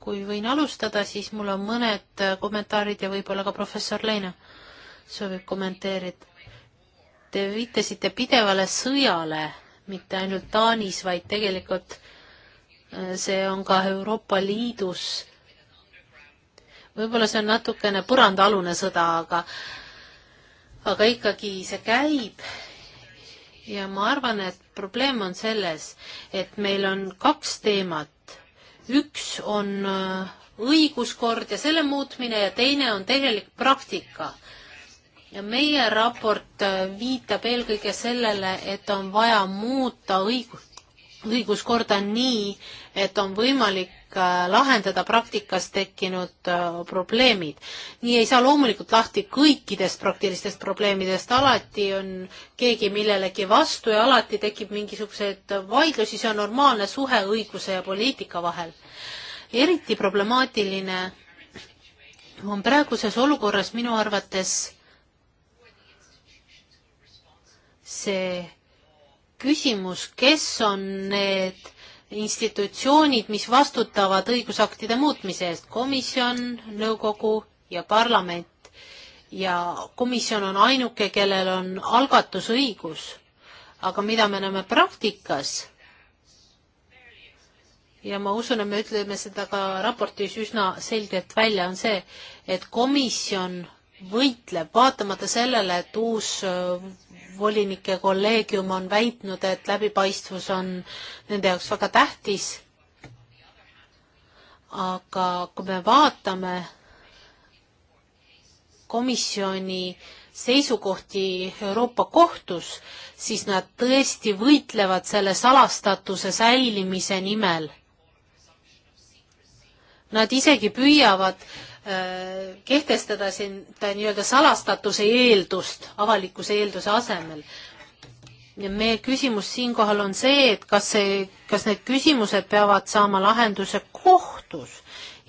kui võin alustada, siis mul on mõned kommentaarid ja võib-olla ka professor Leina soovib kommenteerida. Te viitasite pidevale sõjale, mitte ainult Taanis, vaid tegelikult äh, see on ka Euroopa Liidus. võib-olla see on natukene põrandaalune sõda, aga, aga ikkagi see käib. ja ma arvan, et probleem on selles, et meil on kaks teemat. üks on äh, õiguskord ja selle muutmine ja teine on tegelik praktika meie raport äh, viitab eelkõige sellele, et on vaja muuta õigus, õiguskorda nii, et on võimalik äh, lahendada praktikas tekkinud äh, probleemid. nii ei saa loomulikult lahti kõikidest praktilistest probleemidest, alati on keegi millelegi vastu ja alati tekib mingisuguseid vaidlusi, see on normaalne suhe õiguse ja poliitika vahel. eriti problemaatiline on praeguses olukorras minu arvates see küsimus, kes on need institutsioonid, mis vastutavad õigusaktide muutmise eest, komisjon, nõukogu ja parlament. ja komisjon on ainuke, kellel on algatusõigus. aga mida me näeme praktikas, ja ma usun, et me ütleme seda ka raportis üsna selgelt välja, on see, et komisjon võitleb, vaatamata sellele, et uus volinike kolleegium on väitnud, et läbipaistvus on nende jaoks väga tähtis. aga kui me vaatame komisjoni seisukohti Euroopa kohtus, siis nad tõesti võitlevad selle salastatuse säilimise nimel. Nad isegi püüavad äh, Äh, kehtestada siin nii-öelda salastatuse eeldust avalikkuse eelduse asemel. ja meie küsimus siinkohal on see, et kas see, kas need küsimused peavad saama lahenduse kohtus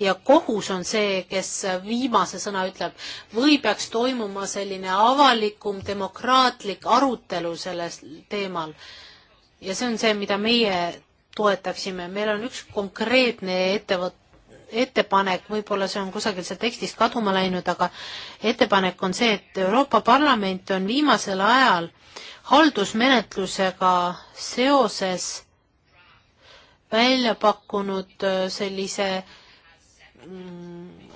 ja kohus on see, kes viimase sõna ütleb, või peaks toimuma selline avalikum demokraatlik arutelu sellel teemal. ja see on see, mida meie toetaksime, meil on üks konkreetne ettevõte, ettepanek, võib-olla see on kusagil seal tekstis kaduma läinud, aga ettepanek on see, et Euroopa Parlament on viimasel ajal haldusmenetlusega seoses välja pakkunud äh, sellise mm,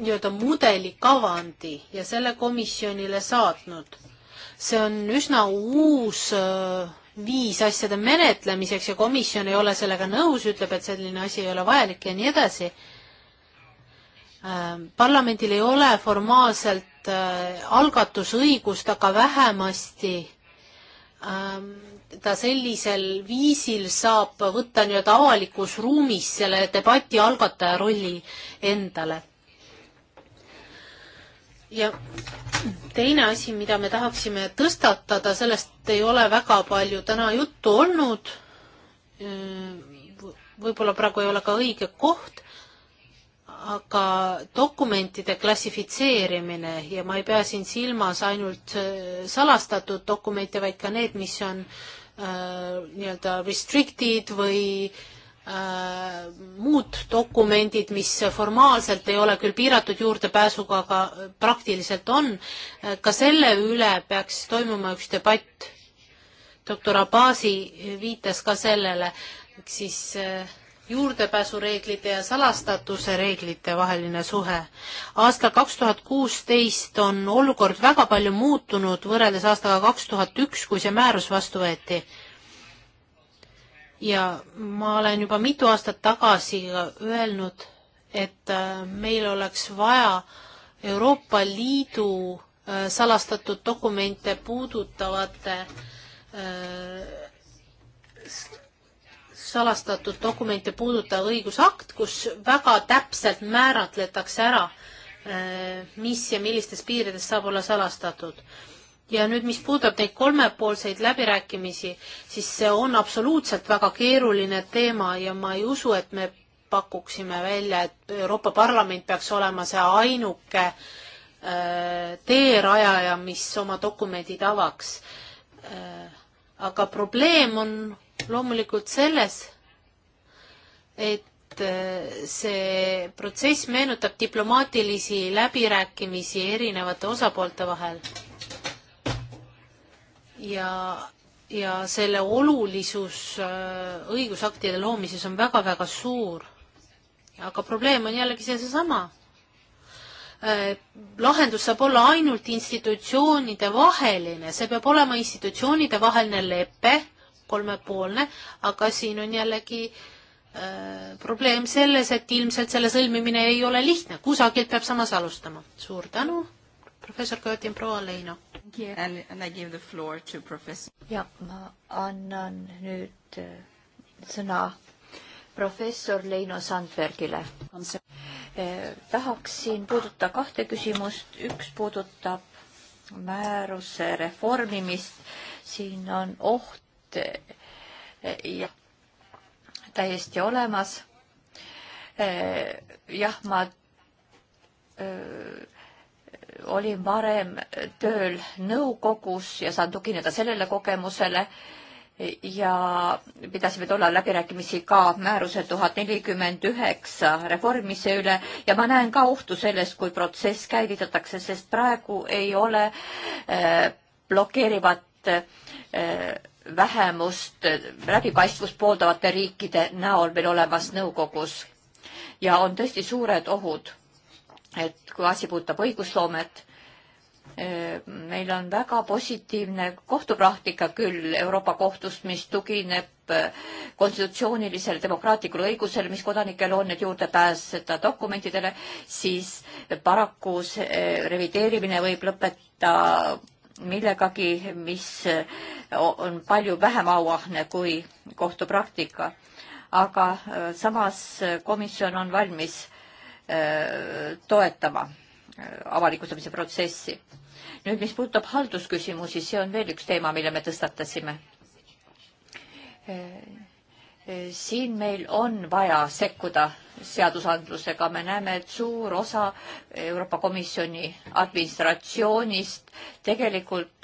nii-öelda mudelikavandi ja selle komisjonile saatnud. see on üsna uus äh, viis asjade menetlemiseks ja komisjon ei ole sellega nõus, ütleb, et selline asi ei ole vajalik ja nii edasi. Ähm, parlamendil ei ole formaalselt äh, algatusõigust, aga vähemasti ähm, ta sellisel viisil saab võtta nii-öelda avalikus ruumis selle debati algataja rolli endale ja teine asi, mida me tahaksime tõstatada, sellest ei ole väga palju täna juttu olnud, äh, võib-olla praegu ei ole ka õige koht, aga dokumentide klassifitseerimine ja ma ei pea siin silmas ainult äh, salastatud dokumente, vaid ka need, mis on äh, nii-öelda restricted või äh, Äh, muud dokumendid, mis formaalselt ei ole küll piiratud juurdepääsuga, aga praktiliselt on, äh, ka selle üle peaks toimuma üks debatt. doktor Abasi viitas ka sellele, ehk siis äh, juurdepääsureeglite ja salastatuse reeglite vaheline suhe. aastal kaks tuhat kuusteist on olukord väga palju muutunud võrreldes aastaga kaks tuhat üks, kui see määrus vastu võeti ja ma olen juba mitu aastat tagasi öelnud, et äh, meil oleks vaja Euroopa Liidu äh, salastatud dokumente puudutavate äh, salastatud dokumente puudutav õigusakt, kus väga täpselt määratletakse ära, mis ja millistes piirides saab olla salastatud ja nüüd, mis puudutab neid kolmepoolseid läbirääkimisi, siis see on absoluutselt väga keeruline teema ja ma ei usu, et me pakuksime välja, et Euroopa Parlament peaks olema see ainuke äh, teerajaja, mis oma dokumendid avaks äh,. aga probleem on loomulikult selles, et äh, see protsess meenutab diplomaatilisi läbirääkimisi erinevate osapoolte vahel ja, ja selle olulisus äh, õigusaktide loomises on väga-väga suur. aga probleem on jällegi see seesama äh, lahendus saab olla ainult institutsioonide vaheline, see peab olema institutsioonide vaheline lepe, kolmepoolne, aga siin on jällegi äh, probleem selles, et ilmselt selle sõlmimine ei ole lihtne, kusagilt peab samas alustama. suur tänu professor Köötin proua Leino. ja ma annan nüüd äh, sõna professor Leino Sandbergile. Äh, tahaksin puudutada kahte küsimust, üks puudutab määruse reformimist, siin on oht äh, jah, täiesti olemas. jah, ma öö, olin varem tööl nõukogus ja saan tugineda sellele kogemusele ja pidasime tollal läbirääkimisi ka määruse tuhat nelikümmend üheksa reformise üle ja ma näen ka ohtu sellest, kui protsess käivitatakse, sest praegu ei ole äh, blokeerivat äh, vähemust äh, läbipaistvust pooldavate riikide näol meil olemas nõukogus ja on tõesti suured ohud et kui asi puudutab õigusloomet, e, meil on väga positiivne kohtupraktika küll Euroopa Kohtust, mis tugineb e, konstitutsioonilisele demokraatlikule õigusele, mis kodanikel on, et juurde pääseda dokumentidele, siis paraku see e, revideerimine võib lõpeta millegagi, mis on palju vähem auahne kui kohtupraktika. aga samas komisjon on valmis äh, toetama äh, avalikustamise protsessi. nüüd, mis puudutab haldusküsimusi, see on veel üks teema, mille me tõstatasime. Äh, äh, siin meil on vaja sekkuda seadusandlusega, me näeme, et suur osa Euroopa Komisjoni administratsioonist tegelikult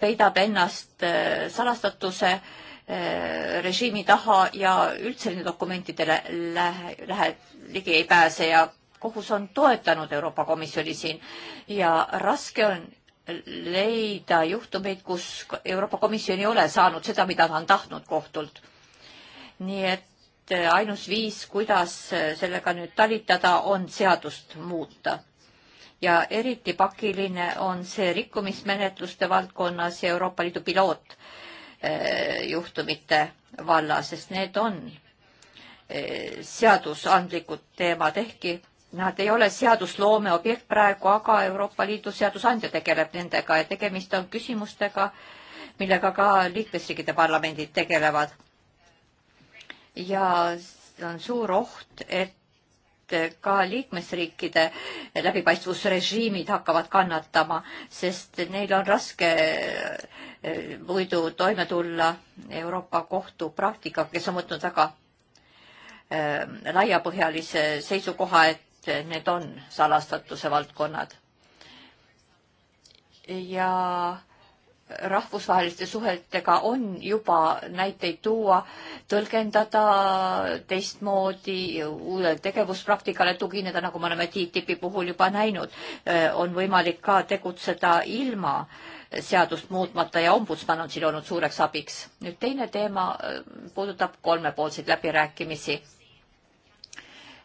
peidab ennast salastatuse äh, Äh, režiimi taha ja üldse nende dokumentidele lähe, lähe, ligi ei pääse ja kohus on toetanud Euroopa Komisjoni siin ja raske on leida juhtumeid, kus Euroopa Komisjon ei ole saanud seda, mida ta on tahtnud kohtult. nii et äh, ainus viis, kuidas äh, sellega nüüd talitada, on seadust muuta. ja eriti pakiline on see rikkumismenetluste valdkonnas Euroopa Liidu piloot äh, Äh, juhtumite vallas, sest need on äh, seadusandlikud teemad, ehkki nad ei ole seadusloome objekt praegu, aga Euroopa Liidu seadusandja tegeleb nendega ja tegemist on küsimustega, millega ka liikmesriikide parlamendid tegelevad. ja on suur oht, et ka liikmesriikide läbipaistvusrežiimid hakkavad kannatama, sest neil on raske Eh, muidu toime tulla Euroopa Kohtu praktikaga, kes on võtnud väga eh, laiapõhjalise seisukoha, et need on salastatuse valdkonnad. ja äh, rahvusvaheliste suhetega on juba näiteid tuua, tõlgendada teistmoodi, uuele tegevuspraktikale tugineda, nagu me oleme TTIP-i puhul juba näinud. on võimalik ka tegutseda ilma seadust muutmata ja ombudsman on siin olnud suureks abiks. nüüd teine teema puudutab kolmepoolseid läbirääkimisi.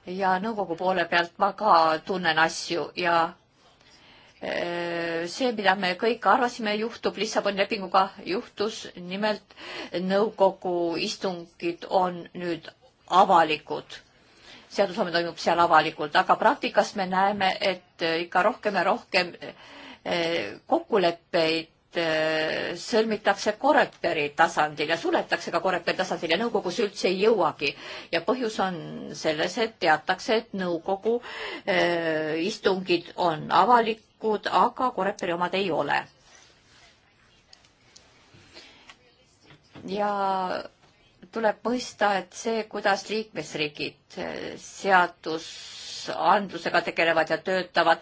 ja nõukogu poole pealt ma ka tunnen asju ja Äh, see, mida me kõik arvasime, juhtub Lissaboni lepinguga, juhtus nimelt nõukogu istungid on nüüd avalikud. seadusloome toimub seal avalikult, aga praktikas me näeme, et äh, ikka rohkem ja rohkem äh, kokkuleppeid sõlmitakse Coreperi tasandil ja suletakse ka Coreperi tasandil ja nõukogusse üldse ei jõuagi. ja põhjus on selles, et teatakse, et nõukogu istungid on avalikud ettepanekud, aga Koreperi omad ei ole. ja tuleb mõista, et see, kuidas liikmesriigid seadusandlusega tegelevad ja töötavad,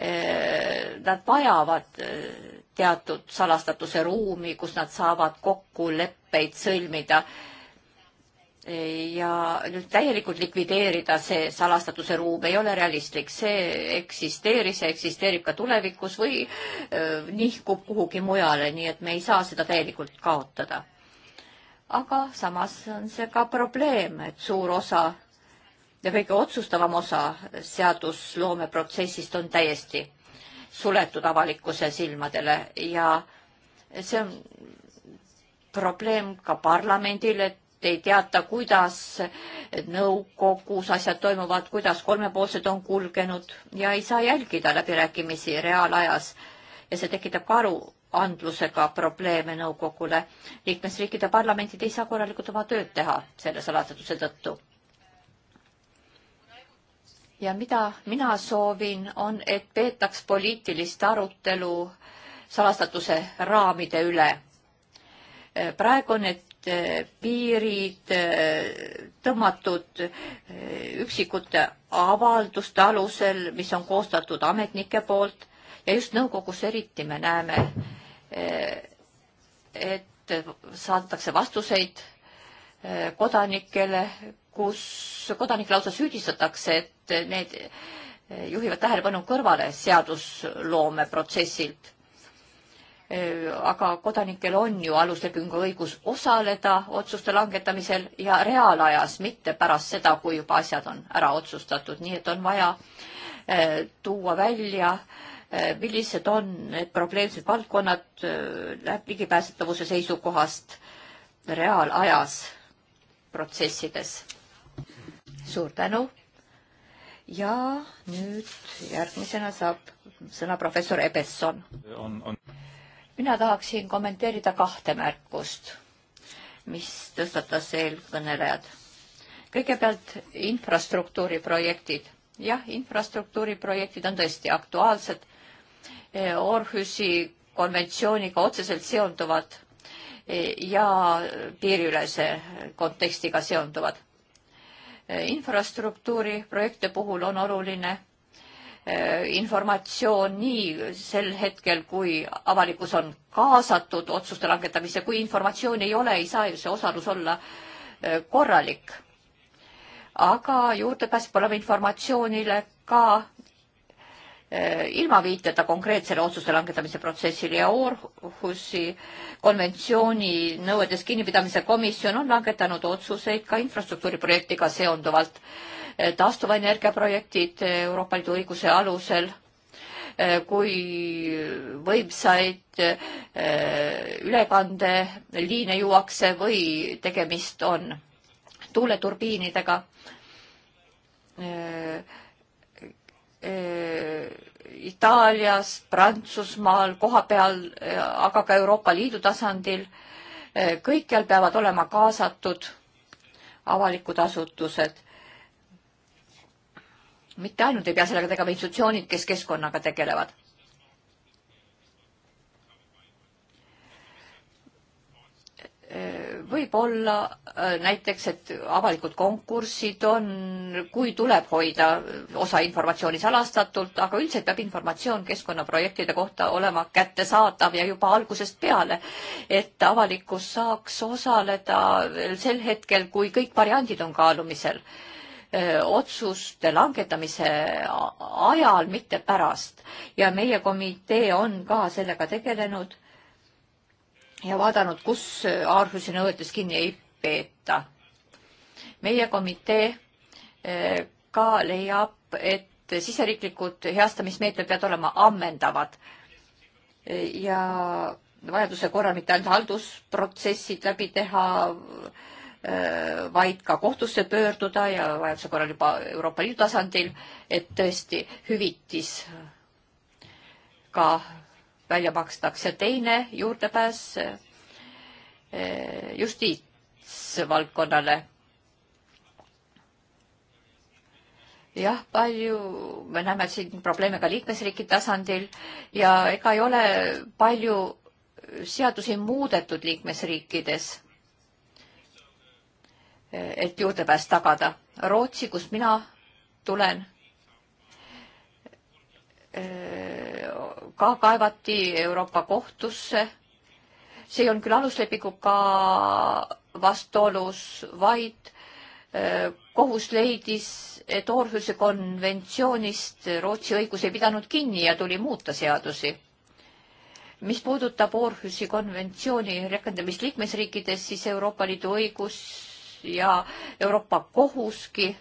eh, nad vajavad eh, teatud salastatuse ruumi, kus nad saavad kokkuleppeid sõlmida ja nüüd täielikult likvideerida see salastatuse ruum ei ole realistlik, see eksisteeris ja eksisteerib ka tulevikus või öö, nihkub kuhugi mujale, nii et me ei saa seda täielikult kaotada. aga samas on see ka probleem, et suur osa ja kõige otsustavam osa seadusloome protsessist on täiesti suletud avalikkuse silmadele ja see on probleem ka parlamendil, et ei teata, kuidas nõukogus asjad toimuvad, kuidas kolmepoolsed on kulgenud ja ei saa jälgida läbirääkimisi reaalajas. ja see tekitab ka aruandlusega probleeme nõukogule. liikmesriikide parlamendid ei saa korralikult oma tööd teha selle salastatuse tõttu. ja mida mina soovin, on, et peetaks poliitilist arutelu salastatuse raamide üle praegu need Äh, piirid äh, tõmmatud äh, üksikute avalduste alusel, mis on koostatud ametnike poolt ja just nõukogus eriti me näeme, et saadetakse vastuseid kodanikele, kus kodanik lausa süüdistatakse, et need juhivad tähelepanu kõrvale seadusloome protsessilt Äh, aga kodanikel on ju aluslepingu õigus osaleda otsuste langetamisel ja reaalajas, mitte pärast seda, kui juba asjad on ära otsustatud, nii et on vaja äh, tuua välja, äh, millised on need probleemsed valdkonnad ligipääsetavuse seisukohast reaalajas protsessides. suur tänu. ja nüüd järgmisena saab sõna professor Ebesson. on, on mina tahaksin kommenteerida kahte märkust, mis tõstatas eelkõnelejad. kõigepealt infrastruktuuriprojektid. jah, infrastruktuuriprojektid on tõesti aktuaalsed. Orhusi konventsiooniga otseselt seonduvad ja piiriülese kontekstiga seonduvad. infrastruktuuri projekte puhul on oluline Eh, informatsioon nii sel hetkel, kui avalikkus on kaasatud otsuste langetamisse, kui informatsiooni ei ole, ei saa ju see osalus olla eh, korralik. aga juurdepääs peab olema informatsioonile ka eh, ilma viiteta konkreetsele otsuse langetamise protsessile ja Orhusi konventsiooni nõuetes kinnipidamise komisjon on langetanud otsuseid ka infrastruktuuriprojektiga seonduvalt taastuvenergia projektid Euroopa Liidu õiguse alusel, eh, kui võimsaid eh, ülekandeliine juuakse või tegemist on tuuleturbiinidega eh, Itaalias, Prantsusmaal, kohapeal, aga ka Euroopa Liidu tasandil. kõikjal peavad olema kaasatud avalikud asutused mitte ainult ei pea sellega tegema institutsioonid, kes keskkonnaga tegelevad. võib-olla äh, näiteks, et avalikud konkursid on, kui tuleb hoida osa informatsiooni salastatult, aga üldiselt peab informatsioon keskkonnaprojektide kohta olema kättesaadav ja juba algusest peale, et avalikkus saaks osaleda sel hetkel, kui kõik variandid on kaalumisel otsuste langetamise ajal, mitte pärast. ja meie komitee on ka sellega tegelenud ja vaadanud, kus aarhuse nõuetes kinni ei peeta. meie komitee ka leiab, et siseriiklikud heastamismeetmed peavad olema ammendavad ja vajaduse korral mitte ainult haldusprotsessid läbi teha, Äh, vaid ka kohtusse pöörduda ja vajaduse korral juba Euroopa Liidu tasandil, et tõesti hüvitis ka välja makstakse. teine juurdepääs äh, justiitsvaldkonnale. jah, palju me näeme siin probleeme ka liikmesriigi tasandil ja ega ei ole palju seadusi muudetud liikmesriikides et juurdepääs tagada. Rootsi, kust mina tulen, ka kaevati Euroopa kohtusse. see ei olnud küll aluslepinguga vastuolus, vaid eh, kohus leidis, et Orhuse konventsioonist Rootsi õigus ei pidanud kinni ja tuli muuta seadusi. mis puudutab Orhusi konventsiooni rakendamist liikmesriikides, siis Euroopa Liidu õigus ja Euroopa Kohuski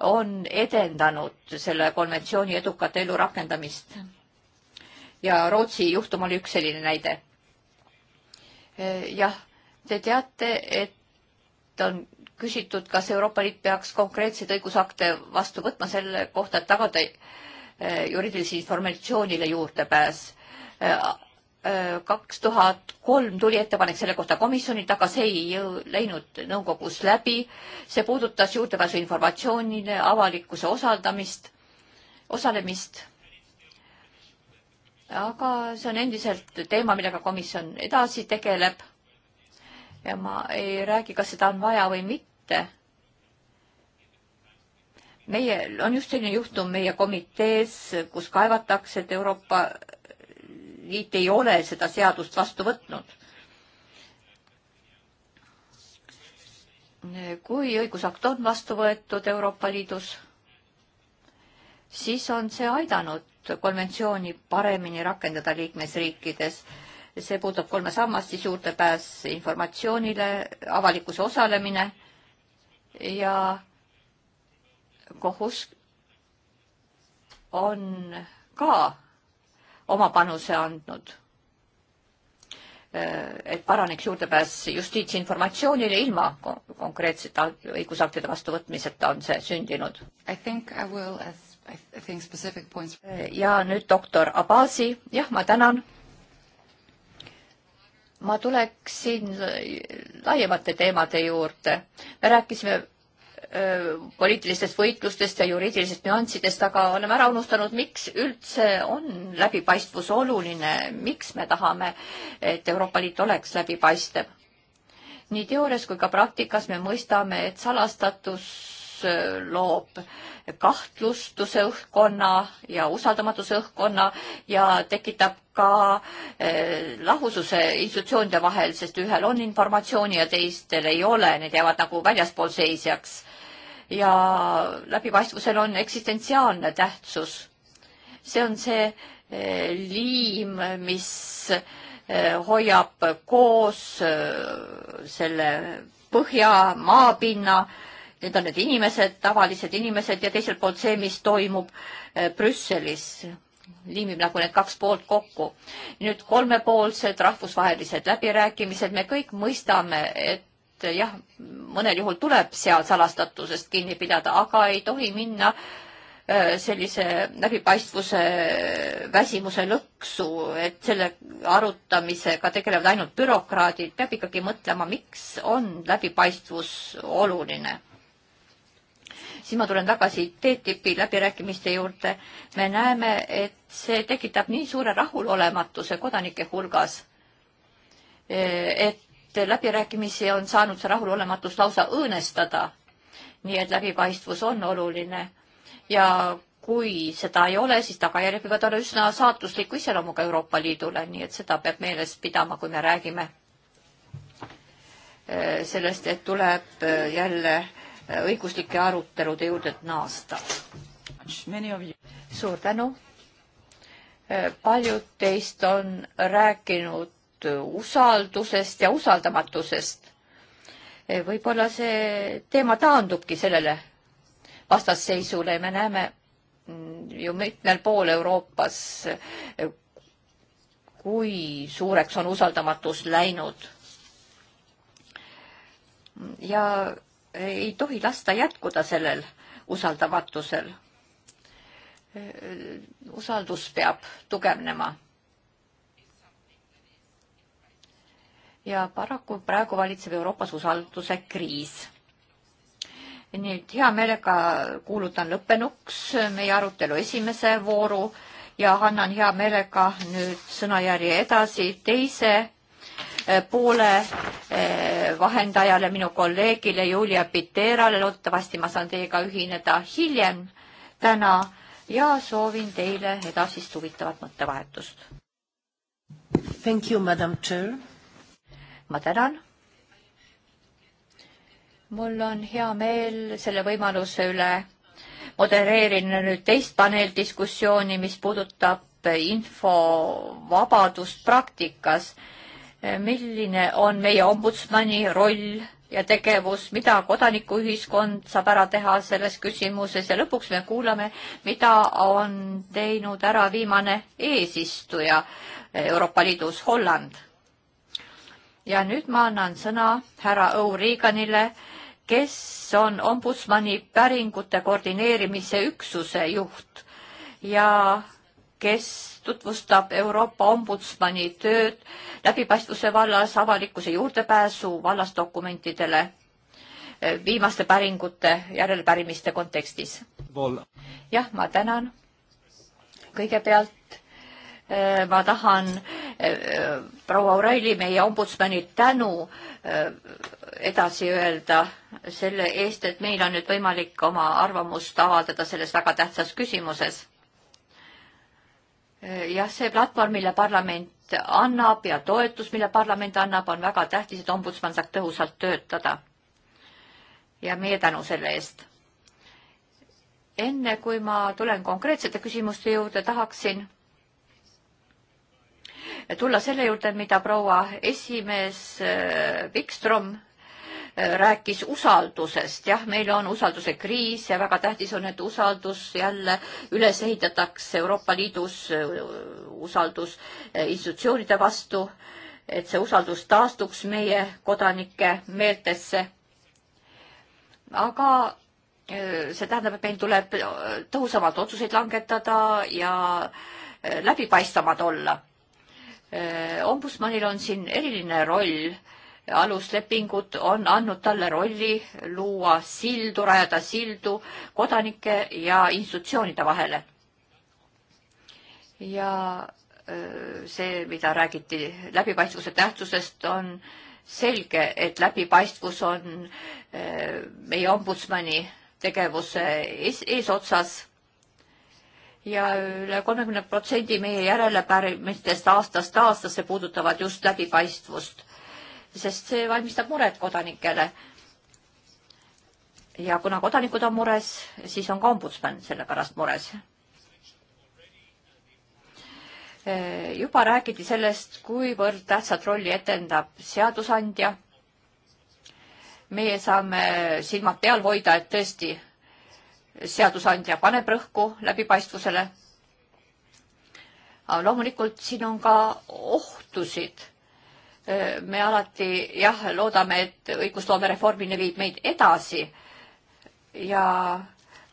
on edendanud selle konventsiooni edukat elu rakendamist. ja Rootsi juhtum oli üks selline näide. E, jah, te teate, et on küsitud, kas Euroopa Liit peaks konkreetseid õigusakte vastu võtma selle kohta, et tagada e, juriidilise informatsioonile juurdepääs e, Äh, kaks tuhat kolm tuli ettepanek selle kohta komisjonilt, aga see ei jõu, läinud nõukogus läbi. see puudutas juurdepääsu informatsioonile, avalikkuse osaldamist, osalemist. aga see on endiselt teema, millega komisjon edasi tegeleb. ja ma ei räägi, kas seda on vaja või mitte. meie, on just selline juhtum meie komitees, kus kaevatakse, et Euroopa Liit ei ole seda seadust vastu võtnud. kui õigusakt on vastu võetud Euroopa Liidus, siis on see aidanud konventsiooni paremini rakendada liikmesriikides see puudutab kolme sammast, siis juurdepääs informatsioonile, avalikkuse osalemine ja kohus on ka oma panuse andnud. Äh, et paraneks juurdepääs justiitsinformatsioonile ilma konkreetsete õigusaktide vastuvõtmiseta on see sündinud. Äh, ja nüüd doktor Abasi, jah, ma tänan ma tuleksin laiemate teemade juurde. me rääkisime poliitilistest võitlustest ja juriidilisest nüanssidest, aga oleme ära unustanud, miks üldse on läbipaistvus oluline, miks me tahame, et Euroopa Liit oleks läbipaistev. nii teoorias kui ka praktikas me mõistame, et salastatus loob kahtlustuse õhkkonna ja usaldamatuse õhkkonna ja tekitab ka lahususe institutsioonide vahel, sest ühel on informatsiooni ja teistel ei ole, need jäävad nagu väljaspool seisjaks ja läbipaistvusel on eksistentsiaalne tähtsus. see on see eh, liim, mis eh, hoiab koos eh, selle põhja, maapinna, need on need inimesed, tavalised inimesed ja teiselt poolt see, mis toimub Brüsselis, liimib nagu need kaks poolt kokku. nüüd kolmepoolsed rahvusvahelised läbirääkimised, me kõik mõistame, et et jah, mõnel juhul tuleb seal salastatusest kinni pidada, aga ei tohi minna äh, sellise läbipaistvuse väsimuse lõksu, et selle arutamisega tegelevad ainult bürokraadid, peab ikkagi mõtlema, miks on läbipaistvus oluline. siis ma tulen tagasi TTIP-i läbirääkimiste juurde. me näeme, et see tekitab nii suure rahulolematuse kodanike hulgas, äh, et et läbirääkimisi on saanud see rahulolematus lausa õõnestada. nii et läbipaistvus on oluline ja kui seda ei ole, siis tagajärjed võivad olla üsna saatusliku iseloomuga Euroopa Liidule, nii et seda peab meeles pidama, kui me räägime äh, sellest, et tuleb äh, jälle äh, õiguslike arutelude juurde naasta. suur tänu. paljud teist on rääkinud räägitud usaldusest ja usaldamatusest. võib-olla see teema taandubki sellele vastasseisule ja me näeme ju mitmel pool Euroopas, kui suureks on usaldamatus läinud. ja ei tohi lasta jätkuda sellel usaldamatusel. usaldus peab tugevnema ja paraku praegu valitseb Euroopas usalduse kriis. nüüd hea meelega kuulutan lõppenuks meie arutelu esimese vooru ja annan hea meelega nüüd sõnajärje edasi teise eh, poole eh, vahendajale, minu kolleegile Julia Piterale, loodetavasti ma saan teiega ühineda hiljem täna ja soovin teile edasist huvitavat mõttevahetust. Thank you, madam chair ma tänan. mul on hea meel selle võimaluse üle. modereerin nüüd teist paneeldiskussiooni, mis puudutab infovabadust praktikas. milline on meie ombudsmani roll ja tegevus, mida kodanikuühiskond saab ära teha selles küsimuses ja lõpuks me kuulame, mida on teinud ära viimane eesistuja Euroopa Liidus, Holland ja nüüd ma annan sõna härra Õuriiganile, kes on ombudsmani päringute koordineerimise üksuse juht ja kes tutvustab Euroopa ombudsmani tööd läbipaistvuse vallas, avalikkuse juurdepääsu vallas dokumentidele eh, viimaste päringute järelpärimiste kontekstis. jah, ma tänan. kõigepealt Äh, ma tahan äh, proua Aureli, meie ombudsmani tänu äh, edasi öelda selle eest, et meil on nüüd võimalik oma arvamust avaldada selles väga tähtsas küsimuses. jah, see platvorm, mille parlament annab ja toetus, mille parlament annab, on väga tähtis, et ombudsman saab tõhusalt töötada. ja meie tänu selle eest. enne kui ma tulen konkreetsete küsimuste juurde, tahaksin tulla selle juurde, mida proua esimees Vikström äh, äh, rääkis usaldusest, jah, meil on usalduse kriis ja väga tähtis on, et usaldus jälle üles ehitatakse Euroopa Liidus, äh, usaldus institutsioonide vastu, et see usaldus taastuks meie kodanike meeltesse. aga see tähendab, et meil tuleb tõhusamalt otsuseid langetada ja läbipaistvamad olla Äh, ombudsmanil on siin eriline roll, aluslepingud on andnud talle rolli luua sildu, rajada sildu kodanike ja institutsioonide vahele. ja äh, see, mida räägiti läbipaistvuse tähtsusest, on selge, et läbipaistvus on äh, meie ombudsmani tegevuse ees, eesotsas ja üle kolmekümne protsendi meie järelepärimistest aastast aastasse puudutavad just läbipaistvust, sest see valmistab muret kodanikele. ja kuna kodanikud on mures, siis on ka ombudsman selle pärast mures. juba räägiti sellest, kuivõrd tähtsat rolli etendab seadusandja. meie saame silmad peal hoida, et tõesti seadusandja paneb rõhku läbipaistvusele. aga loomulikult siin on ka ohtusid. me alati jah, loodame, et õigusloome reformini viib meid edasi ja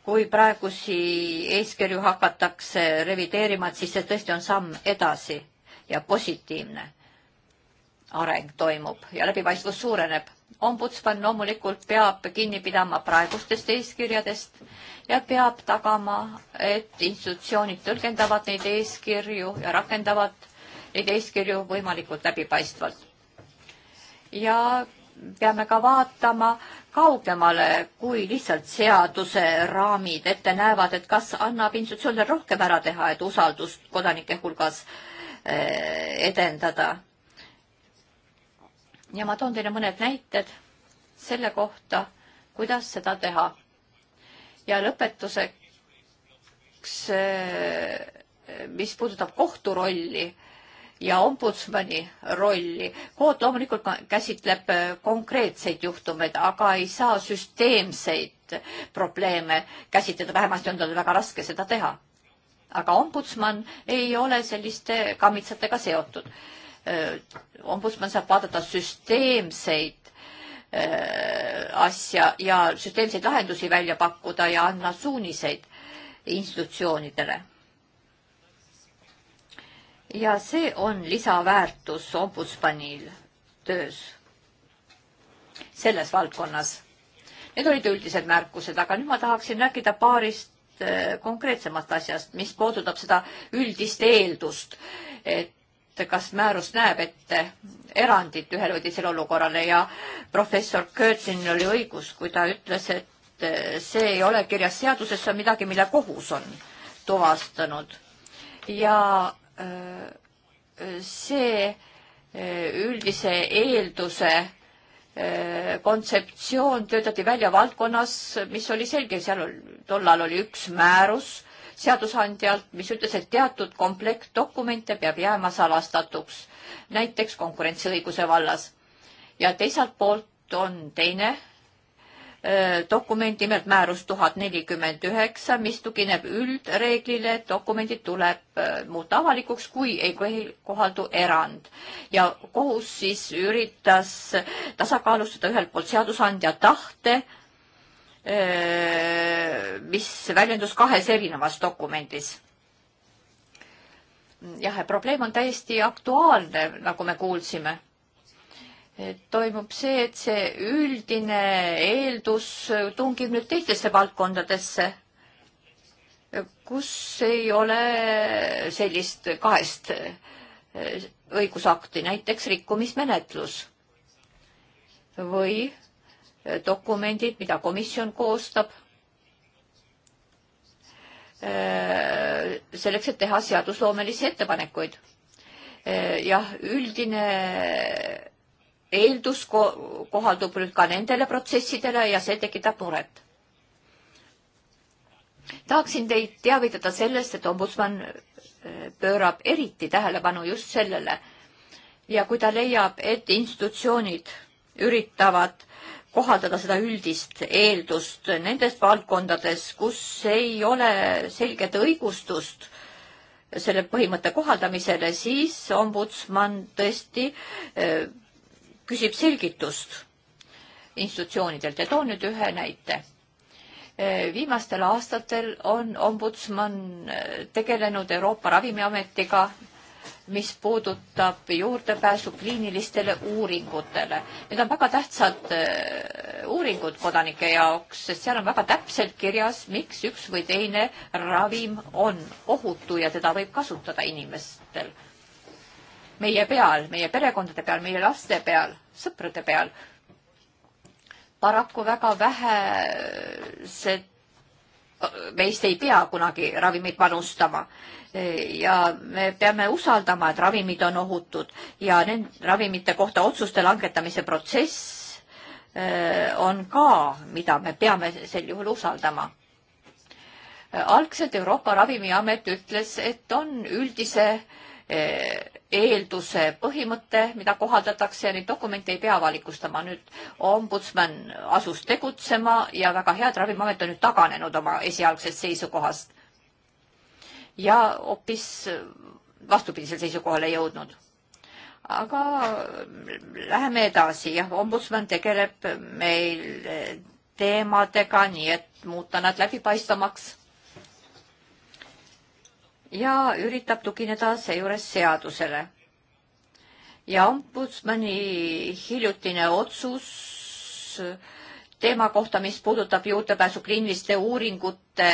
kui praegusi eeskirju hakatakse revideerima, et siis see tõesti on samm edasi ja positiivne areng toimub ja läbipaistvus suureneb ombudsman loomulikult peab kinni pidama praegustest eeskirjadest ja peab tagama, et institutsioonid tõlgendavad neid eeskirju ja rakendavad neid eeskirju võimalikult läbipaistvalt. ja peame ka vaatama kaugemale, kui lihtsalt seaduse raamid ette näevad, et kas annab institutsioonidel rohkem ära teha, et usaldust kodanike hulgas eh, edendada ja ma toon teile mõned näited selle kohta, kuidas seda teha. ja lõpetuseks, eh, mis puudutab kohtu rolli ja ombudsmani rolli. kood loomulikult käsitleb eh, konkreetseid juhtumeid, aga ei saa süsteemseid probleeme käsitleda, vähemasti on tal väga raske seda teha. aga ombudsman ei ole selliste kammitsatega seotud ombudsman saab vaadata süsteemseid asja ja süsteemseid lahendusi välja pakkuda ja anda suuniseid institutsioonidele. ja see on lisaväärtus ombudsmanil töös selles valdkonnas. Need olid üldised märkused, aga nüüd ma tahaksin rääkida paarist konkreetsemast asjast, mis puudutab seda üldist eeldust, et et kas määrus näeb ette erandit ühele või teisele olukorrale ja professor Kõrtsinil oli õigus, kui ta ütles, et see ei ole kirjas seaduses, see on midagi, mille kohus on tuvastanud. ja äh, see äh, üldise eelduse äh, kontseptsioon töötati välja valdkonnas, mis oli selge, seal tol ajal oli üks määrus seadusandjalt, mis ütles, et teatud komplekt dokumente peab jääma salastatuks, näiteks konkurentsiõiguse vallas. ja teiselt poolt on teine dokument, nimelt määrus tuhat nelikümmend üheksa, mis tugineb üldreeglile, et dokumendid tuleb muuta avalikuks, kui ei kohaldu erand. ja kohus siis üritas tasakaalustada ühelt poolt seadusandja tahte mis väljendus kahes erinevas dokumendis. jah, probleem on täiesti aktuaalne, nagu me kuulsime toimub see, et see üldine eeldus tungib nüüd teistesse valdkondadesse, kus ei ole sellist kahest õigusakti, näiteks rikkumismenetlus või dokumendid, mida komisjon koostab äh, selleks, et teha seadusloomelisi ettepanekuid. Äh, jah, üldine eeldus ko kohaldub nüüd ka nendele protsessidele ja see tekitab muret. tahaksin teid teavitada sellest, et ombudsman äh, pöörab eriti tähelepanu just sellele ja kui ta leiab, et institutsioonid üritavad kohaldada seda üldist eeldust nendes valdkondades, kus ei ole selget õigustust selle põhimõtte kohaldamisele, siis ombudsman tõesti äh, küsib selgitust institutsioonidelt ja toon nüüd ühe näite. Äh, viimastel aastatel on ombudsman äh, tegelenud Euroopa Ravimiametiga mis puudutab juurdepääsu kliinilistele uuringutele. Need on väga tähtsad äh, uuringud kodanike jaoks, sest seal on väga täpselt kirjas, miks üks või teine ravim on ohutu ja teda võib kasutada inimestel. meie peal, meie perekondade peal, meie laste peal, sõprade peal. paraku väga vähesed meist ei pea kunagi ravimeid panustama ja me peame usaldama, et ravimid on ohutud ja nende ravimite kohta otsuste langetamise protsess äh, on ka, mida me peame sel juhul usaldama. algselt Euroopa Ravimiamet ütles, et on üldise äh, eelduse põhimõte, mida kohaldatakse ja neid dokumente ei pea avalikustama. nüüd ombudsman asus tegutsema ja väga hea, et Ravimiamet on nüüd taganenud oma esialgsest seisukohast. ja hoopis vastupidisele seisukohale jõudnud. aga läheme edasi, jah, ombudsman tegeleb meil teemadega, nii et muuta nad läbipaistvamaks ja üritab tugineda seejuures seadusele. ja ombudsmani hiljutine otsus teema kohta, mis puudutab juurdepääsu kliiniliste uuringute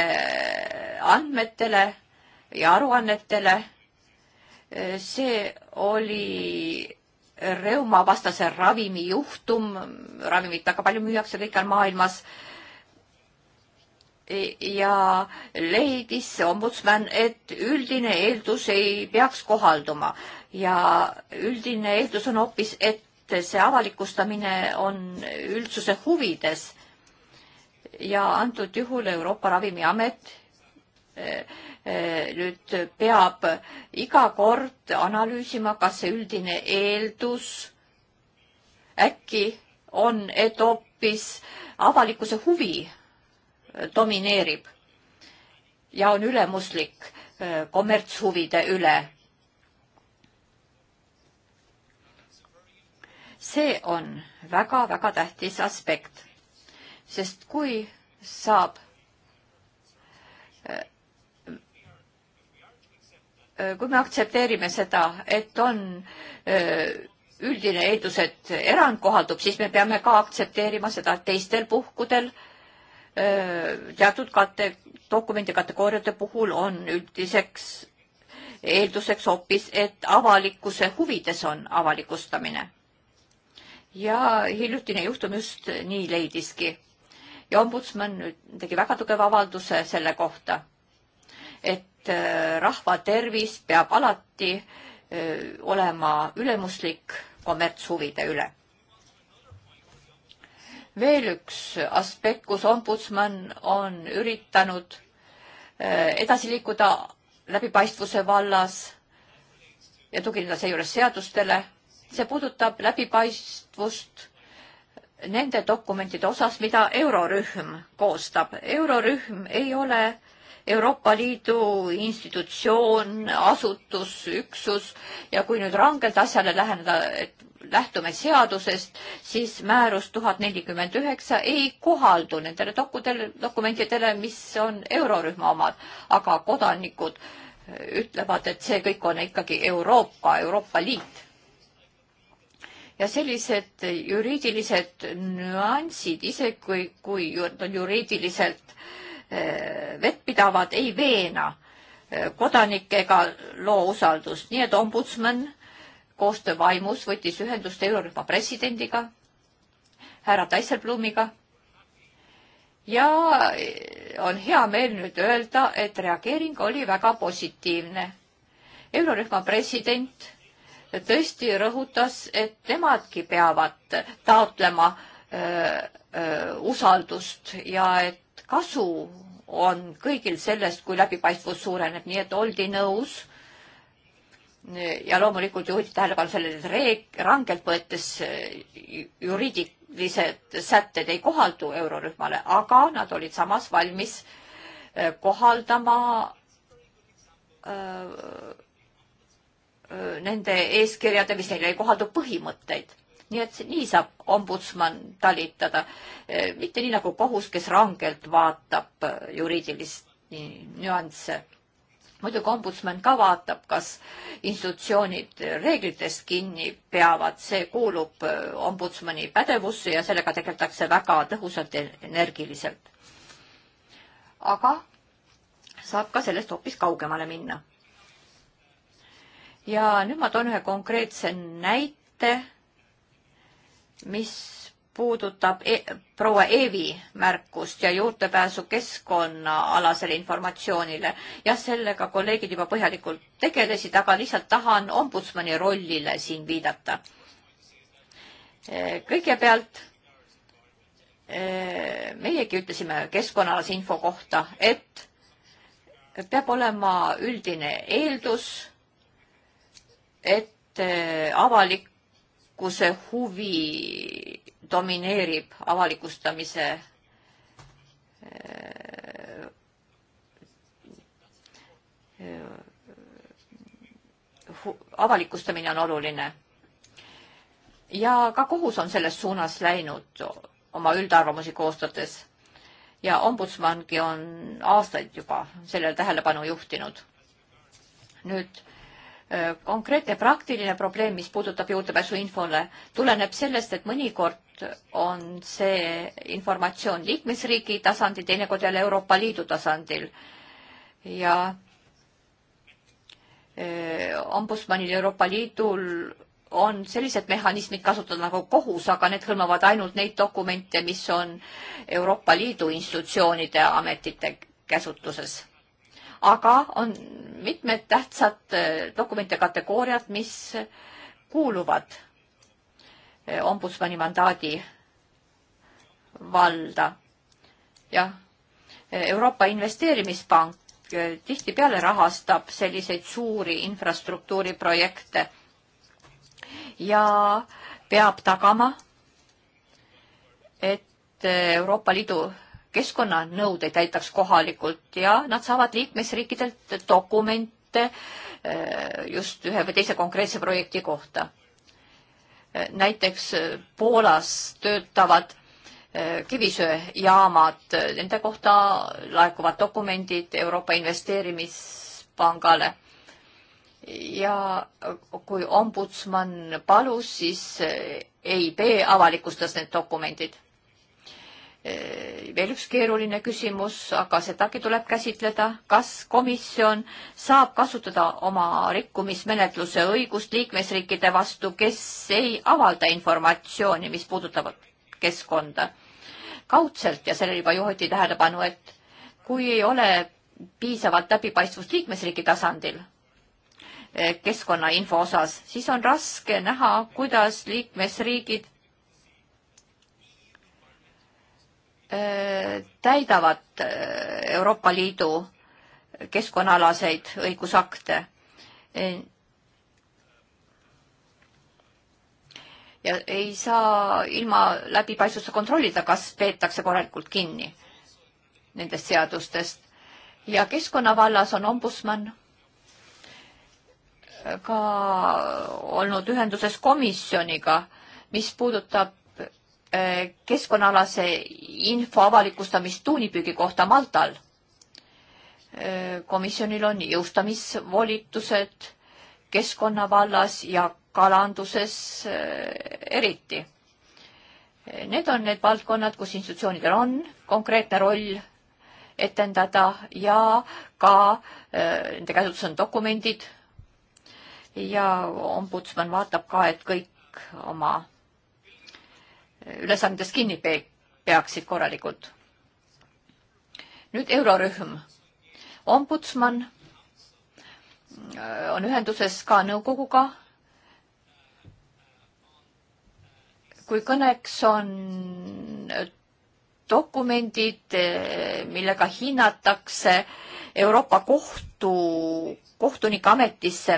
andmetele ja aruannetele, see oli reumavastase ravimi juhtum, ravimit väga palju müüakse kõikjal maailmas ja leidis ombudsman, et üldine eeldus ei peaks kohalduma ja üldine eeldus on hoopis, et see avalikustamine on üldsuse huvides. ja antud juhul Euroopa Ravimiamet eh, eh, nüüd peab iga kord analüüsima, kas see üldine eeldus äkki on, et hoopis avalikkuse huvi domineerib ja on ülemuslik äh, kommertshuvide üle. see on väga-väga tähtis aspekt, sest kui saab äh, äh, kui me aktsepteerime seda, et on üldine eeldus, et erand kohaldub, siis me peame ka aktsepteerima seda, et teistel puhkudel äh, Äh, teatud kate-, dokumendi kategooriate puhul on üldiseks eelduseks hoopis, et avalikkuse huvides on avalikustamine. ja hiljutine juhtum just nii leidiski. ja ombudsman nüüd tegi väga tugeva avalduse selle kohta, et äh, rahva tervis peab alati öö, äh, olema ülemuslik kommertshuvide üle veel üks aspekt, kus ombudsman on üritanud äh, edasi liikuda läbipaistvuse vallas ja tugineda seejuures seadustele. see puudutab läbipaistvust nende dokumentide osas, mida eurorühm koostab. eurorühm ei ole Euroopa Liidu institutsioon, asutus, üksus ja kui nüüd rangelt asjale läheneda, et lähtume seadusest, siis määrus tuhat nelikümmend üheksa ei kohaldu nendele dokudele, dokumentidele, mis on eurorühma omad, aga kodanikud ütlevad, et see kõik on ikkagi Euroopa, Euroopa Liit ja sellised juriidilised nüansid, isegi kui, kui on juriidiliselt äh, Eh, vettpidavad, ei veena eh, kodanikega loo usaldust, nii et ombudsman koostöö vaimus võttis ühendust eurorühma presidendiga, härra Taisselblumiga ja eh, on hea meel nüüd öelda, et reageering oli väga positiivne. eurorühma president tõesti rõhutas, et nemadki peavad taotlema öö, öö, usaldust ja et kasu on kõigil sellest, kui läbipaistvus suureneb, nii et oldi nõus ja loomulikult juhiti tähelepanu sellele, et reeg-, rangelt võttes juriidilised sätted ei kohaldu eurorühmale, aga nad olid samas valmis äh, kohaldama öö, äh, äh, nende eeskirjade, mis neile ei kohaldu, põhimõtteid nii et nii saab ombudsman talitada, e, mitte nii nagu kohus, kes rangelt vaatab e, juriidilist nüansse. muidugi ombudsman ka vaatab, kas institutsioonid reeglitest kinni peavad, see kuulub e, ombudsmani pädevusse ja sellega tegeldakse väga tõhusalt ja energiliselt. aga saab ka sellest hoopis kaugemale minna. ja nüüd ma toon ühe konkreetse näite mis puudutab e proua Eevi märkust ja juurdepääsu keskkonnaalasele informatsioonile. jah, sellega kolleegid juba põhjalikult tegelesid, aga lihtsalt tahan ombudsmani rollile siin viidata. E, kõigepealt e, meiegi ütlesime keskkonnaalase info kohta, et peab olema üldine eeldus, et e, avalik avalikkuse huvi domineerib avalikustamise avalikustamine on oluline. ja ka kohus on selles suunas läinud oma üldarvamusi koostades ja ombudsmangi on aastaid juba sellele tähelepanu juhtinud. nüüd Äh, konkreetne praktiline probleem, mis puudutab juurdepääsu infole, tuleneb sellest, et mõnikord on see informatsioon liikmesriigi tasandil, teinekord jälle Euroopa Liidu tasandil. ja äh, ombudsmanil Euroopa Liidul on sellised mehhanismid kasutada nagu kohus, aga need hõlmavad ainult neid dokumente, mis on Euroopa Liidu institutsioonide ametite käsutuses aga on mitmed tähtsad eh, dokumente kategooriad, mis kuuluvad eh, ombudsmani mandaadi valda. jah, eh, Euroopa Investeerimispank tihtipeale rahastab selliseid suuri infrastruktuuriprojekte ja peab tagama, et Euroopa Liidu keskkonnanõudeid täidaks kohalikult ja nad saavad liikmesriikidelt dokumente eh, just ühe või teise konkreetse projekti kohta. Eh, näiteks eh, Poolas töötavad kivisöejaamad, nende kohta laekuvad dokumendid Euroopa Investeerimispangale ja kui ombudsman palus, siis EIB e avalikustas need dokumendid. Äh, veel üks keeruline küsimus, aga sedagi tuleb käsitleda. kas komisjon saab kasutada oma rikkumismenetluse õigust liikmesriikide vastu, kes ei avalda informatsiooni, mis puudutavad keskkonda? kaudselt ja sellele juba juhiti tähelepanu, et kui ei ole piisavalt läbipaistvust liikmesriigi tasandil äh, keskkonnainfo osas, siis on raske näha, kuidas liikmesriigid täidavad Euroopa Liidu keskkonnaalaseid õigusakte. ja ei saa ilma läbipaistvusse kontrollida, kas peetakse korralikult kinni nendest seadustest. ja keskkonna vallas on ombudsman ka olnud ühenduses komisjoniga, mis puudutab Äh, keskkonnaalase info avalikustamist tuunipüügi kohta Maltal. Äh, komisjonil on jõustamisvolitused keskkonna vallas ja kalanduses äh, eriti. Need on need valdkonnad, kus institutsioonidel on konkreetne roll etendada ja ka nende käsutuses on dokumendid ja ombudsman vaatab ka, et kõik oma ülesandest kinni pe peaksid korralikult. nüüd eurorühm. ombudsman äh, on ühenduses ka nõukoguga. kui kõneks on äh, dokumendid, äh, millega hinnatakse Euroopa Kohtu kohtunike ametisse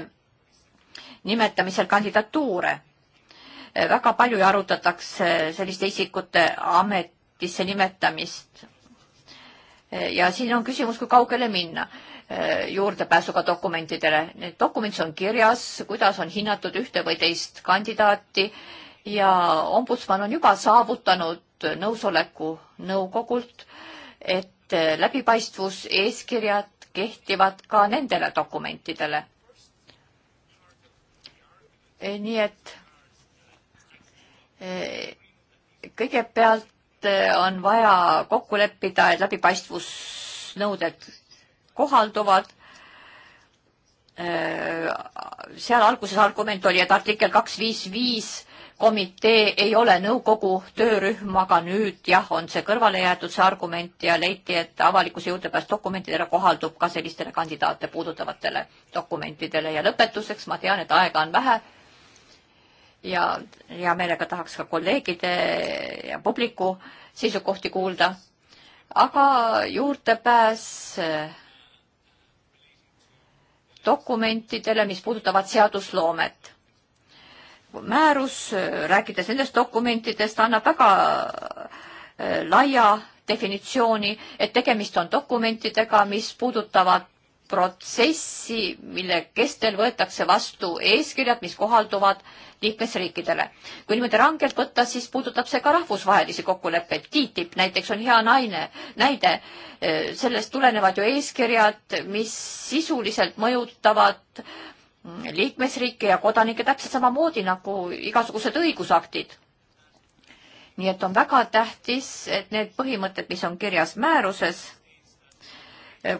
nimetamisel kandidatuure väga palju arutatakse selliste isikute ametisse nimetamist. ja siin on küsimus, kui kaugele minna e, juurdepääsuga dokumentidele. Need dokumendid on kirjas, kuidas on hinnatud ühte või teist kandidaati ja ombudsman on juba saavutanud nõusoleku nõukogult, et e, läbipaistvus eeskirjad kehtivad ka nendele dokumentidele. E, nii et kõigepealt eh, on vaja kokku leppida, et läbipaistvusnõuded kohalduvad. Eh, seal alguses argument oli, et artikkel kaks viis viis komitee ei ole nõukogu töörühm, aga nüüd jah, on see kõrvale jäetud, see argument ja leiti, et avalikkuse juurdepääs dokumentidele kohaldub ka sellistele kandidaate puudutavatele dokumentidele ja lõpetuseks ma tean, et aega on vähe ja hea meelega tahaks ka kolleegide ja publiku seisukohti kuulda. aga juurdepääs eh, dokumentidele, mis puudutavad seadusloomet. määrus, eh, rääkides nendest dokumentidest, annab väga eh, laia definitsiooni, et tegemist on dokumentidega, mis puudutavad protsessi, mille kestel võetakse vastu eeskirjad, mis kohalduvad liikmesriikidele. kui niimoodi rangelt võtta, siis puudutab see ka rahvusvahelisi kokkuleppeid. TTIP näiteks on hea naine, näide. sellest tulenevad ju eeskirjad, mis sisuliselt mõjutavad liikmesriike ja kodanikke täpselt samamoodi nagu igasugused õigusaktid nii et on väga tähtis, et need põhimõtted, mis on kirjas määruses,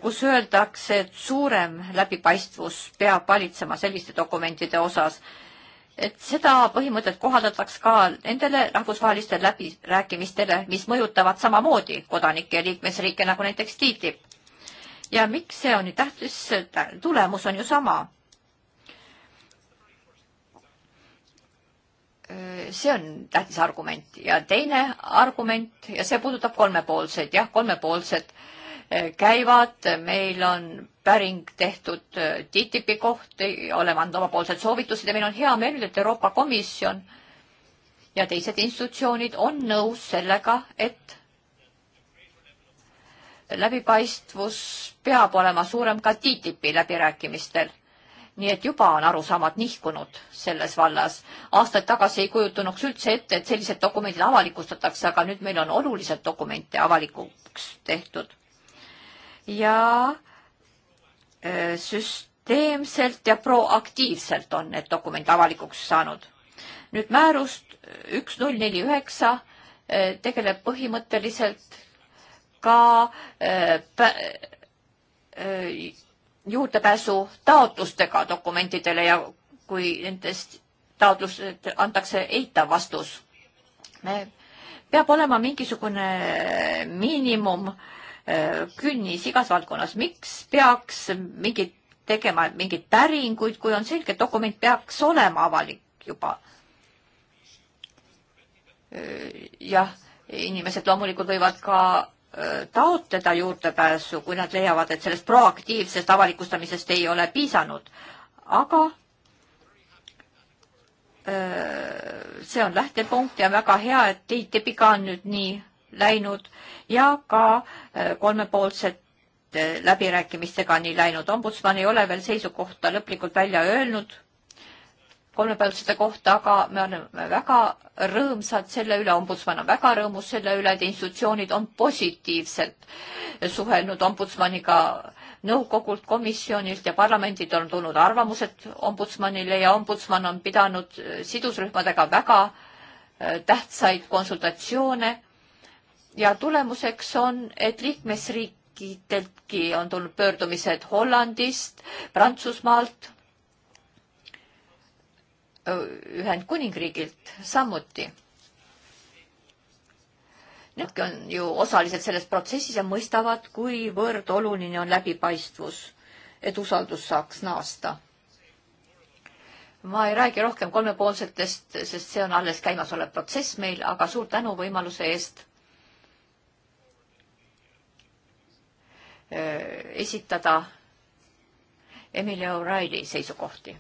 kus öeldakse, et suurem läbipaistvus peab valitsema selliste dokumentide osas, et seda põhimõtet kohaldataks ka nendele rahvusvahelistele läbirääkimistele, mis mõjutavad samamoodi kodanikke ja liikmesriike, nagu näiteks TTIP. ja miks see on nii tähtis, tulemus on ju sama. see on tähtis argument ja teine argument ja see puudutab kolmepoolseid, jah, kolmepoolsed äh, käivad, meil on päring tehtud äh, TTIP-i kohta, oleme andnud omapoolsed soovitused ja meil on hea meel, et Euroopa Komisjon ja teised institutsioonid on nõus sellega, et läbipaistvus peab olema suurem ka TTIP-i läbirääkimistel. nii et juba on arusaamad nihkunud selles vallas. aastaid tagasi ei kujutanuks üldse ette, et sellised dokumendid avalikustatakse, aga nüüd meil on oluliselt dokumente avalikuks tehtud ja äh, süsteemselt ja proaktiivselt on need dokumendid avalikuks saanud. nüüd määrust üks null neli üheksa äh, tegeleb põhimõtteliselt ka äh, juurdepääsu taotlustega dokumentidele ja kui nendest taotlused antakse eitav vastus. me, peab olema mingisugune miinimum äh, künnis igas valdkonnas, miks peaks mingit tegema mingeid päringuid, kui on selge, et dokument peaks olema avalik juba. jah, inimesed loomulikult võivad ka taotleda juurdepääsu, kui nad leiavad, et sellest proaktiivsest avalikustamisest ei ole piisanud. aga see on lähtepunkt ja väga hea, et TTIP-iga on nüüd nii läinud ja ka äh, kolmepoolset äh, läbirääkimistega nii läinud. ombudsman ei ole veel seisukohta lõplikult välja öelnud kolmepäevaste kohta, aga me oleme väga rõõmsad selle üle, ombudsman on väga rõõmus selle üle, et institutsioonid on positiivselt suhelnud ombudsmaniga nõukogult, komisjonilt ja parlamendilt on tulnud arvamused ombudsmanile ja ombudsman on pidanud sidusrühmadega väga äh, tähtsaid konsultatsioone ja tulemuseks on, et liikmesriikideltki on tulnud pöördumised Hollandist, Prantsusmaalt, Ühendkuningriigilt samuti. Nemadki on ju osalised selles protsessis ja mõistavad, kuivõrd oluline on läbipaistvus, et usaldus saaks naasta. ma ei räägi rohkem kolmepoolsetest, sest see on alles käimasolev protsess meil, aga suur tänu võimaluse eest Äh, esitada Emilia O'Reilly seisukohti.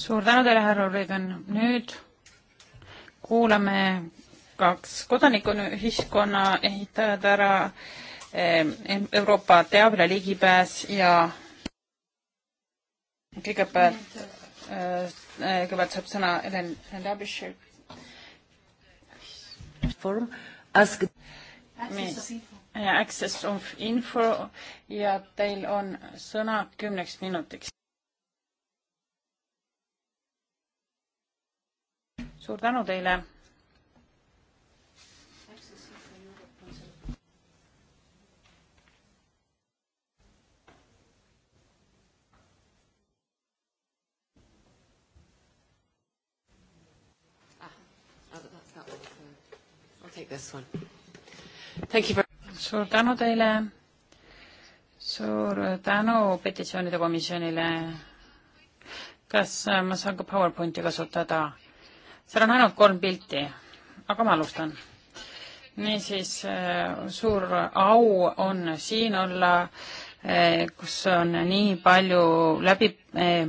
suur tänu teile, härra Reagan, nüüd kuulame kaks kodanikuühiskonna ehitajad ära, eh, Euroopa teabele ligipääs ja kõigepealt, eh, kõigepealt saab sõna Helen Labishek platform ask Access, Access of info ja teil on sõna kümneks minutiks. suur tänu teile take this one. Thank you very suur tänu teile, suur tänu petitsioonide komisjonile. kas äh, ma saan ka PowerPointi kasutada? seal on ainult kolm pilti, aga ma alustan. niisiis, äh, suur au on siin olla, äh, kus on nii palju läbi eh,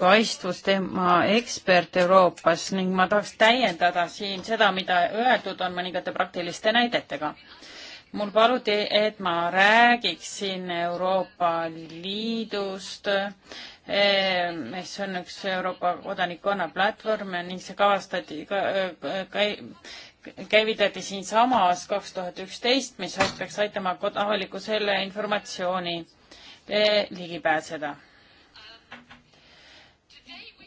paistvustema eh, ekspert Euroopas ning ma tahaks täiendada siin seda, mida öeldud on mõningate praktiliste näidetega. mul paluti, et ma räägiksin Euroopa Liidust, eh, mis on üks Euroopa kodanikkonna platvorm ning see kavastati ka, eh, ka, käivitati siinsamas kaks tuhat üksteist, mis peaks aitama avalikkusele informatsiooni ligipääseda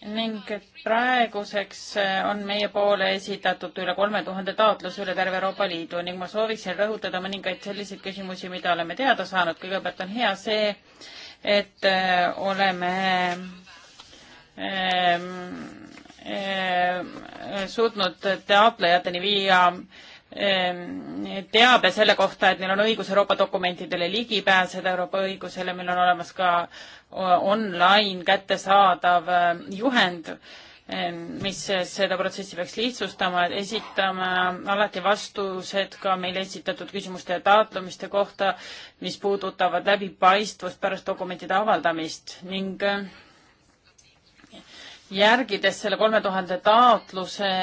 ning praeguseks äh, on meie poole esitatud üle kolme tuhande taotluse üle terve Euroopa Liidu ning ma sooviksin rõhutada mõningaid selliseid küsimusi, mida oleme teada saanud. kõigepealt on hea see, et äh, oleme ähm, ähm, suutnud taotlejateni viia äh, Ehm, teabe selle kohta, et neil on õigus Euroopa dokumentidele ligi pääseda, Euroopa õigusele, meil on olemas ka online kättesaadav ehm, juhend, ehm, mis seda protsessi peaks lihtsustama, et esitame alati vastused ka meile esitatud küsimuste ja taotlemiste kohta, mis puudutavad läbipaistvust pärast dokumentide avaldamist ning järgides selle kolme tuhande taotluse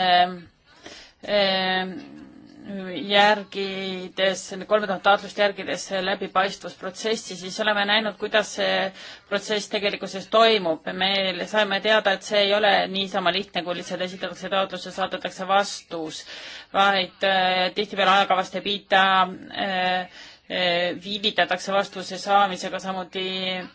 järgides, kolme tuhat taotlust järgides läbipaistvusprotsessi, siis oleme näinud, kuidas see protsess tegelikkuses toimub. me saime teada, et see ei ole niisama lihtne, kui lihtsalt esitatakse taotlus ja saadetakse vastus, vaid äh, tihtipeale ajakavast ei piita äh,, äh, viivitatakse vastuse saamisega, samuti äh,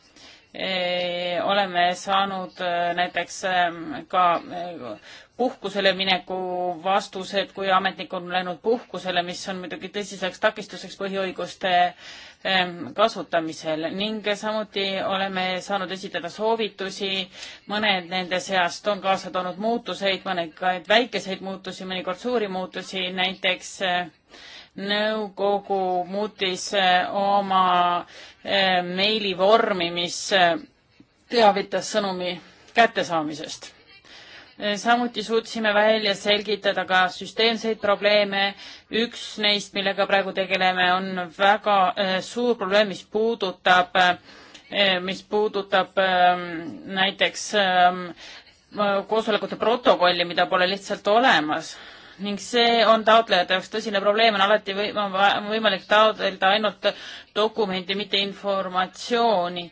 oleme saanud äh, näiteks ähm, ka äh, puhkusele mineku vastused, kui ametnik on läinud puhkusele, mis on muidugi tõsiseks takistuseks põhiõiguste ähm, kasutamisel ning samuti oleme saanud esitada soovitusi, mõned nende seast on kaasa toonud muutuseid, mõningaid väikeseid muutusi, mõnikord suuri muutusi, näiteks äh, nõukogu muutis äh, oma äh, meilivormi, mis äh, teavitas sõnumi kättesaamisest. samuti suutsime välja selgitada ka süsteemseid probleeme. üks neist, millega praegu tegeleme, on väga suur probleem, mis puudutab, mis puudutab ähm, näiteks ähm, koosolekute protokolli, mida pole lihtsalt olemas ning see on taotlejate jaoks tõsine probleem, on alati või, võimalik taotleda ainult dokumenti, mitte informatsiooni.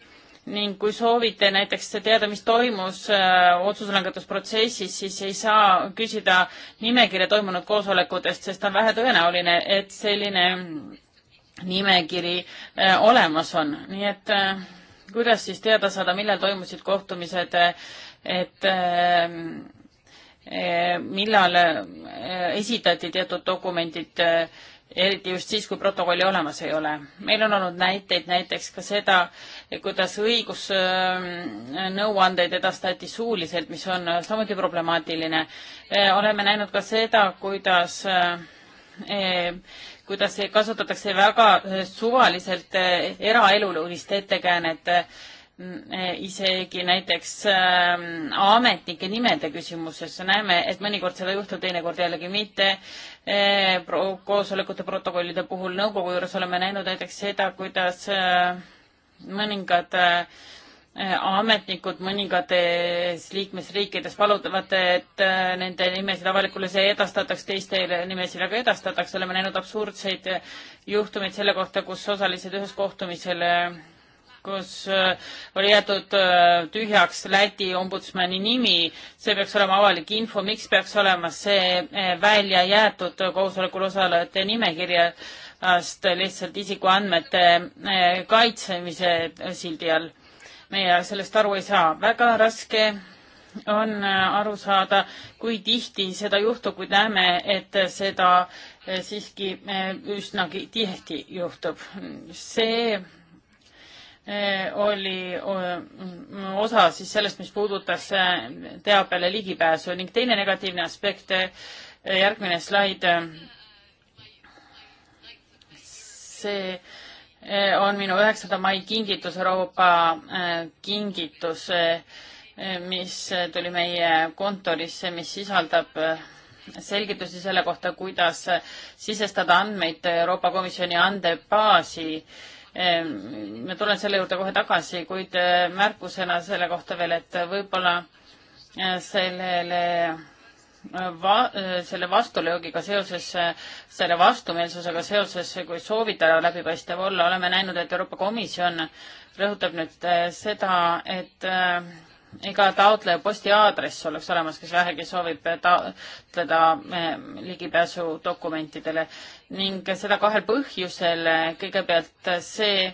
ning kui soovite näiteks teada, mis toimus äh, otsuselangetusprotsessis, siis ei saa küsida nimekirja toimunud koosolekutest, sest on vähetõenäoline, et selline nimekiri äh, olemas on, nii et äh, kuidas siis teada saada, millal toimusid kohtumised, äh, et äh, Eh, millal eh, esitati teatud dokumendid, eh, eriti just siis, kui protokolli olemas ei ole. meil on olnud näiteid näiteks ka seda, kuidas õigusnõuandeid edastati suuliselt, mis on samuti problemaatiline. oleme näinud ka seda, kuidas kuidas kasutatakse väga suvaliselt eraelulist ettekäänet et Mm, eh, isegi näiteks äh, ametnike nimede küsimuses näeme, et mõnikord seda juhtub, teinekord jällegi mitte e,. Pro, koosolekute protokollide puhul nõukogu juures oleme näinud näiteks seda, kuidas äh, mõningad äh, ametnikud mõningates liikmesriikides palutavad, et äh, nende nimesid avalikule see edastataks, teistele nimesid aga edastatakse, oleme näinud absurdseid juhtumeid selle kohta, kus osalised ühes kohtumisel äh, kus äh, oli jäetud äh, tühjaks Läti ombudsmani nimi, see peaks olema avalik info, miks peaks olema see äh, välja jäetud koosolekul osalejate nimekirjast lihtsalt isikuandmete kaitsemise sildi all? meie sellest aru ei saa, väga raske on aru saada, kui tihti seda juhtub, kuid näeme, et seda siiski üsnagi tihti juhtub. see Eh, oli eh, osa siis sellest, mis puudutas eh, teabele ligipääsu ning teine negatiivne aspekt, järgmine slaid. see on minu üheksanda mai kingitus, Euroopa kingitus, mis tuli meie kontorisse, mis sisaldab selgitusi selle kohta, kuidas sisestada andmeid Euroopa Komisjoni andebaasi ma tulen selle juurde kohe tagasi, kuid eh, märkusena selle kohta veel, et võib-olla eh, sellele eh, va-, selle vastulöögiga seoses, selle vastumeelsusega seoses, kui soovida läbipaistev olla, oleme näinud, et Euroopa Komisjon rõhutab nüüd seda, et iga taotleja postiaadress oleks olemas, kes vähegi soovib taotleda eh, ligipääsu dokumentidele ning seda kahel põhjusel. kõigepealt see,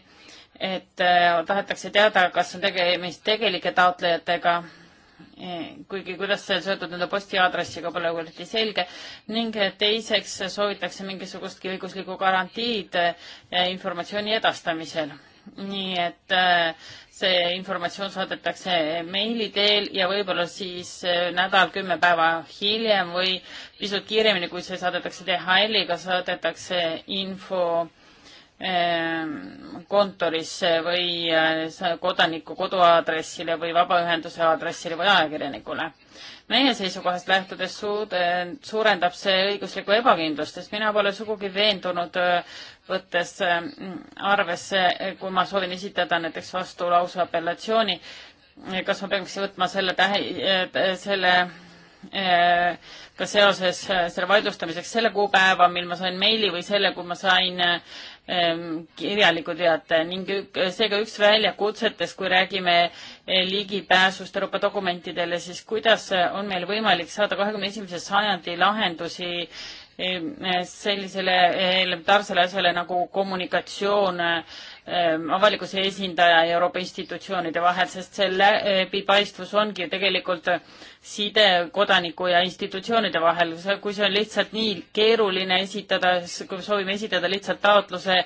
et eh, tahetakse teada, kas on tegemist tegelike taotlejatega, eh, kuigi kuidas see on seotud nende postiaadressiga, pole eriti selge ning teiseks soovitakse mingisugustki õiguslikku garantiid informatsiooni edastamisel nii et see informatsioon saadetakse meili teel ja võib-olla siis äh, nädal, kümme päeva hiljem või pisut kiiremini, kui see saadetakse DHL-iga, saadetakse info ähm, kontorisse või äh, kodaniku koduaadressile või vabaühenduse aadressile või ajakirjanikule. meie seisukohast lähtudes suud-, suurendab see õiguslikku ebakindlust, sest mina pole sugugi veendunud äh, võttes ähm, arvesse, kui ma soovin esitada näiteks vastulause apellatsiooni, kas ma peaksin võtma selle tähe, äh, selle äh, ka seoses äh, selle vaidlustamiseks selle kuupäeva, mil ma sain meili või selle, kui ma sain ähm, kirjaliku teate ning ük, seega üks väljakutsetest, kui räägime ligipääsust Euroopa dokumentidele, siis kuidas on meil võimalik saada kahekümne esimese sajandi lahendusi sellisele elementaarsele eh, asjale nagu kommunikatsioon eh, avalikkuse esindaja ja Euroopa institutsioonide vahel, sest see läbipaistvus eh, ongi ju tegelikult side kodaniku ja institutsioonide vahel. kui see on lihtsalt nii keeruline esitada, kui me soovime esitada lihtsalt taotluse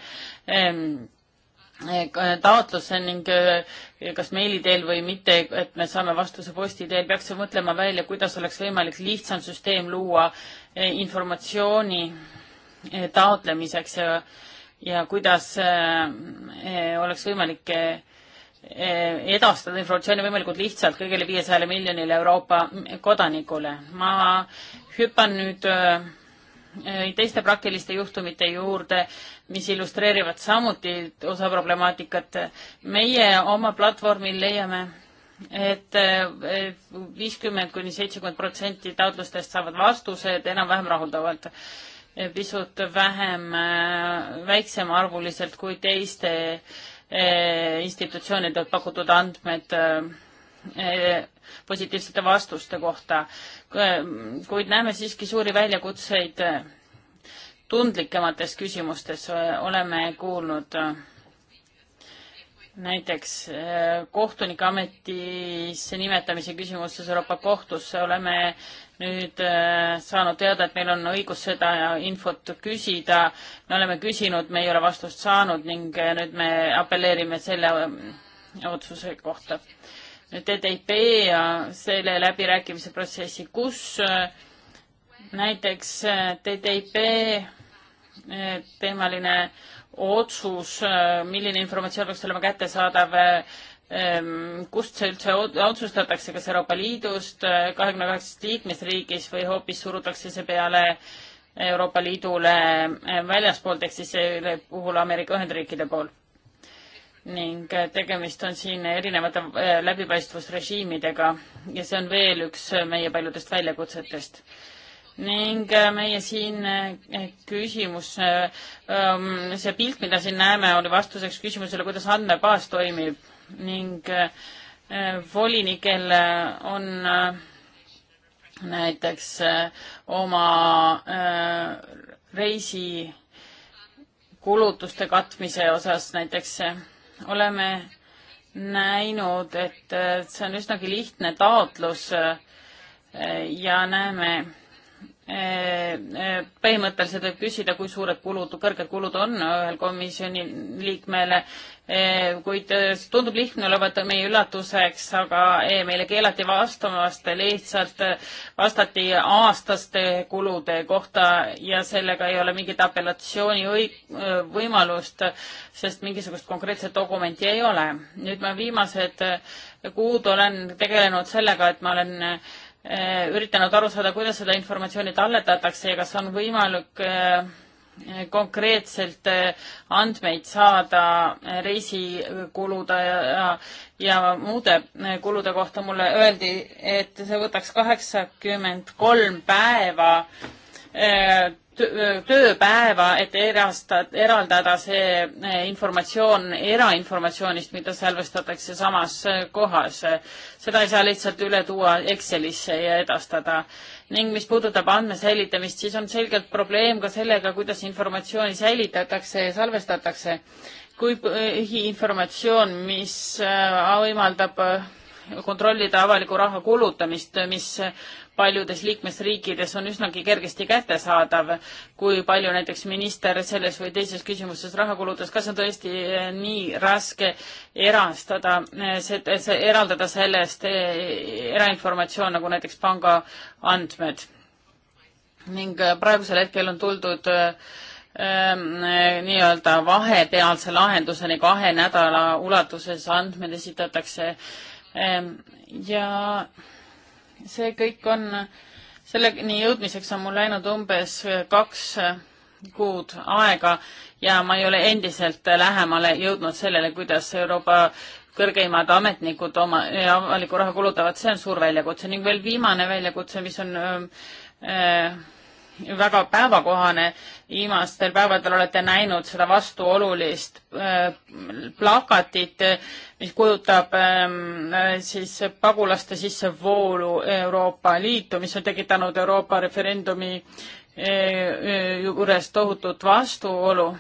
taotluse ning kas meili teel või mitte, et me saame vastuse posti teel, peaks mõtlema välja, kuidas oleks võimalik lihtsam süsteem luua Eh, informatsiooni eh, taotlemiseks ja, ja kuidas eh, oleks võimalik edastada informatsiooni võimalikult lihtsalt kõigile viiesajale miljonile Euroopa kodanikule. ma hüppan nüüd teiste praktiliste juhtumite juurde, mis illustreerivad samuti osa problemaatikat. meie oma platvormil leiame et viiskümmend kuni seitsekümmend protsenti taotlustest saavad vastused enam-vähem rahuldavalt, pisut vähem, äh, väiksemaarvuliselt kui teiste äh, institutsioonide pakutud andmed äh, positiivsete vastuste kohta, kuid näeme siiski suuri väljakutseid tundlikemates küsimustes, oleme kuulnud näiteks äh, kohtunike ametisse nimetamise küsimustes Euroopa Kohtusse oleme nüüd äh, saanud teada, et meil on õigus seda infot küsida. me oleme küsinud, me ei ole vastust saanud ning äh, nüüd me apelleerime selle otsuse kohta. nüüd TTIP ja selle läbirääkimise protsessi, kus näiteks TTIP teemaline otsus, äh, milline informatsioon peaks olema kättesaadav, ähm, kust see üldse otsustatakse, kas Euroopa Liidust, äh, kahekümne kaheksast liikmesriigis või hoopis surutakse see peale Euroopa Liidule äh, väljaspoolt ehk siis selle puhul Ameerika Ühendriikide pool? ning tegemist on siin erinevate läbipaistvusrežiimidega ja see on veel üks meie paljudest väljakutsetest ning äh, meie siin äh, küsimus, äh, ähm, see pilt, mida siin näeme, oli vastuseks küsimusele, kuidas andmebaas toimib ning volinikel on näiteks oma reisikulutuste katmise osas näiteks oleme näinud, et see on üsnagi lihtne taotlus ja näeme, Äh, äh, põhimõtteliselt võib küsida, kui suured kulud, kõrged kulud on ühel komisjoni liikmele, äh, kuid see tundub lihtne olevat meie üllatuseks, aga ei, meile keelati vastamast, lihtsalt vastati aastaste kulude kohta ja sellega ei ole mingit apellatsiooni õig-, võimalust, sest mingisugust konkreetset dokumenti ei ole. nüüd ma viimased kuud olen tegelenud sellega, et ma olen äh, Eh, üritanud aru saada, kuidas seda informatsiooni talletatakse ja kas on võimalik eh, konkreetselt eh, andmeid saada reisikulude ja, ja muude kulude kohta. mulle öeldi, et see võtaks kaheksakümmend kolm päeva tööpäeva, et erastad, eraldada see eh, informatsioon erainformatsioonist, mida salvestatakse samas eh, kohas. seda ei saa lihtsalt üle tuua Excelisse ja edastada. ning mis puudutab andme säilitamist, siis on selgelt probleem ka sellega, kuidas informatsiooni säilitatakse ja salvestatakse. kui põhiinformatsioon, mis eh, võimaldab äh, kontrollida avaliku raha kulutamist, mis paljudes liikmesriikides on üsnagi kergesti kättesaadav, kui palju näiteks minister selles või teises küsimuses raha kulutas, kas on tõesti eh, nii raske erastada, eh, eraldada sellest eh, erainformatsioon nagu näiteks pangaandmed? ning praegusel hetkel on tuldud nii-öelda vahepealse lahenduseni kahe nädala ulatuses andmed esitatakse Ähm, ja see kõik on, selleni jõudmiseks on mul läinud umbes kaks äh, kuud aega ja ma ei ole endiselt lähemale jõudnud sellele, kuidas Euroopa kõrgeimad ametnikud oma äh, avalikku raha kulutavad, see on suur väljakutse ning veel viimane väljakutse, mis on öö, ähm, öö, äh, väga päevakohane. viimastel päevadel olete näinud seda vastuolulist äh, plakatit, mis kujutab ähm, äh, siis pagulaste sissevoolu Euroopa Liitu, mis on tekitanud Euroopa referendumi äh, juures tohutut vastuolu.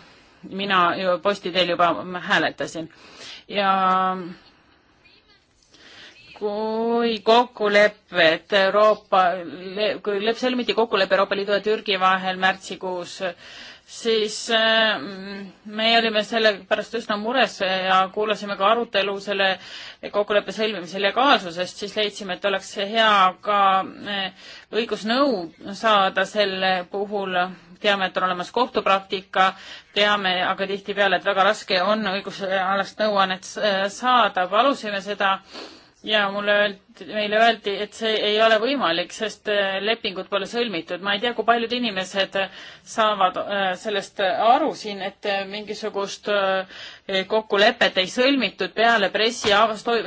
mina ju posti teel juba hääletasin ja kui kokkulepped Euroopa, kui lõpp sõlmiti kokkulepe Euroopa Liidu ja Türgi vahel märtsikuus, siis äh, me olime selle pärast üsna mures ja kuulasime ka arutelu selle kokkuleppe sõlmimise legaalsusest, siis leidsime, et oleks hea ka äh, õigusnõu saada selle puhul. teame, et on olemas kohtupraktika, teame aga tihtipeale, et väga raske on õigusalast nõuannet äh, saada, palusime seda ja mulle öeldi, meile öeldi, et see ei ole võimalik, sest äh, lepingud pole sõlmitud. ma ei tea, kui paljud inimesed saavad äh, sellest äh, aru siin, et mingisugust kokkulepet ei sõlmitud peale pressi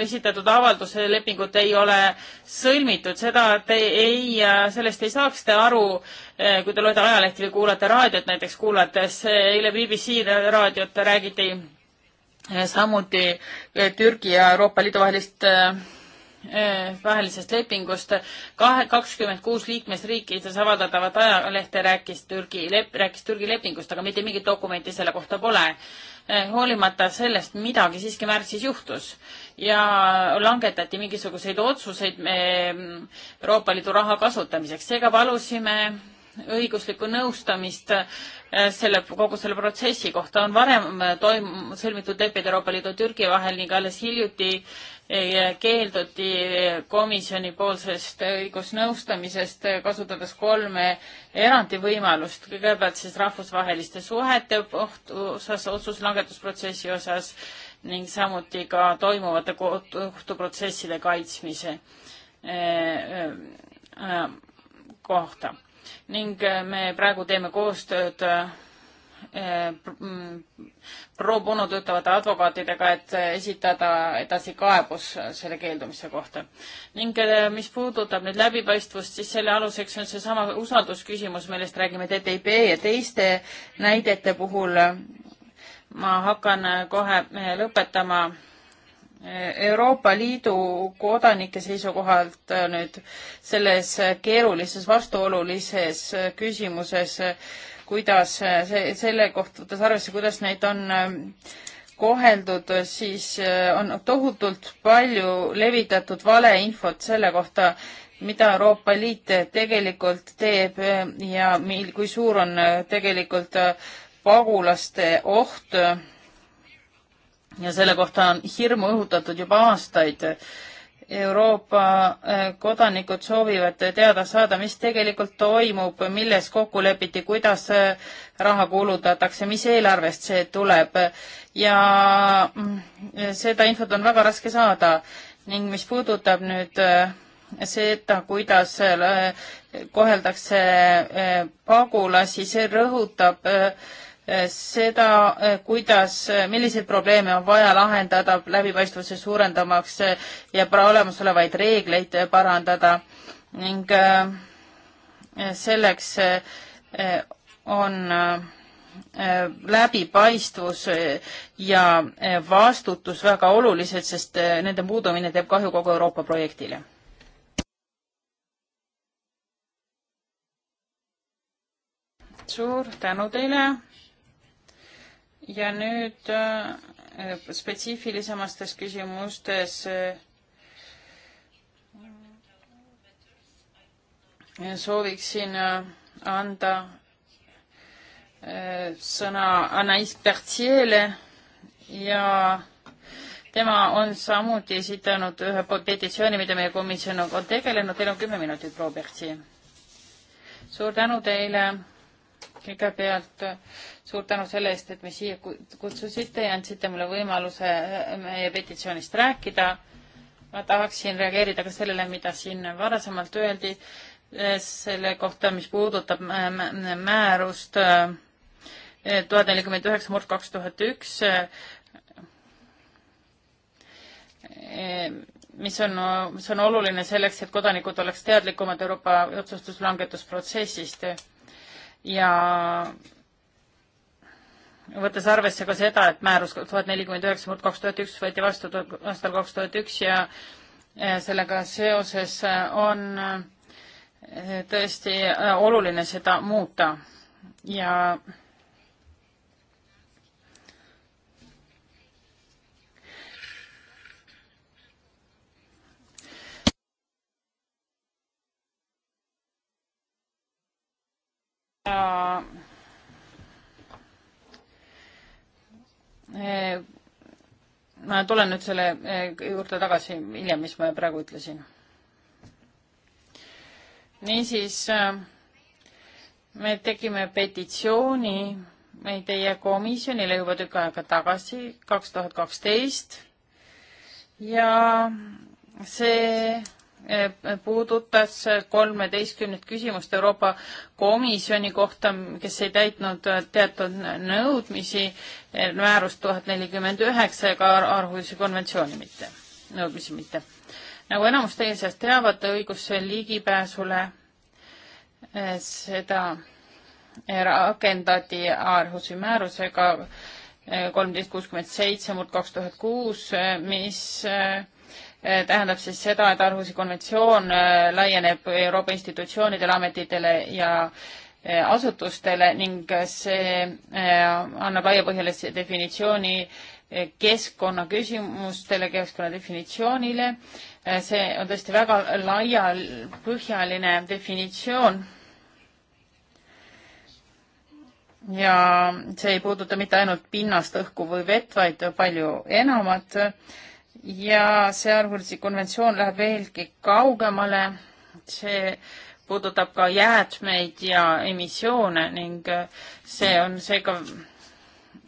esitatud avalduse lepingut ei ole sõlmitud. seda te ei, sellest ei saaks te aru, kui te loete ajalehti või kuulate raadiot näiteks kuulates. eile BBC raadiot räägiti Äh, samuti äh, Türgi ja Euroopa Liidu vahelist äh, vahelisest lepingust kahe, kakskümmend kuus liikmesriiki siis avaldatavat ajalehte rääkis Türgi lep,, rääkis Türgi lepingust, aga mitte mingit dokumenti selle kohta pole. hoolimata sellest midagi siiski märtsis juhtus ja langetati mingisuguseid otsuseid Euroopa Liidu raha kasutamiseks, seega palusime õiguslikku nõustamist Äh, selle, kogu selle protsessi kohta on varem äh, toim-, sõlmitud lepped Euroopa Liidu ja Türgi vahel ning alles hiljuti äh, keelduti komisjoni poolsest õigusnõustamisest, kasutades kolme erandivõimalust. kõigepealt siis rahvusvaheliste suhete osas, otsuslangetusprotsessi osas ning samuti ka toimuvate kohtuprotsesside kaitsmise kohta ning äh, me praegu teeme koostööd äh, mm, pro bono töötavate advokaatidega, et äh, esitada edasi kaebus selle keeldumise kohta. ning mis puudutab nüüd läbipaistvust, siis selle aluseks on seesama usaldusküsimus, millest räägime TTIP ja teiste näidete puhul. ma hakkan kohe lõpetama Euroopa Liidu kodanike seisukohalt äh, nüüd selles keerulises vastuolulises äh, küsimuses, äh, kuidas see, selle kohta võttes arvesse, kuidas neid on ähm, koheldud, siis on tohutult palju levitatud valeinfot selle kohta, mida Euroopa Liit tegelikult teeb ja mil, kui suur on tegelikult pagulaste oht ja selle kohta on hirmu õhutatud juba aastaid. Euroopa äh, kodanikud soovivad teada saada, mis tegelikult toimub, milles kokku lepiti, kuidas äh, raha kulutatakse, mis eelarvest see tuleb ja mm, seda infot on väga raske saada ning mis puudutab nüüd äh, seda, kuidas koheldakse pagulasi, see rõhutab seda, kuidas, milliseid probleeme on vaja lahendada läbipaistvuse suurendamaks ja olemasolevaid reegleid parandada ning äh, selleks äh, on äh, läbipaistvus ja vastutus väga olulised, sest nende puudumine teeb kahju kogu Euroopa projektile suur tänu teile ja nüüd äh, spetsiifilisemastes küsimustes äh, sooviksin äh, anda sõna Anais Berthiele ja tema on samuti esitanud ühe petitsiooni, mida meie komisjon on tegelenud. Teil on kümme minutit, proua Bertsi. suur tänu teile kõigepealt suur tänu selle eest, et me siia kutsusite ja andsite mulle võimaluse äh, meie petitsioonist rääkida. ma tahaksin reageerida ka sellele, mida siin varasemalt öeldi äh, selle kohta, mis puudutab äh, määrust tuhat nelikümmend üheksa murd kaks tuhat üks, mis on, mis on oluline selleks, et kodanikud oleks teadlikumad Euroopa otsustuslangetusprotsessist ja võttes arvesse ka seda, et määrus tuhat nelikümmend üheksa murd kaks tuhat üks võeti vastu aastal kaks tuhat üks ja sellega seoses on äh, tõesti äh, oluline seda muuta ja ja eh, ma tulen nüüd selle eh, juurde tagasi hiljem, mis ma praegu ütlesin. niisiis, eh, me tegime petitsiooni meil teie komisjonile juba tükk aega tagasi, kaks tuhat kaksteist ja see Eh, puudutas eh, kolmeteistkümnet küsimust Euroopa Komisjoni kohta, kes ei täitnud eh, teatud nõudmisi, määrust tuhat nelikümmend üheksa ega Arhusi konventsiooni mitte, nõudmisi mitte. nagu enamus teie seast teavad, õigus ligipääsule seda rakendati Arhusi määrusega kolmteist kuuskümmend seitse murd kaks tuhat kuus, mis Eh, tähendab siis seda, et Arhusi konventsioon eh, laieneb Euroopa institutsioonidele, ametitele ja eh, asutustele ning see annab laiapõhjalise definitsiooni keskkonnaküsimustele, keskkonna definitsioonile. see on tõesti väga laiapõhjaline definitsioon. ja see ei puuduta mitte ainult pinnast, õhku või vett, vaid palju enamat ja sealhulgas konventsioon läheb veelgi kaugemale, see puudutab ka jäätmeid ja emissioone ning äh, see on seega,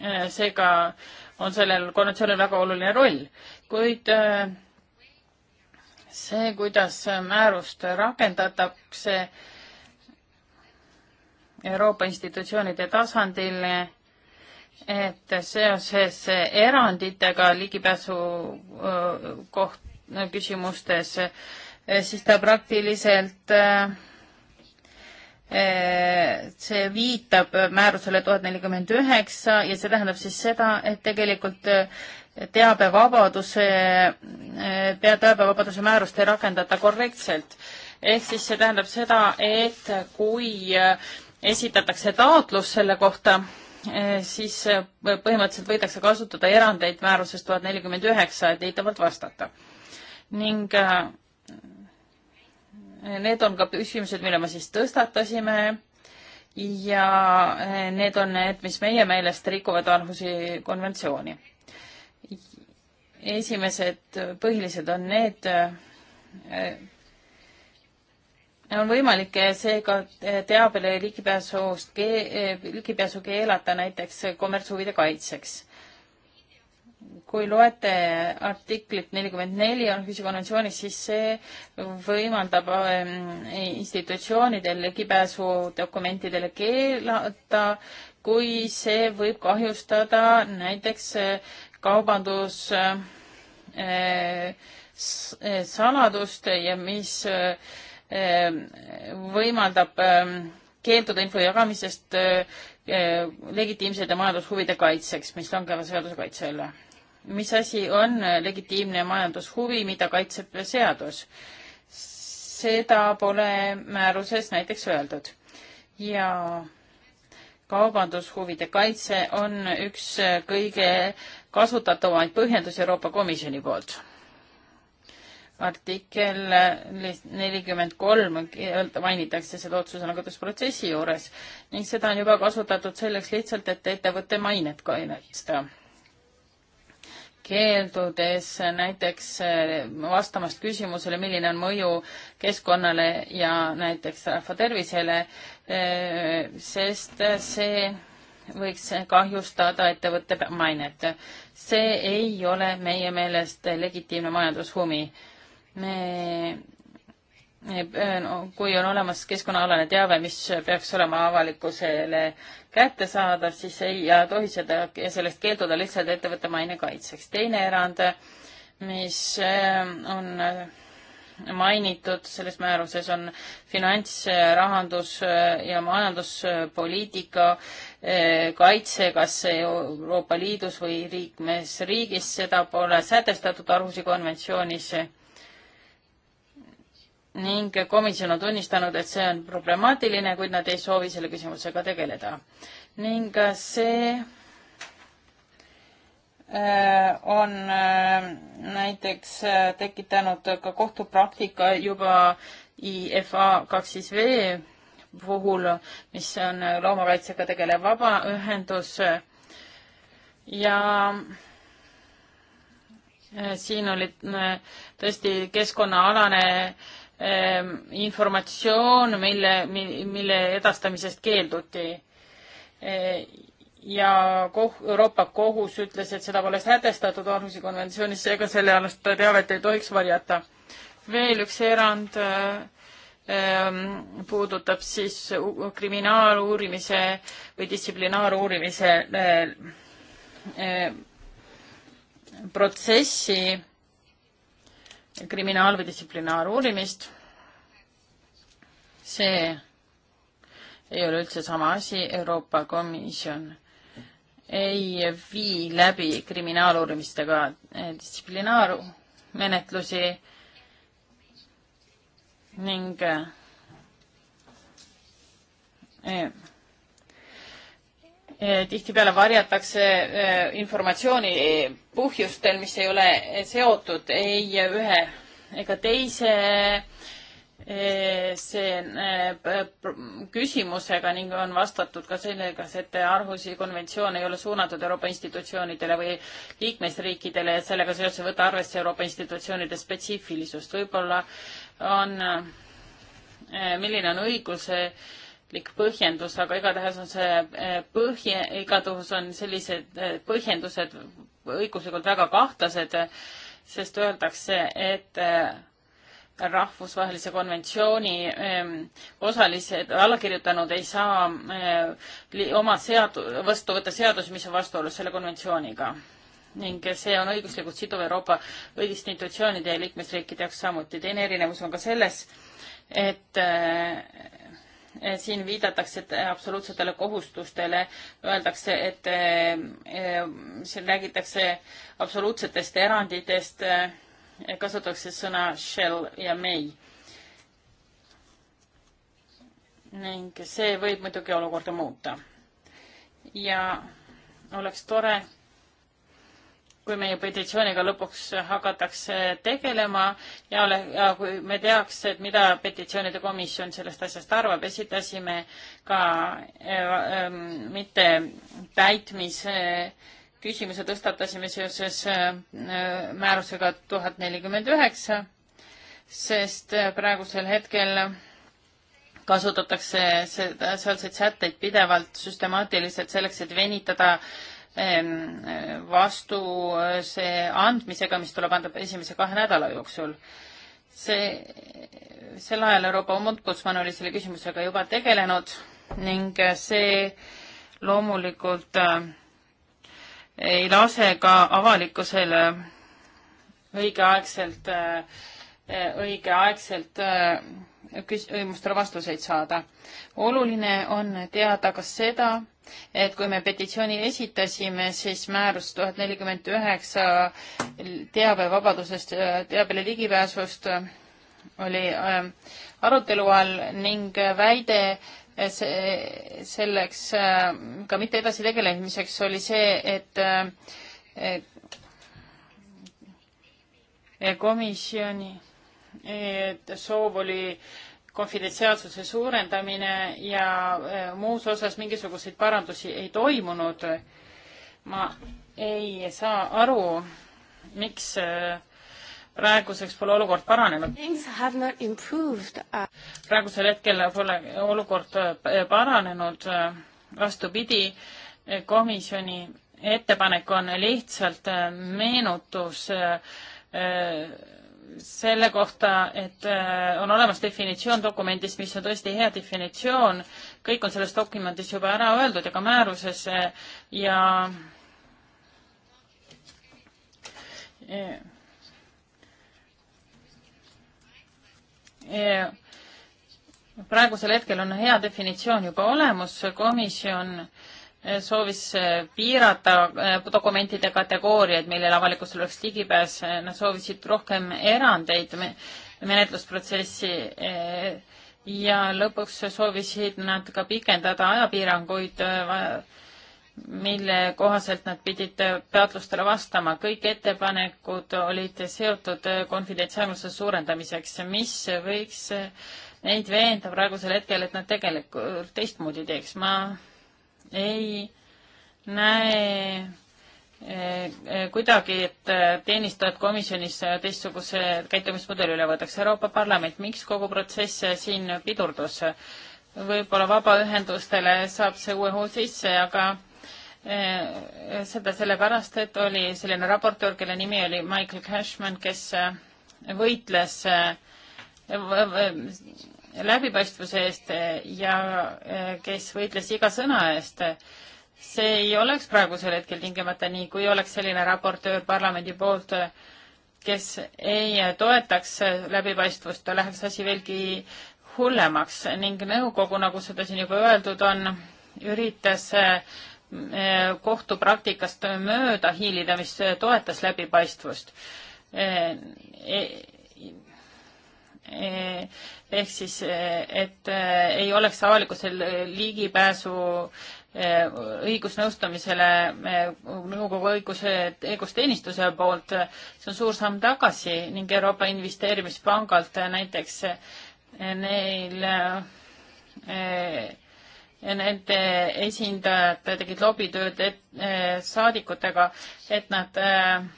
äh, seega on sellel konventsioonil väga oluline roll, kuid äh, see, kuidas määrust rakendatakse Euroopa institutsioonide tasandil et seoses eranditega ligipääsu koht, küsimustes, siis ta praktiliselt see viitab määrusele tuhat nelikümmend üheksa ja see tähendab siis seda, et tegelikult teabevabaduse, teabevabaduse määrust ei rakendata korrektselt. ehk siis see tähendab seda, et kui esitatakse taotlus selle kohta, Eh, siis eh, põhimõtteliselt võidakse kasutada erandeid määrusest tuhat nelikümmend üheksa, et eitavalt vastata. ning eh, need on ka küsimused, mille me siis tõstatasime ja need on need, mis meie meelest rikuvad Arhusi konventsiooni. esimesed põhilised on need on võimalik eh, seega eh, teabele ligipääsust, eh, ligipääsu keelata näiteks kommertshuvide kaitseks. kui loete artiklit nelikümmend neli Anfisi konventsioonis, siis see võimaldab ehm, institutsioonidel ligipääsu dokumentidele keelata, kui see võib kahjustada näiteks kaubandus saladust ja mis äh, Ehm, võimaldab ehm, keelduda info jagamisest ehm, legitiimsete majandushuvide kaitseks, mis langevad seaduse kaitse alla. mis asi on eh, legitiimne majandushuvi, mida kaitseb seadus? seda pole määruses näiteks öeldud. ja kaubandushuvide kaitse on üks eh, kõige kasutatavamaid põhjendusi Euroopa Komisjoni poolt artikkel nelikümmend kolm mainitakse seda otsuse langetusprotsessi juures ning seda on juba kasutatud selleks lihtsalt, et ettevõtte mainet kaitsta. keeldudes näiteks äh, vastamast küsimusele, milline on mõju keskkonnale ja näiteks rahva tervisele, äh, sest see võiks kahjustada ettevõtte mainet. see ei ole meie meelest legitiimne majandushuvi me kui on olemas keskkonnaalane teave, mis peaks olema avalikkusele kättesaadav, siis ei tohi seda, sellest keelduda lihtsalt ettevõtte maine kaitseks. teine erand, mis äh, on äh, mainitud selles määruses, on finants, rahandus ja majanduspoliitika äh, kaitse, kas Euroopa Liidus või liikmesriigis, seda pole sätestatud Arhusi konventsioonis ning komisjon on tunnistanud, et see on problemaatiline, kuid nad ei soovi selle küsimusega tegeleda. ning see äh, on äh, näiteks äh, tekitanud ka kohtupraktika juba IFA kaks siis V puhul, mis on loomakaitsega tegelev vabaühendus ja siin oli tõesti keskkonnaalane Ehm, informatsioon, mille, mille edastamisest keelduti. E, ja koh-, Euroopa Kohus ütles, et seda pole sätestatud Orhusi konventsioonis, seega sellealast teavet ei tohiks varjata. veel üks erand e, ehm, puudutab siis kriminaaluurimise või distsiplinaaruurimise e, protsessi kriminaal- või distsiplinaaruurimist. see ei ole üldse sama asi, Euroopa Komisjon ei vii läbi kriminaaluurimist ega eh, distsiplinaarmenetlusi ning eh, eh, Eh, tihtipeale varjatakse eh, informatsiooni eh, põhjustel, mis ei ole seotud ei ühe ega teise see küsimusega ning on vastatud ka sellega, et Arhusi konventsioon ei ole suunatud Euroopa institutsioonidele või liikmesriikidele ja sellega seoses võtta arvesse Euroopa institutsioonide spetsiifilisust. võib-olla on, milline on õiguse äh, lik põhjendus, aga igatahes on see eh, põhje, igatahes on sellised eh, põhjendused õiguslikult väga kahtlased, sest öeldakse, et eh, rahvusvahelise konventsiooni ehm, osalised, allakirjutanud ei saa oma seadu-, vastu võtta seadusi, mis on vastuolus selle konventsiooniga. ning see on õiguslikult siduv Euroopa institutsioonide ja liikmesriikide jaoks samuti. teine erinevus on ka selles, et Eh, siin viidatakse eh, absoluutsetele kohustustele, öeldakse, et eh, siin räägitakse absoluutsetest eranditest, kasutatakse sõna shall ja may. ning see võib muidugi olukorda muuta. ja oleks tore, kui meie petitsiooniga lõpuks hakatakse tegelema ja, ole, ja kui me teaks, et mida petitsioonide komisjon sellest asjast arvab, esitasime ka äh, äh, mitte täitmise äh, küsimuse tõstatasime seoses äh, määrusega tuhat nelikümmend üheksa, sest äh, praegusel hetkel kasutatakse seda, sealseid sätteid pidevalt süstemaatiliselt selleks, et venitada äh, vastuse eh, andmisega, mis tuleb anda esimese kahe nädala jooksul. see, sel ajal Euroopa ombudsman oli selle küsimusega juba tegelenud ning eh, see loomulikult eh, ei lase ka avalikkusel õigeaegselt, õigeaegselt küsimustele vastuseid saada. oluline on teada ka seda, et kui me petitsiooni esitasime, siis määrus tuhat nelikümmend üheksa teabevabadusest, teabele ligipääsust oli äh, arutelu all ning väide see, selleks äh, ka mitte edasi tegelemiseks oli see, et äh, komisjoni et soov oli konfidentsiaalsuse suurendamine ja äh, muus osas mingisuguseid parandusi ei toimunud. ma ei saa aru, miks äh, praeguseks pole olukord paranenud. praegusel hetkel pole olukord äh, paranenud, vastupidi, komisjoni ettepanek on lihtsalt meenutus selle kohta, et äh, on olemas definitsioon dokumendis, mis on tõesti hea definitsioon, kõik on selles dokumendis juba ära öeldud ja ka määruses äh, ja äh, praegusel hetkel on hea definitsioon juba olemas, komisjon äh, soovis eh, piirata eh, dokumentide kategooriaid, millele avalikkusel oleks ligipääs, eh, nad soovisid rohkem erandeid menetlusprotsessi ja lõpuks soovisid nad ka pikendada ajapiiranguid, mille kohaselt nad pidid peatlustele vastama. kõik ettepanekud olid seotud konfidentsiaalsuse suurendamiseks, mis võiks neid veenda praegusel hetkel, et nad tegelikult teistmoodi teeks. ma ei näe eh, kuidagi, et eh, teenistujad komisjonis teistsuguse käitumismudeli üle võtaks. Euroopa Parlament, miks kogu protsess siin pidurdus? võib-olla vabaühendustele saab see uue hoo sisse, aga eh, seda sellepärast, et oli selline raportöör, kelle nimi oli Michael Cashman, kes võitles läbipaistvuse eest eh, ja eh, kes võitles iga sõna eest. see ei oleks praegusel hetkel tingimata nii, kui oleks selline raportöör parlamendi poolt, kes ei toetaks läbipaistvust, läheks asi veelgi hullemaks ning nõukogu, nagu seda siin juba öeldud on, üritas eh, kohtupraktikast mööda hiilida, mis toetas läbipaistvust Eh, ehk siis, eh, et eh, ei oleks avalikkusel ligipääsu õigusnõustamisele nõukogu õiguse, õigusteenistuse poolt, see on suur samm tagasi ning Euroopa Investeerimispangalt näiteks neil nende esindajad tegid lobitööd et, saadikutega, et nad äh,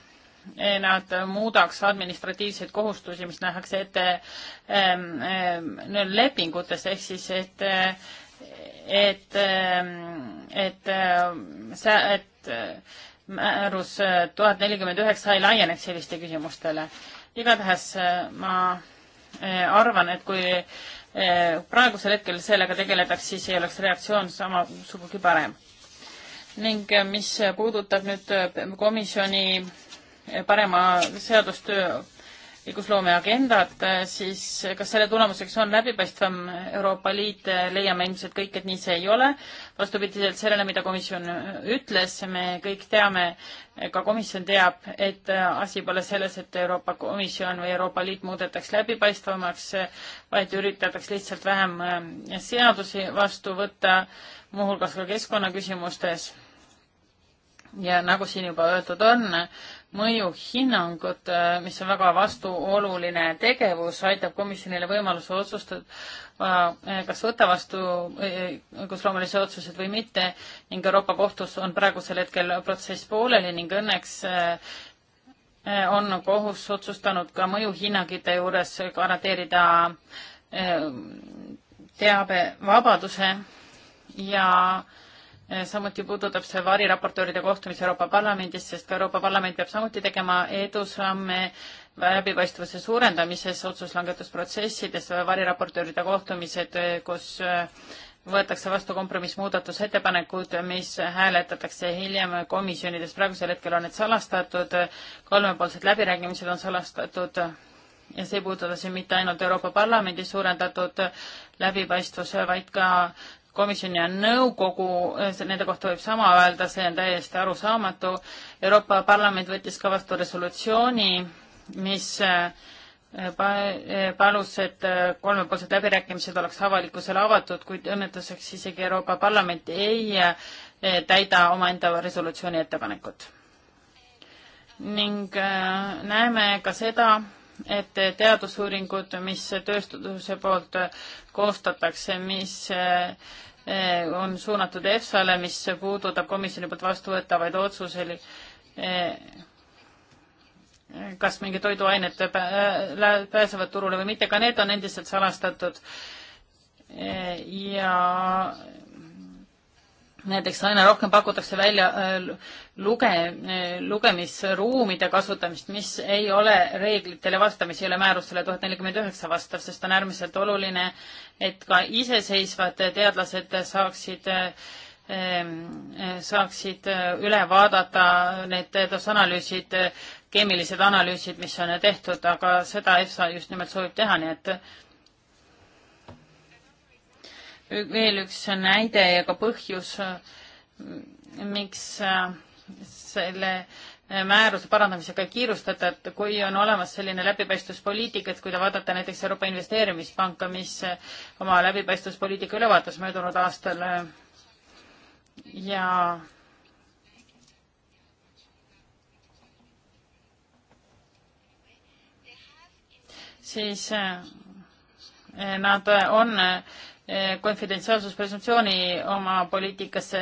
Eh, nad muudaks administratiivseid kohustusi, mis nähakse ette ähm, ähm, lepingutes, ehk siis et, et, ehm, et, et, et eh, määrus tuhat nelikümmend üheksa ei laieneks selliste küsimustele. igatahes eh, ma arvan, et kui praegusel hetkel sellega tegeledaks, siis ei oleks reaktsioon sama sugugi parem. ning mis puudutab nüüd komisjoni parema seadustöö õigusloome agendat, siis kas selle tulemuseks on läbipaistvam Euroopa Liit, leiame ilmselt kõik, et nii see ei ole. vastupidiselt sellele, mida komisjon ütles, me kõik teame, ka komisjon teab, et asi pole selles, et Euroopa Komisjon või Euroopa Liit muudetakse läbipaistvamaks, vaid üritatakse lihtsalt vähem seadusi vastu võtta, muuhulgas ka keskkonnaküsimustes ja nagu siin juba öeldud on, mõjuhinnangut, mis on väga vastuoluline tegevus, aitab komisjonile võimaluse otsustada, äh, kas võtta vastu äh, õigusloomelisi otsuseid või mitte ning Euroopa Kohtus on praegusel hetkel protsess pooleli ning õnneks äh, on kohus otsustanud ka mõjuhinnangute juures garanteerida teabevabaduse ja äh, samuti puudutab see variraportööride kohtumist Euroopa Parlamendis, sest ka Euroopa Parlament peab samuti tegema edusamme läbipaistvuse suurendamises otsuslangetusprotsessides, variraportööride kohtumised, kus võetakse vastu kompromissmuudatusettepanekud, mis hääletatakse hiljem komisjonides, praegusel hetkel on need salastatud, kolmepoolsed läbirääkimised on salastatud ja see ei puuduta siin mitte ainult Euroopa Parlamendi suurendatud läbipaistvuse, vaid ka komisjon ja nõukogu, nende kohta võib sama öelda, see on täiesti arusaamatu. Euroopa Parlament võttis ka vastu resolutsiooni, mis eh, eh, palus, et eh, kolmepoolsed läbirääkimised oleks avalikkusele avatud, kuid õnnetuseks isegi Euroopa Parlament ei täida omaenda resolutsiooni ettepanekut. ning näeme ka seda, et teadusuuringud, mis tööstuse poolt koostatakse, mis eh, on suunatud EFSA-le, mis puudutab komisjoni poolt vastuvõetavaid otsuseid, eh, kas mingid toiduained pääsevad turule või mitte, ka need on endiselt salastatud. Eh, ja näiteks aina rohkem pakutakse välja äh, luge, äh, lugemisruumide kasutamist, mis ei ole reeglitele vastav, mis ei ole määrusele tuhat nelikümmend üheksa vastav, sest on äärmiselt oluline, et ka iseseisvad teadlased saaksid äh, ähm, saaksid üle vaadata need teadusanalüüsid, keemilised analüüsid, mis on tehtud, aga seda EFSA just nimelt soovib teha, nii et veel üks näide ja ka põhjus, miks äh, selle äh, määruse parandamisega ei kiirustata, et kui on olemas selline läbipaistvuspoliitika, et kui te vaatate näiteks Euroopa Investeerimispanka, mis äh, oma läbipaistvuspoliitika üle vaatas möödunud aastal ja siis nad on Eh, konfidentsiaalsuspresumptsiooni oma poliitikasse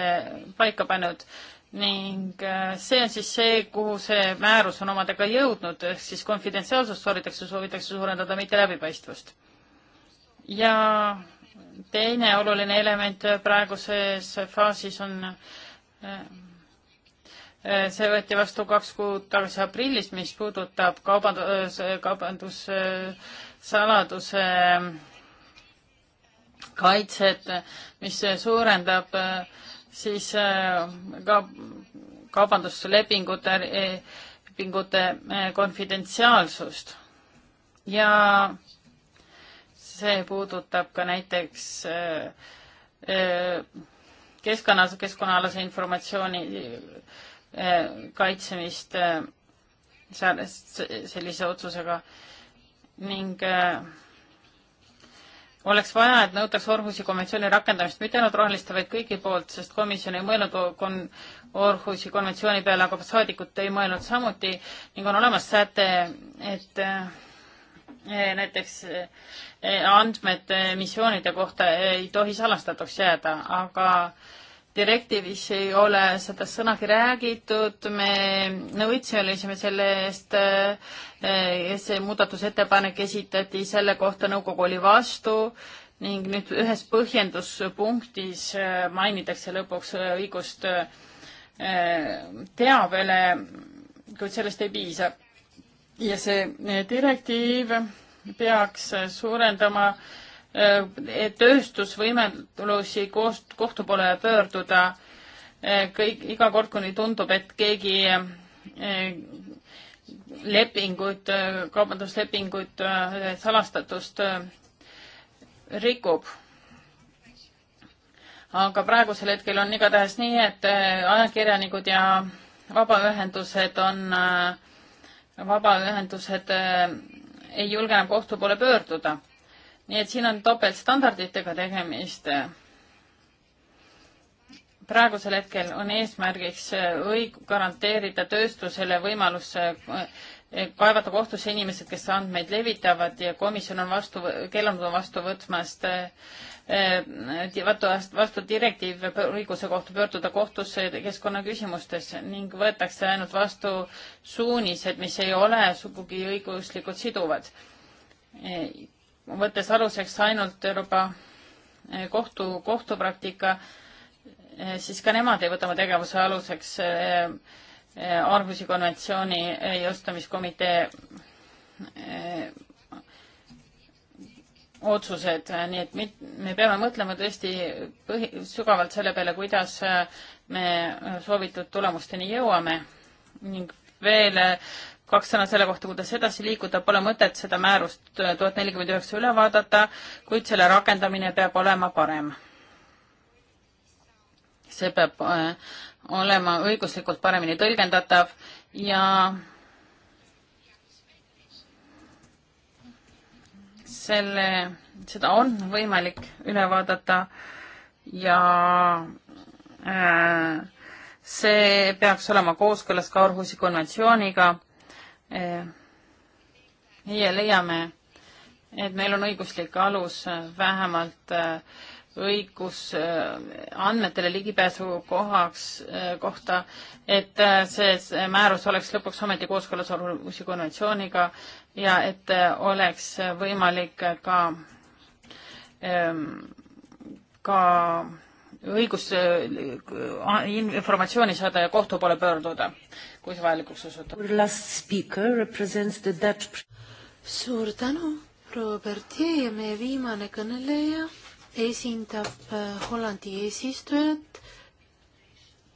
paika pannud ning eh, see on siis see, kuhu see määrus on omadega jõudnud, ehk siis konfidentsiaalsust soovitakse, soovitakse suurendada, mitte läbipaistvust. ja teine oluline element praeguses faasis on, eh, see võeti vastu kaks kuud tagasi aprillis, mis puudutab kaubandus, kaubandussaladuse kaitset, mis suurendab äh, siis äh, ka kaubanduslepingute, äh, lepingute konfidentsiaalsust. ja see puudutab ka näiteks keskkonna, keskkonnaalase informatsiooni kaitsemist seal sellise otsusega ning äh, oleks vaja, et nõutaks Orhusi konventsiooni rakendamist mitte ainult roheliste, vaid kõigi poolt, sest komisjon ei mõelnud kon-, Orhusi konventsiooni peale, aga saadikud ei mõelnud samuti ning on olemas säte, et eh, näiteks eh, andmed eh, missioonide kohta ei tohi salastatuks jääda, aga direktiivis ei ole seda sõnagi räägitud, me nõudselesime selle eest, eh, see muudatusettepanek esitati, selle kohta nõukogu oli vastu ning nüüd ühes põhjenduspunktis eh, mainitakse lõpuks õigust eh, teabele, kuid sellest ei piisa. ja see direktiiv peaks suurendama äh, Äh, tööstusvõimelusi koost-, kohtu poole pöörduda äh, kõik, iga kord, kuni tundub, et keegi äh, lepinguid, kaubanduslepinguid, salastatust rikub. aga praegusel hetkel on igatahes nii, et ajakirjanikud ja vabaühendused on, vabaühendused ei julge enam kohtu poole pöörduda nii et siin on topeltstandarditega tegemist. praegusel hetkel on eesmärgiks äh, õig-, garanteerida tööstusele võimalus äh, kaevata kohtusse inimesed, kes andmeid levitavad ja komisjon on vastu, keelanud on vastu võtmast äh, vastu, vastu direktiiv õiguse kohta pöörduda kohtusse keskkonnaküsimustes ning võetakse ainult vastu suunised, mis ei ole sugugi õiguslikult siduvad võttes aluseks ainult Euroopa eh, kohtu, kohtupraktika, eh, siis ka nemad ei võta oma tegevuse aluseks eh, Arhusi konventsiooni jõustamiskomitee otsused, nii et mit, me peame mõtlema tõesti põhi, sügavalt selle peale, kuidas me soovitud tulemusteni jõuame ning veel kaks sõna selle kohta, kuidas edasi liikuda, pole mõtet seda määrust tuhat nelikümmend üheksa üle vaadata, kuid selle rakendamine peab olema parem. see peab äh, olema õiguslikult paremini tõlgendatav ja selle, seda on võimalik üle vaadata ja äh, see peaks olema kooskõlas ka Orhusi konventsiooniga Äh, meie leiame, et meil on õiguslik alus äh, vähemalt äh, õigus andmetele ligipääsu kohaks, kohta, et see määrus oleks lõpuks ometi kooskõlas olulise konventsiooniga ja et oleks võimalik ka, ähm, ka õigus informatsiooni saada ja kohtu poole pöörduda kui see vajalikuks osutub. suur tänu, proua Bertie ja meie viimane kõneleja esindab äh, Hollandi eesistujat.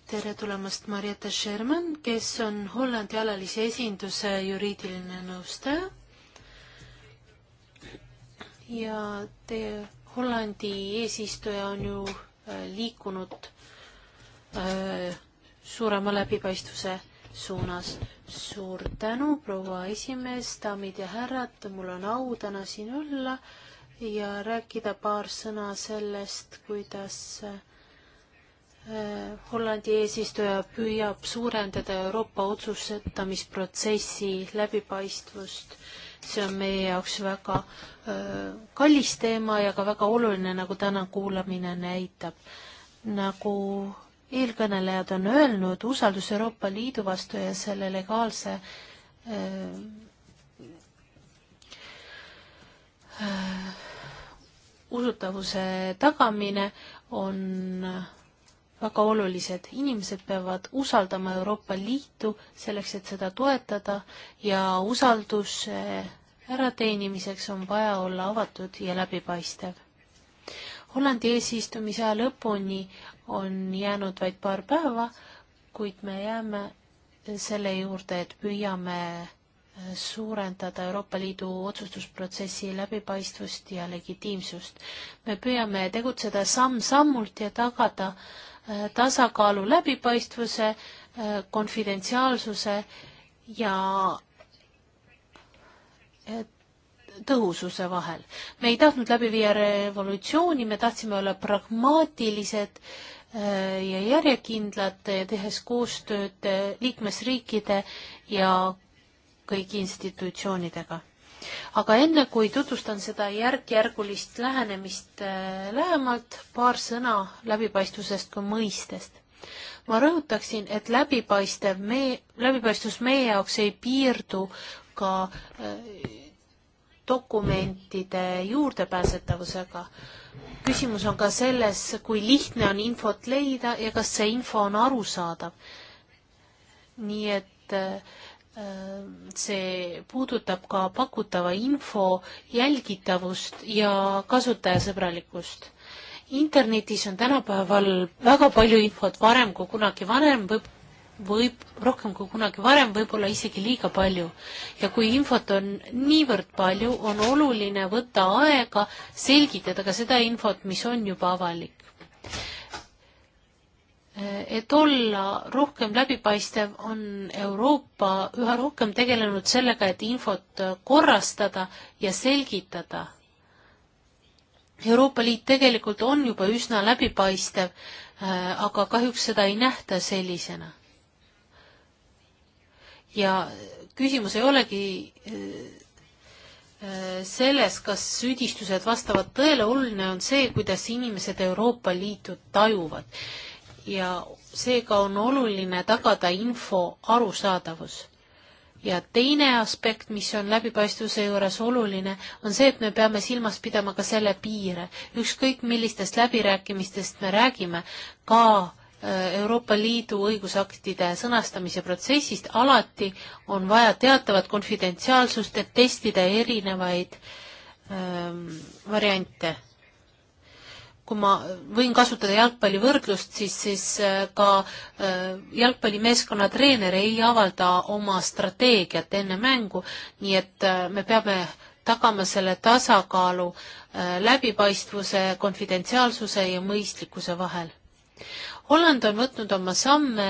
tere tulemast, Marietta Sherman, kes on Hollandi alalise esinduse juriidiline nõustaja. ja teie Hollandi eesistuja on ju äh, liikunud äh, suurema läbipaistvuse suunas. suur tänu, proua esimees, daamid ja härrad, mul on au täna siin olla ja rääkida paar sõna sellest, kuidas äh, Hollandi eesistuja püüab suurendada Euroopa otsustamisprotsessi läbipaistvust. see on meie jaoks väga äh, kallis teema ja ka väga oluline, nagu täna kuulamine näitab. nagu eelkõnelejad on öelnud, usaldus Euroopa Liidu vastu ja selle legaalse äh, äh, usutavuse tagamine on väga olulised. inimesed peavad usaldama Euroopa Liitu selleks, et seda toetada ja usaldus ärateenimiseks on vaja olla avatud ja läbipaistev. Hollandi eesistumise aja lõpuni on jäänud vaid paar päeva, kuid me jääme selle juurde, et püüame äh, suurendada Euroopa Liidu otsustusprotsessi läbipaistvust ja legitiimsust. me püüame tegutseda samm-sammult ja tagada äh, tasakaalu läbipaistvuse, äh, konfidentsiaalsuse ja tõhususe vahel. me ei tahtnud läbi viia revolutsiooni, me tahtsime olla pragmaatilised Äh, ja järjekindlad, tehes koostööd äh, liikmesriikide ja kõigi institutsioonidega. aga enne, kui tutvustan seda järk-järgulist lähenemist äh, lähemalt, paar sõna läbipaistvusest kui mõistest. ma rõhutaksin, et läbipaistev me, läbipaistvus meie jaoks ei piirdu ka dokumentide juurdepääsetavusega küsimus on ka selles, kui lihtne on infot leida ja kas see info on arusaadav. nii et äh, see puudutab ka pakutava info jälgitavust ja kasutajasõbralikkust. internetis on tänapäeval väga palju infot varem kui kunagi varem, võib võib rohkem kui kunagi varem, võib-olla isegi liiga palju. ja kui infot on niivõrd palju, on oluline võtta aega selgitada ka seda infot, mis on juba avalik. et olla rohkem läbipaistev, on Euroopa üha rohkem tegelenud sellega, et infot korrastada ja selgitada. Euroopa Liit tegelikult on juba üsna läbipaistev, aga kahjuks seda ei nähta sellisena ja küsimus ei olegi äh, äh, selles, kas süüdistused vastavad tõele, oluline on see, kuidas inimesed Euroopa Liitu tajuvad. ja seega on oluline tagada info arusaadavus. ja teine aspekt, mis on läbipaistvuse juures oluline, on see, et me peame silmas pidama ka selle piire. ükskõik millistest läbirääkimistest me räägime, ka Euroopa Liidu õigusaktide sõnastamise protsessist alati on vaja teatavat konfidentsiaalsust, et testida erinevaid ähm, variante. kui ma võin kasutada jalgpallivõrdlust, siis, siis äh, ka äh, jalgpallimeeskonna treener ei avalda oma strateegiat enne mängu, nii et äh, me peame tagama selle tasakaalu äh, läbipaistvuse, konfidentsiaalsuse ja mõistlikkuse vahel Holland on võtnud oma samme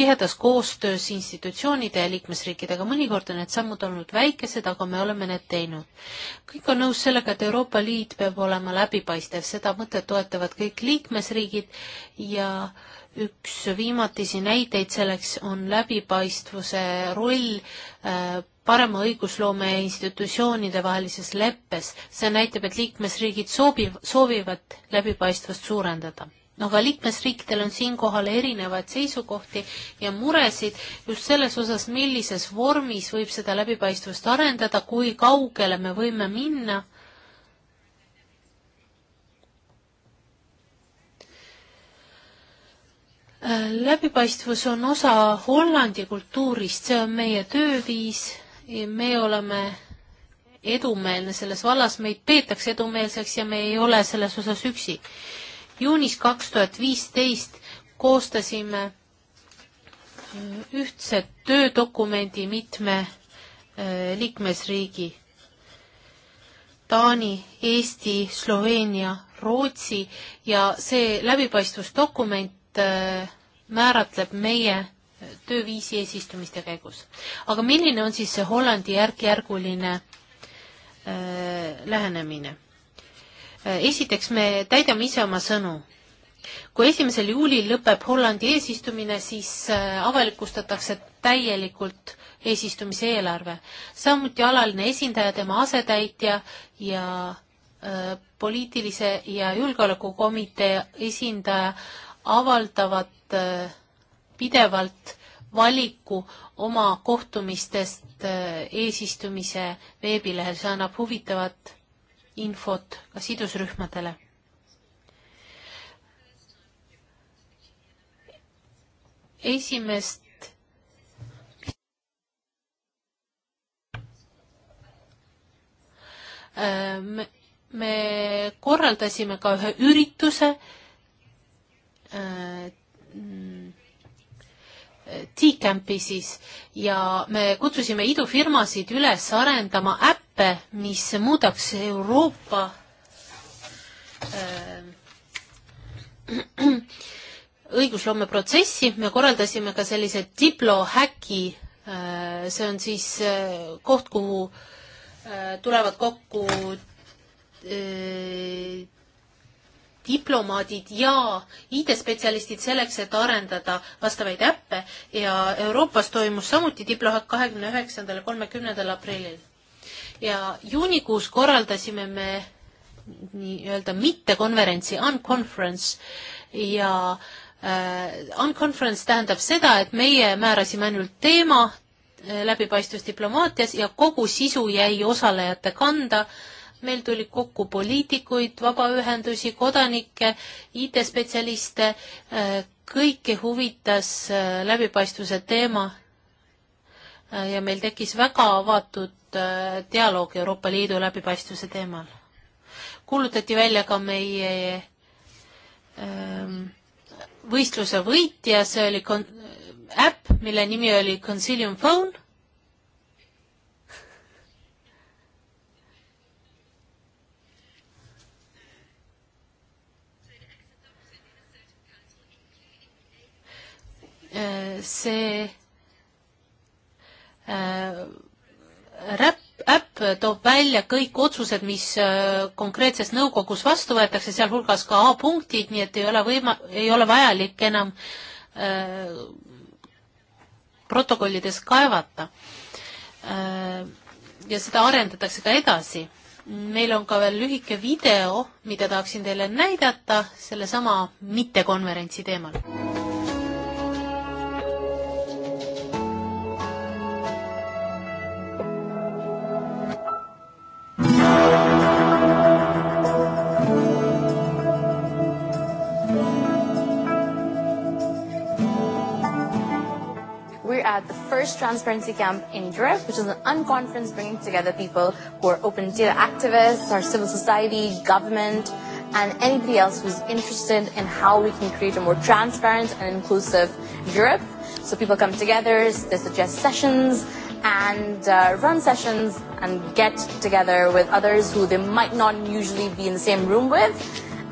tihedas koostöös institutsioonide ja liikmesriikidega, mõnikord on need sammud olnud väikesed, aga me oleme need teinud. kõik on nõus sellega, et Euroopa Liit peab olema läbipaistev, seda mõtet toetavad kõik liikmesriigid ja üks viimatisi näiteid selleks on läbipaistvuse roll äh, parema õigusloome institutsioonide vahelises leppes, see näitab, et liikmesriigid soobiv, soovivad läbipaistvust suurendada. aga liikmesriikidel on siinkohal erinevaid seisukohti ja muresid just selles osas, millises vormis võib seda läbipaistvust arendada, kui kaugele me võime minna läbipaistvus on osa Hollandi kultuurist, see on meie tööviis me oleme edumeelne selles vallas, meid peetakse edumeelseks ja me ei ole selles osas üksi. juunis kaks tuhat viisteist koostasime äh, ühtse töödokumendi mitme äh, liikmesriigi Taani, Eesti, Sloveenia, Rootsi ja see läbipaistvusdokument äh, määratleb meie tööviisi eesistumiste käigus. aga milline on siis see Hollandi järk-järguline äh, lähenemine? Äh, esiteks, me täidame ise oma sõnu. kui esimesel juulil lõpeb Hollandi eesistumine, siis äh, avalikustatakse täielikult eesistumise eelarve, samuti alaline esindaja, tema asetäitja ja äh, poliitilise ja julgeolekukomitee esindaja avaldavad äh, pidevalt valiku oma kohtumistest äh, eesistumise veebilehel, see annab huvitavat infot ka sidusrühmadele. esimest äh, me, me korraldasime ka ühe ürituse äh, T-Campisis ja me kutsusime idufirmasid üles arendama äppe, mis muudaks Euroopa äh, õigusloome protsessi, me korraldasime ka sellise diplohäki äh,, see on siis äh, koht, kuhu äh, tulevad kokku äh, diplomaadid ja IT-spetsialistid selleks, et arendada vastavaid äppe ja Euroopas toimus samuti diplohack kahekümne üheksandal ja kolmekümnendal aprillil. ja juunikuus korraldasime me nii-öelda mittekonverentsi, unconference ja äh, unconference tähendab seda, et meie määrasime ainult teema äh, läbipaistvus diplomaatias ja kogu sisu jäi osalejate kanda äh, meil tuli kokku poliitikuid, vabaühendusi, kodanikke, IT-spetsialiste, kõiki huvitas äh, läbipaistvuse teema. Äh, ja meil tekkis väga avatud äh, dialoog Euroopa Liidu läbipaistvuse teemal. kuulutati välja ka meie ähm, võistluse võitja, see oli äpp, mille nimi oli Consilium Phone Äh, see äh, RÄP äpp toob välja kõik otsused, mis äh, konkreetses nõukogus vastu võetakse, sealhulgas ka A-punktid, nii et ei ole võima-, ei ole vajalik enam äh, protokollides kaevata äh,. ja seda arendatakse ka edasi. meil on ka veel lühike video, mida tahaksin teile näidata sellesama mittekonverentsi teemal at the first transparency camp in Europe, which is an unconference bringing together people who are open data activists, our civil society, government, and anybody else who's interested in how we can create a more transparent and inclusive Europe. So people come together, they suggest sessions, and uh, run sessions and get together with others who they might not usually be in the same room with.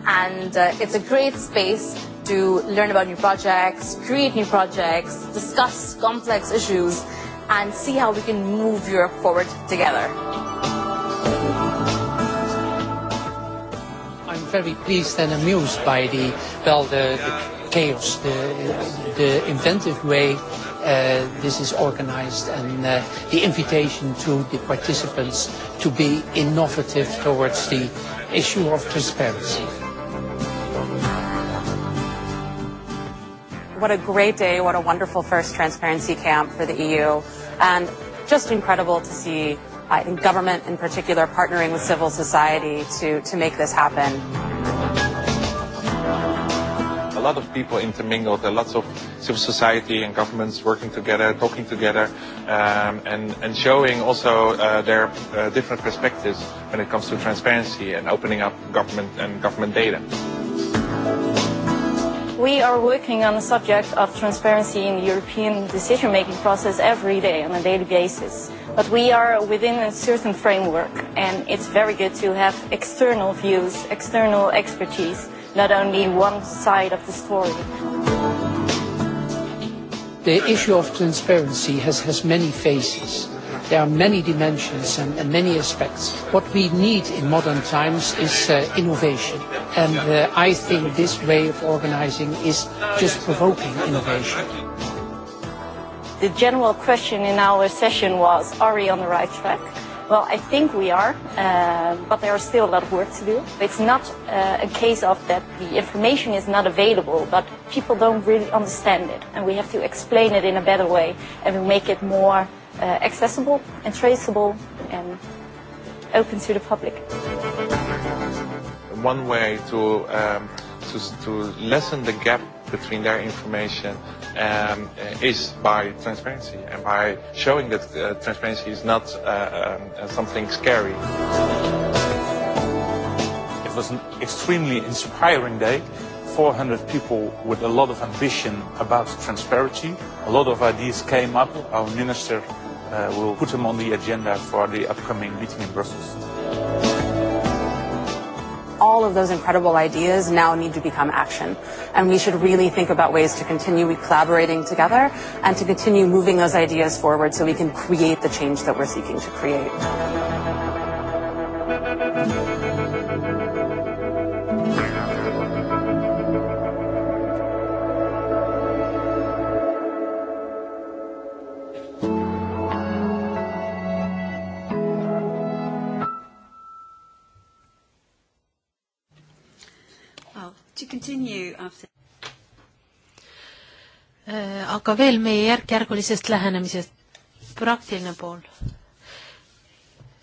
And uh, it's a great space to learn about new projects, create new projects, discuss complex issues, and see how we can move Europe forward together. I'm very pleased and amused by the, well, the, the chaos, the, the inventive way uh, this is organized and uh, the invitation to the participants to be innovative towards the issue of transparency. What a great day, what a wonderful first transparency camp for the EU and just incredible to see uh, government in particular partnering with civil society to, to make this happen lot of people intermingled, there are lots of civil society and governments working together, talking together, um, and, and showing also uh, their uh, different perspectives when it comes to transparency and opening up government and government data. We are working on the subject of transparency in the European decision-making process every day on a daily basis. But we are within a certain framework and it's very good to have external views, external expertise not only one side of the story. The issue of transparency has, has many faces. There are many dimensions and, and many aspects. What we need in modern times is uh, innovation. And uh, I think this way of organizing is just provoking innovation. The general question in our session was, are we on the right track? Well, I think we are, uh, but there is still a lot of work to do. It's not uh, a case of that the information is not available, but people don't really understand it, and we have to explain it in a better way and we make it more uh, accessible and traceable and open to the public. One way to um, to, to lessen the gap between their information um, uh, is by transparency and by showing that uh, transparency is not uh, um, uh, something scary. It was an extremely inspiring day. 400 people with a lot of ambition about transparency. A lot of ideas came up. Our minister uh, will put them on the agenda for the upcoming meeting in Brussels all of those incredible ideas now need to become action. And we should really think about ways to continue collaborating together and to continue moving those ideas forward so we can create the change that we're seeking to create. to continue after äh, aga veel meie järk-järgulisest lähenemisest, praktiline pool.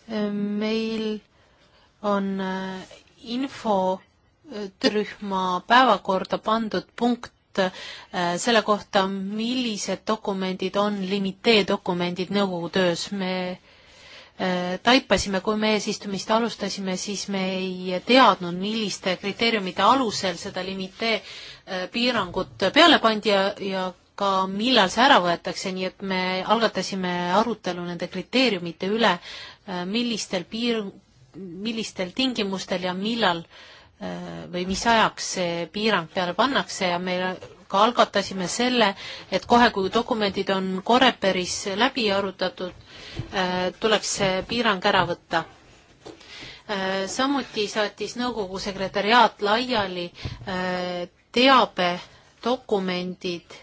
Äh, meil on äh, infotöörühma päevakorda pandud punkt selle kohta, millised dokumendid on limitee dokumendid nõukogu töös. me Äh, taipasime, kui me eesistumist alustasime, siis me ei teadnud, milliste kriteeriumide alusel seda limitee äh, piirangut peale pandi ja, ja ka millal see ära võetakse, nii et me algatasime arutelu nende kriteeriumite üle, äh, millistel piir, millistel tingimustel ja millal või mis ajaks see piirang peale pannakse ja me ka algatasime selle, et kohe, kui dokumendid on Koreperis läbi arutatud, Äh, tuleb see piirang ära võtta. Äh, samuti saatis nõukogu sekretäriaat laiali äh, teabedokumendid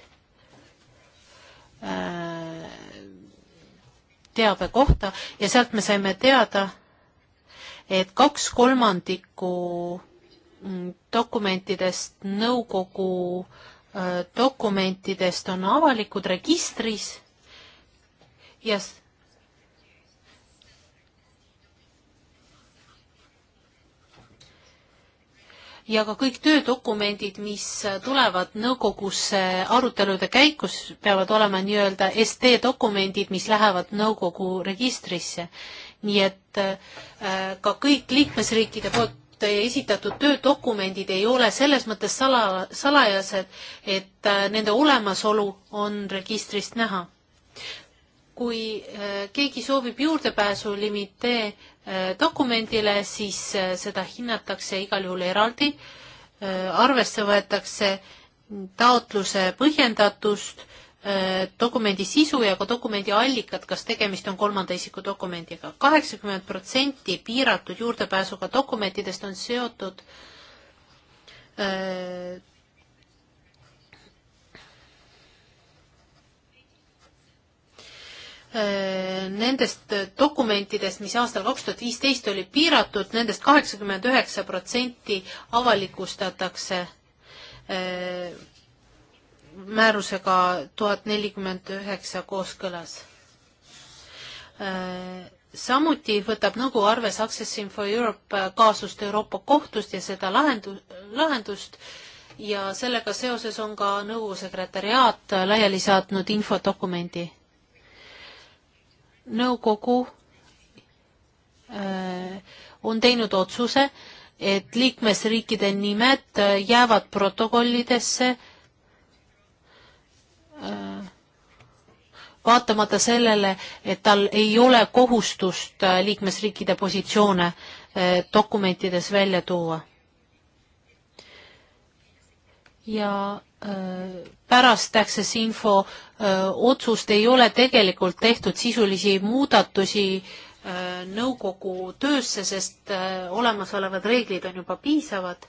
teabe kohta ja sealt me saime teada, et kaks kolmandikku mm, dokumentidest, nõukogu dokumentidest on avalikud registris ja ja ka kõik töödokumendid, mis tulevad nõukogusse arutelude käigus, peavad olema nii-öelda ST dokumendid, mis lähevad nõukogu registrisse. nii et äh, ka kõik liikmesriikide poolt esitatud töödokumendid ei ole selles mõttes sala, salajased, et äh, nende olemasolu on registrist näha kui äh, keegi soovib juurdepääsu limitee, Eh, dokumendile, siis eh, seda hinnatakse igal juhul eraldi, eh, arvesse võetakse taotluse põhjendatust, dokumendi sisu ja ka dokumendi allikat, kas tegemist on kolmanda isiku dokumendiga. kaheksakümmend protsenti piiratud juurdepääsuga dokumentidest on seotud Äh, nendest äh, dokumentidest, mis aastal kaks tuhat viisteist oli piiratud nendest, nendest kaheksakümmend üheksa protsenti avalikustatakse äh, määrusega tuhat nelikümmend üheksa kooskõlas. samuti võtab nõukogu arves Accessing for Europe kaasust Euroopa Kohtust ja seda lahendu-, lahendust ja sellega seoses on ka nõukogu sekretäriaat laiali saatnud infodokumendi nõukogu äh, on teinud otsuse, et liikmesriikide nimed äh, jäävad protokollidesse äh, vaatamata sellele, et tal ei ole kohustust liikmesriikide positsioone dokumentides välja tuua. ja pärast Access Info äh, otsust ei ole tegelikult tehtud sisulisi muudatusi nõukogu töösse, sest olemasolevad reeglid on juba piisavad.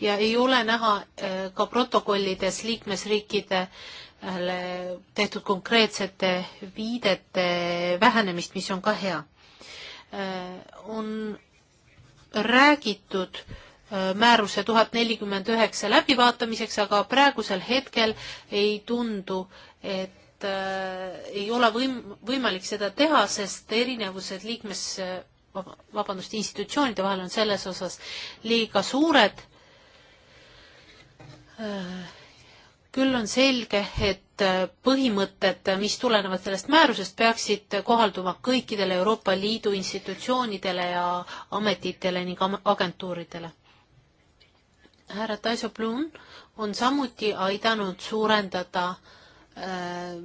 ja ei ole näha ka protokollides liikmesriikide tehtud konkreetsete viidete vähenemist, mis on ka hea. on räägitud äh, Äh, määruse tuhat nelikümmend üheksa läbivaatamiseks, aga praegusel hetkel ei tundu, et äh, ei ole võim-, võimalik seda teha, sest erinevused liikmes, äh, vabandust, institutsioonide vahel on selles osas liiga suured äh, küll on selge, et äh, põhimõtted, mis tulenevad sellest määrusest, peaksid kohalduma kõikidele Euroopa Liidu institutsioonidele ja ametitele ning agentuuridele härra Taiso Blum on samuti aidanud suurendada äh,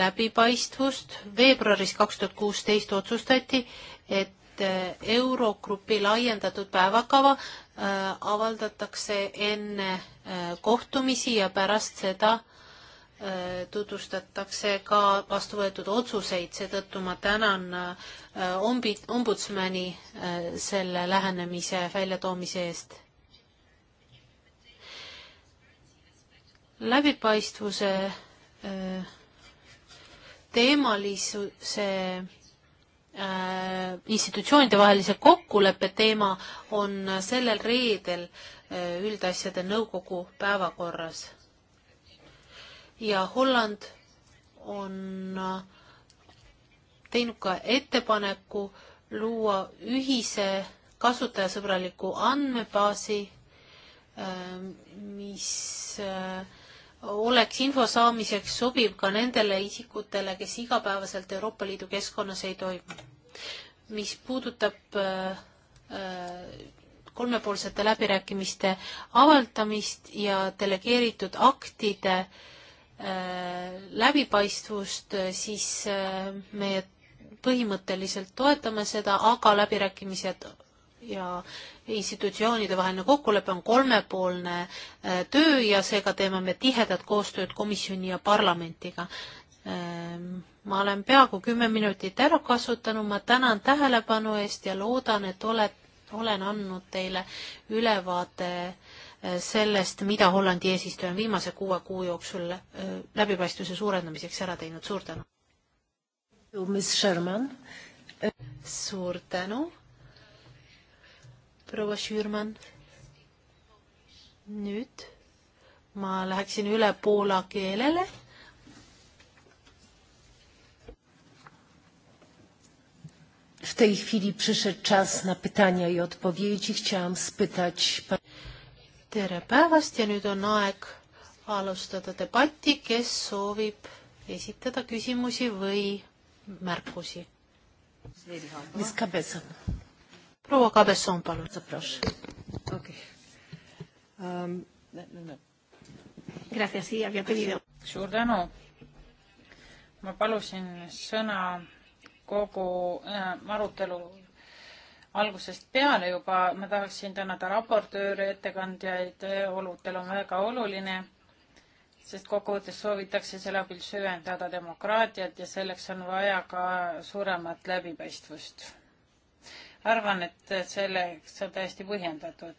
läbipaistvust. veebruaris kaks tuhat kuusteist otsustati, et äh, Eurogrupi laiendatud päevakava äh, avaldatakse enne äh, kohtumisi ja pärast seda äh, tutvustatakse ka vastu võetud otsuseid, seetõttu ma tänan äh, ombi-, ombudsmani selle lähenemise väljatoomise eest läbipaistvuse äh, teemalisuse äh, institutsioonide vahelise kokkuleppe teema on sellel reedel äh, üldasjade nõukogu päevakorras. ja Holland on teinud ka ettepaneku luua ühise kasutajasõbraliku andmebaasi, mis äh, oleks info saamiseks sobiv ka nendele isikutele, kes igapäevaselt Euroopa Liidu keskkonnas ei toimu. mis puudutab äh, äh, kolmepoolsete läbirääkimiste avaldamist ja delegeeritud aktide äh, läbipaistvust, siis meie põhimõtteliselt toetame seda, aga läbirääkimised ja institutsioonide vaheline kokkulepe on kolmepoolne äh, töö ja seega teeme me tihedat koostööd komisjoni ja parlamentiga. Ähm, ma olen peaaegu kümme minutit ära kasutanud, ma tänan tähelepanu eest ja loodan, et oled, olen andnud teile ülevaate äh, sellest, mida Hollandi eesistuja on viimase kuue kuu jooksul äh, läbipaistvuse suurendamiseks ära teinud. suur tänu! suur tänu! proua Schürmann. nüüd ma läheksin üle poola keelele. W tej chwili przyszedł czas na pytania i odpowiedzi. Chciałam spytać. Tere päevast ja nüüd on aeg alustada debatti, kes soovib esitada küsimusi või märkusi. Miss Cabezon proua Kabesson, palun. okei. suur tänu. ma palusin sõna kogu äh, arutelu algusest peale juba, ma tahaksin tänada raportööre, ettekandjaid, olutelu on väga oluline, sest kokkuvõttes soovitakse selle abil süvendada demokraatiat ja selleks on vaja ka suuremat läbipaistvust arvan, et selleks on täiesti põhjendatud.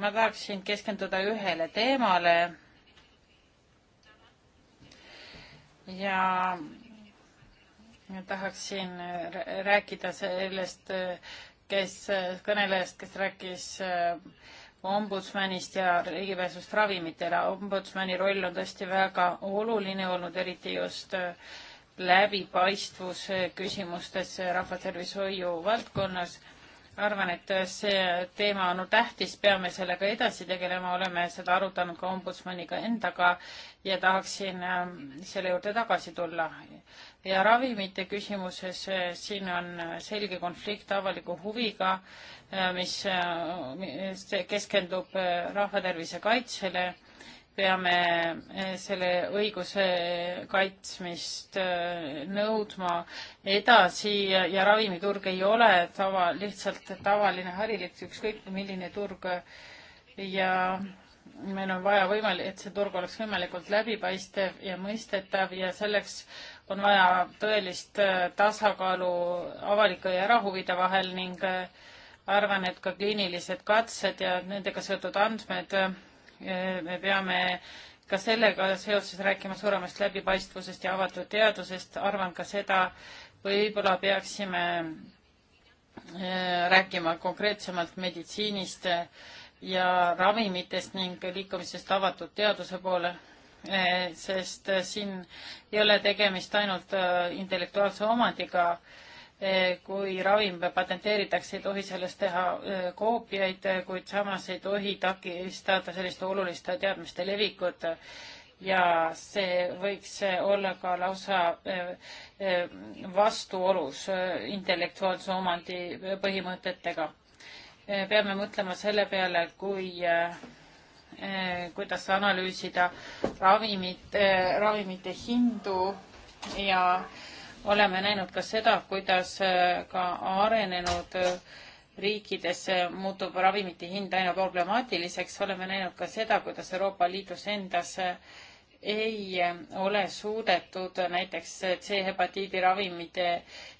ma tahaksin keskenduda ühele teemale ja tahaksin rääkida sellest, kes, kõnelejast, kes rääkis äh, ombudsmanist ja ligipääsust ravimitele. ombudsmani roll on tõesti väga oluline olnud, eriti just äh, läbipaistvuse küsimustes rahvatervishoiu valdkonnas. arvan, et see teema on tähtis, peame sellega edasi tegelema, oleme seda arutanud ka ombudsmaniga endaga ja tahaksin ähm, selle juurde tagasi tulla. ja ravimite küsimuses äh, siin on selge konflikt avaliku huviga, äh, äh, mis keskendub rahvatervise kaitsele peame eh, selle õiguse eh, kaitsmist eh, nõudma edasi ja, ja ravimiturg ei ole tava, lihtsalt tavaline harilik, ükskõik milline turg ja meil on vaja võimalik, et see turg oleks võimalikult läbipaistev ja mõistetav ja selleks on vaja tõelist tasakaalu avalike ja erahuvide vahel ning arvan, et ka kliinilised katsed ja nendega seotud andmed Äh, me peame ka sellega seoses rääkima suuremast läbipaistvusest ja avatud teadusest, arvan ka seda, võib-olla peaksime äh, rääkima konkreetsemalt meditsiinist äh, ja ravimitest ning liikumisest avatud teaduse poole, sest siin ei ole tegemist ainult intellektuaalse omandiga, Eh, kui ravim patenteeritakse, ei tohi sellest teha eh, koopiaid, eh, kuid samas ei tohi takistada selliste oluliste teadmiste levikut ja see võiks olla ka lausa vastuolus intellektuaalse omandi põhimõtetega. peame mõtlema selle peale, kui kuidas analüüsida ravimite, ravimite hindu ja äh, oleme näinud ka seda, kuidas äh, ka arenenud äh, riikides äh, muutub ravimite hind aina problemaatiliseks, oleme näinud ka seda, kuidas Euroopa Liidus endas ei ole suudetud näiteks C-hepatiidi ravimite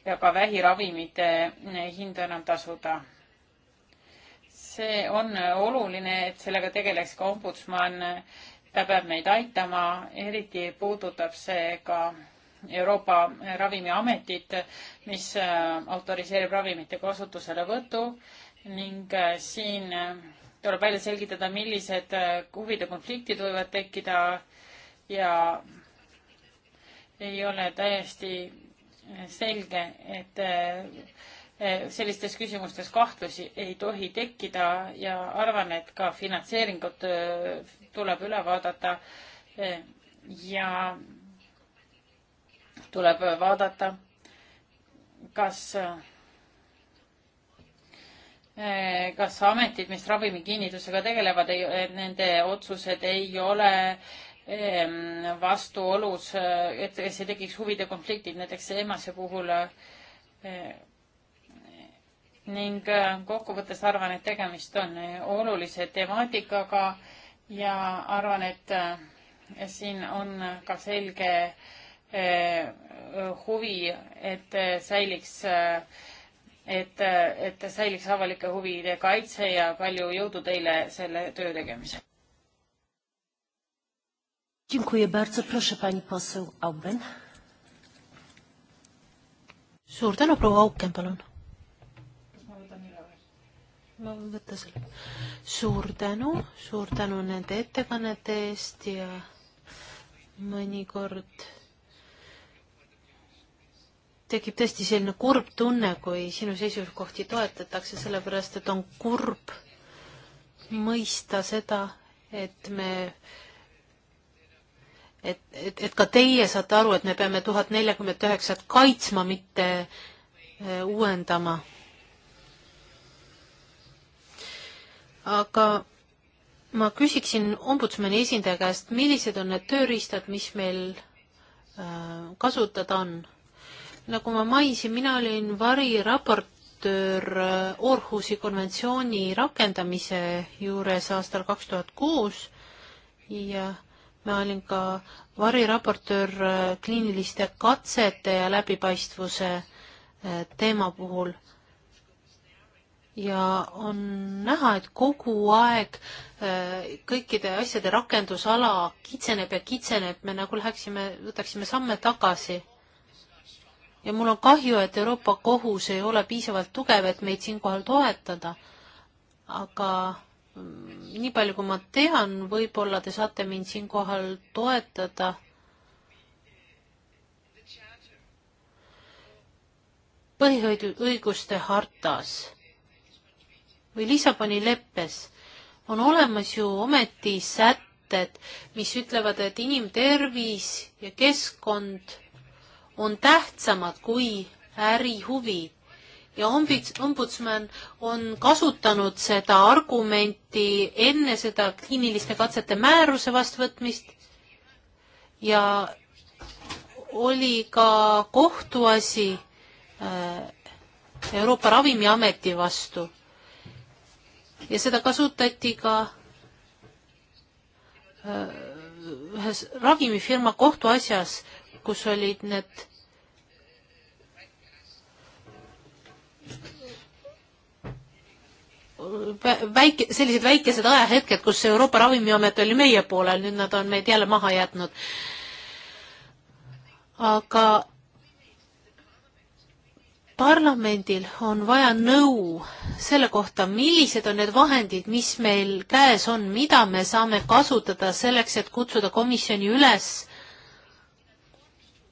ja ka vähiravimite hinda enam tasuda. see on oluline, et sellega tegeleks ka ombudsman, ta peab meid aitama, eriti puudutab see ka Euroopa Ravimiametit, mis äh, autoriseerib ravimite kasutuselevõtu ning äh, siin äh, tuleb välja selgitada, millised huvide konfliktid võivad tekkida ja ei ole täiesti selge, et sellistes küsimustes kahtlusi ei tohi tekkida ja arvan, et ka finantseeringud tuleb üle vaadata ja tuleb vaadata, kas eh, kas ametid, mis ravimikinnitusega tegelevad, nende otsused ei ole ehm, vastuolus, et see tekiks huvide konfliktid näiteks EMAS-e puhul. Eh, ning eh, kokkuvõttes arvan, et tegemist on olulise temaatikaga ja arvan, et siin on ka selge äh, Eh, huvi, et eh, säiliks, eh, et, et säiliks avalike huvide kaitse ja palju jõudu teile selle töö tegemisel. Dziękuję bardzo. Proszę pani poseł Auben. Suur tänu, proua Auken, palun. ma võin võtta selle. suur tänu, suur tänu nende ettekannete eest ja mõnikord tekib tõesti selline kurb tunne, kui sinu seisukohti toetatakse, sellepärast et on kurb mõista seda, et me, et, et, et ka teie saate aru, et me peame tuhat neljakümmet üheksat kaitsma, mitte eh, uuendama. aga ma küsiksin ombudsmani esindaja käest, millised on need tööriistad, mis meil eh, kasutada on? nagu ma mainisin, mina olin variraportöör Orhusi äh, konventsiooni rakendamise juures aastal kaks tuhat kuus ja ma olin ka variraportöör äh, kliiniliste katsete ja läbipaistvuse äh, teema puhul ja on näha, et kogu aeg kõikide asjade rakendusala kitseneb ja kitseneb, me nagu läheksime, võtaksime samme tagasi ja mul on kahju, et Euroopa Kohus ei ole piisavalt tugev, et meid siinkohal toetada. aga mm, nii palju, kui ma tean, võib-olla te saate mind siinkohal toetada. põhiõiguste hartas või Lissaboni leppes on olemas ju ometi sätted, mis ütlevad, et inimtervis ja keskkond on tähtsamad kui ärihuvid ja ombudsman on kasutanud seda argumenti enne seda kliiniliste katsete määruse vastuvõtmist ja oli ka kohtuasi äh, Euroopa Ravimiameti vastu ja seda kasutati ka äh, ühes ravimifirma kohtuasjas, kus olid need väike, sellised väikesed ajahetked, kus Euroopa Ravimiamet oli meie poolel, nüüd nad on meid jälle maha jätnud. aga parlamendil on vaja nõu selle kohta, millised on need vahendid, mis meil käes on, mida me saame kasutada selleks, et kutsuda komisjoni üles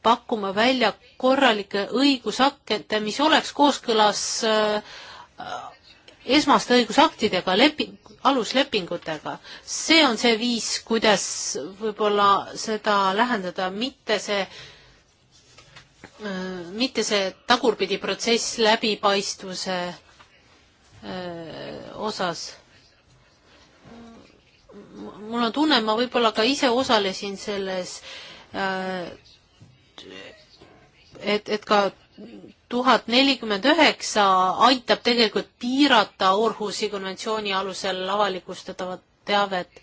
pakkuma välja korralikke õigusakte, mis oleks kooskõlas äh, esmaste õigusaktidega, lepi-, aluslepingutega. see on see viis, kuidas võib-olla seda lähendada, mitte see äh, mitte see tagurpidi protsess läbipaistvuse äh, osas. mul on tunne, ma võib-olla ka ise osalesin selles öö, et, et ka tuhat nelikümmend üheksa aitab tegelikult piirata Orhusi konventsiooni alusel avalikustatavat teavet.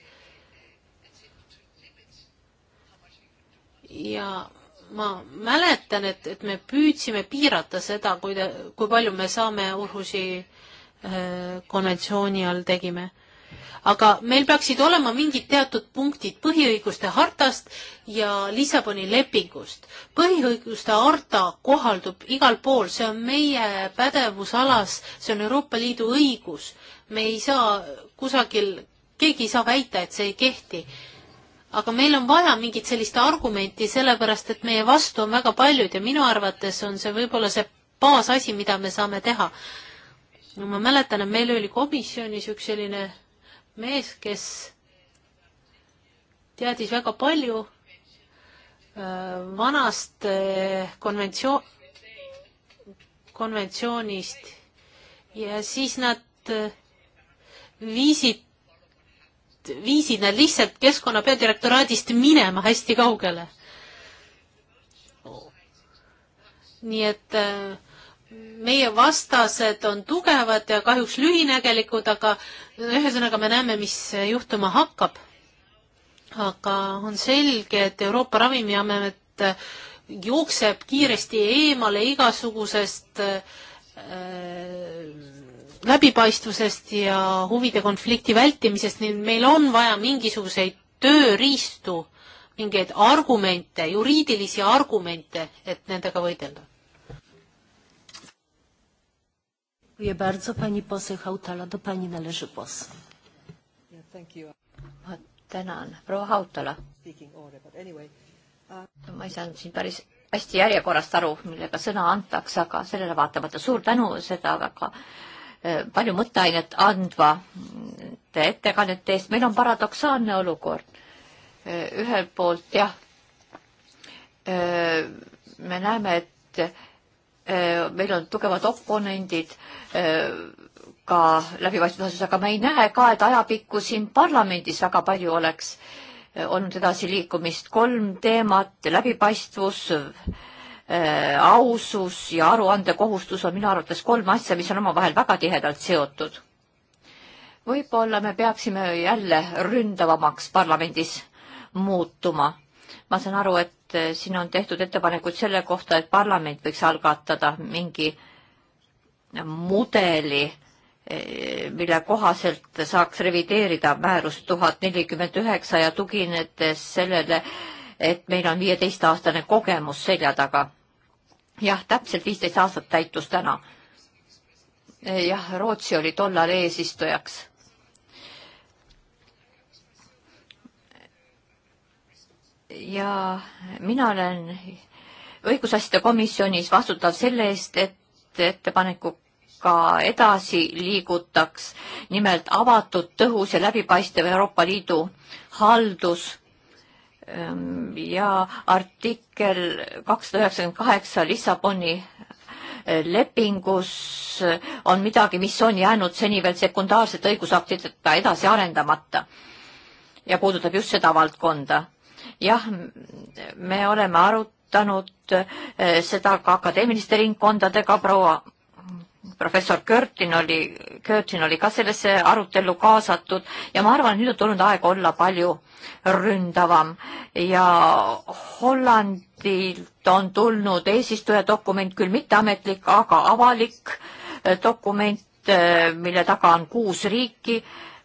ja ma mäletan, et, et me püüdsime piirata seda, kui, kui palju me saame Orhusi äh, konventsiooni all tegime aga meil peaksid olema mingid teatud punktid põhiõiguste hartast ja Lissaboni lepingust. põhiõiguste harta kohaldub igal pool, see on meie pädevusalas, see on Euroopa Liidu õigus. me ei saa kusagil, keegi ei saa väita, et see ei kehti aga meil on vaja mingit sellist argumenti, sellepärast et meie vastu on väga paljud ja minu arvates on see võib-olla see baasasi, mida me saame teha. no ma mäletan, et meil oli komisjonis üks selline mees, kes teadis väga palju äh, vanast äh, konventsioon, konventsioonist ja siis nad äh, viisid, viisid nad lihtsalt keskkonna peadirektoraadist minema hästi kaugele. nii et äh, meie vastased on tugevad ja kahjuks lühinägelikud, aga ühesõnaga me näeme, mis juhtuma hakkab. aga on selge, et Euroopa Ravimiamet jookseb kiiresti eemale igasugusest äh, läbipaistvusest ja huvide konflikti vältimisest, nii et meil on vaja mingisuguseid tööriistu, mingeid argumente, juriidilisi argumente, et nendega võidelda. Dziękuję bardzo. Pani poseł Hautala, do pani należy głos. Yeah, thank you. Ma tänan, proua Hautala. Anyway, uh... ma ei saanud siin päris hästi järjekorrast aru, millega sõna antakse, aga sellele vaatamata suur tänu seda väga eh, palju mõtteainet andva mm, ettekannete eest. meil on paradoksaalne olukord. Eh, ühelt poolt jah, eh, me näeme, et Äh, meil on tugevad oponendid äh, ka läbipaistvuses, aga me ei näe ka, et ajapikku siin parlamendis väga palju oleks äh, olnud edasiliikumist. kolm teemat, läbipaistvus, ausus ja aruandekohustus on minu arvates kolm asja, mis on omavahel väga tihedalt seotud. võib-olla me peaksime jälle ründavamaks parlamendis muutuma. ma saan aru, et et äh, siin on tehtud ettepanekud selle kohta, et parlament võiks algatada mingi mudeli, äh, mille kohaselt saaks revideerida määrust tuhat nelikümmend üheksa ja tuginedes sellele, et meil on viieteistaastane kogemus selja taga. jah, täpselt viisteist aastat täitus täna. Äh, jah, Rootsi oli tollal eesistujaks ja mina olen õigusasjade komisjonis vastutav selle eest, et ettepanekuga edasi liigutaks nimelt avatud, tõhus ja läbipaistev Euroopa Liidu haldus ehm, ja artikkel kakssada üheksakümmend kaheksa Lissaboni eh, lepingus on midagi, mis on jäänud seni veel sekundaarsete õigusaktideta edasi arendamata ja puudutab just seda valdkonda jah, me oleme arutanud eh, seda ka akadeemiliste ringkondadega, proua professor Körtin oli, Körtin oli ka sellesse arutellu kaasatud ja ma arvan, nüüd on tulnud aeg olla palju ründavam ja Hollandilt on tulnud eesistuja dokument, küll mitteametlik, aga avalik eh, dokument, eh, mille taga on kuus riiki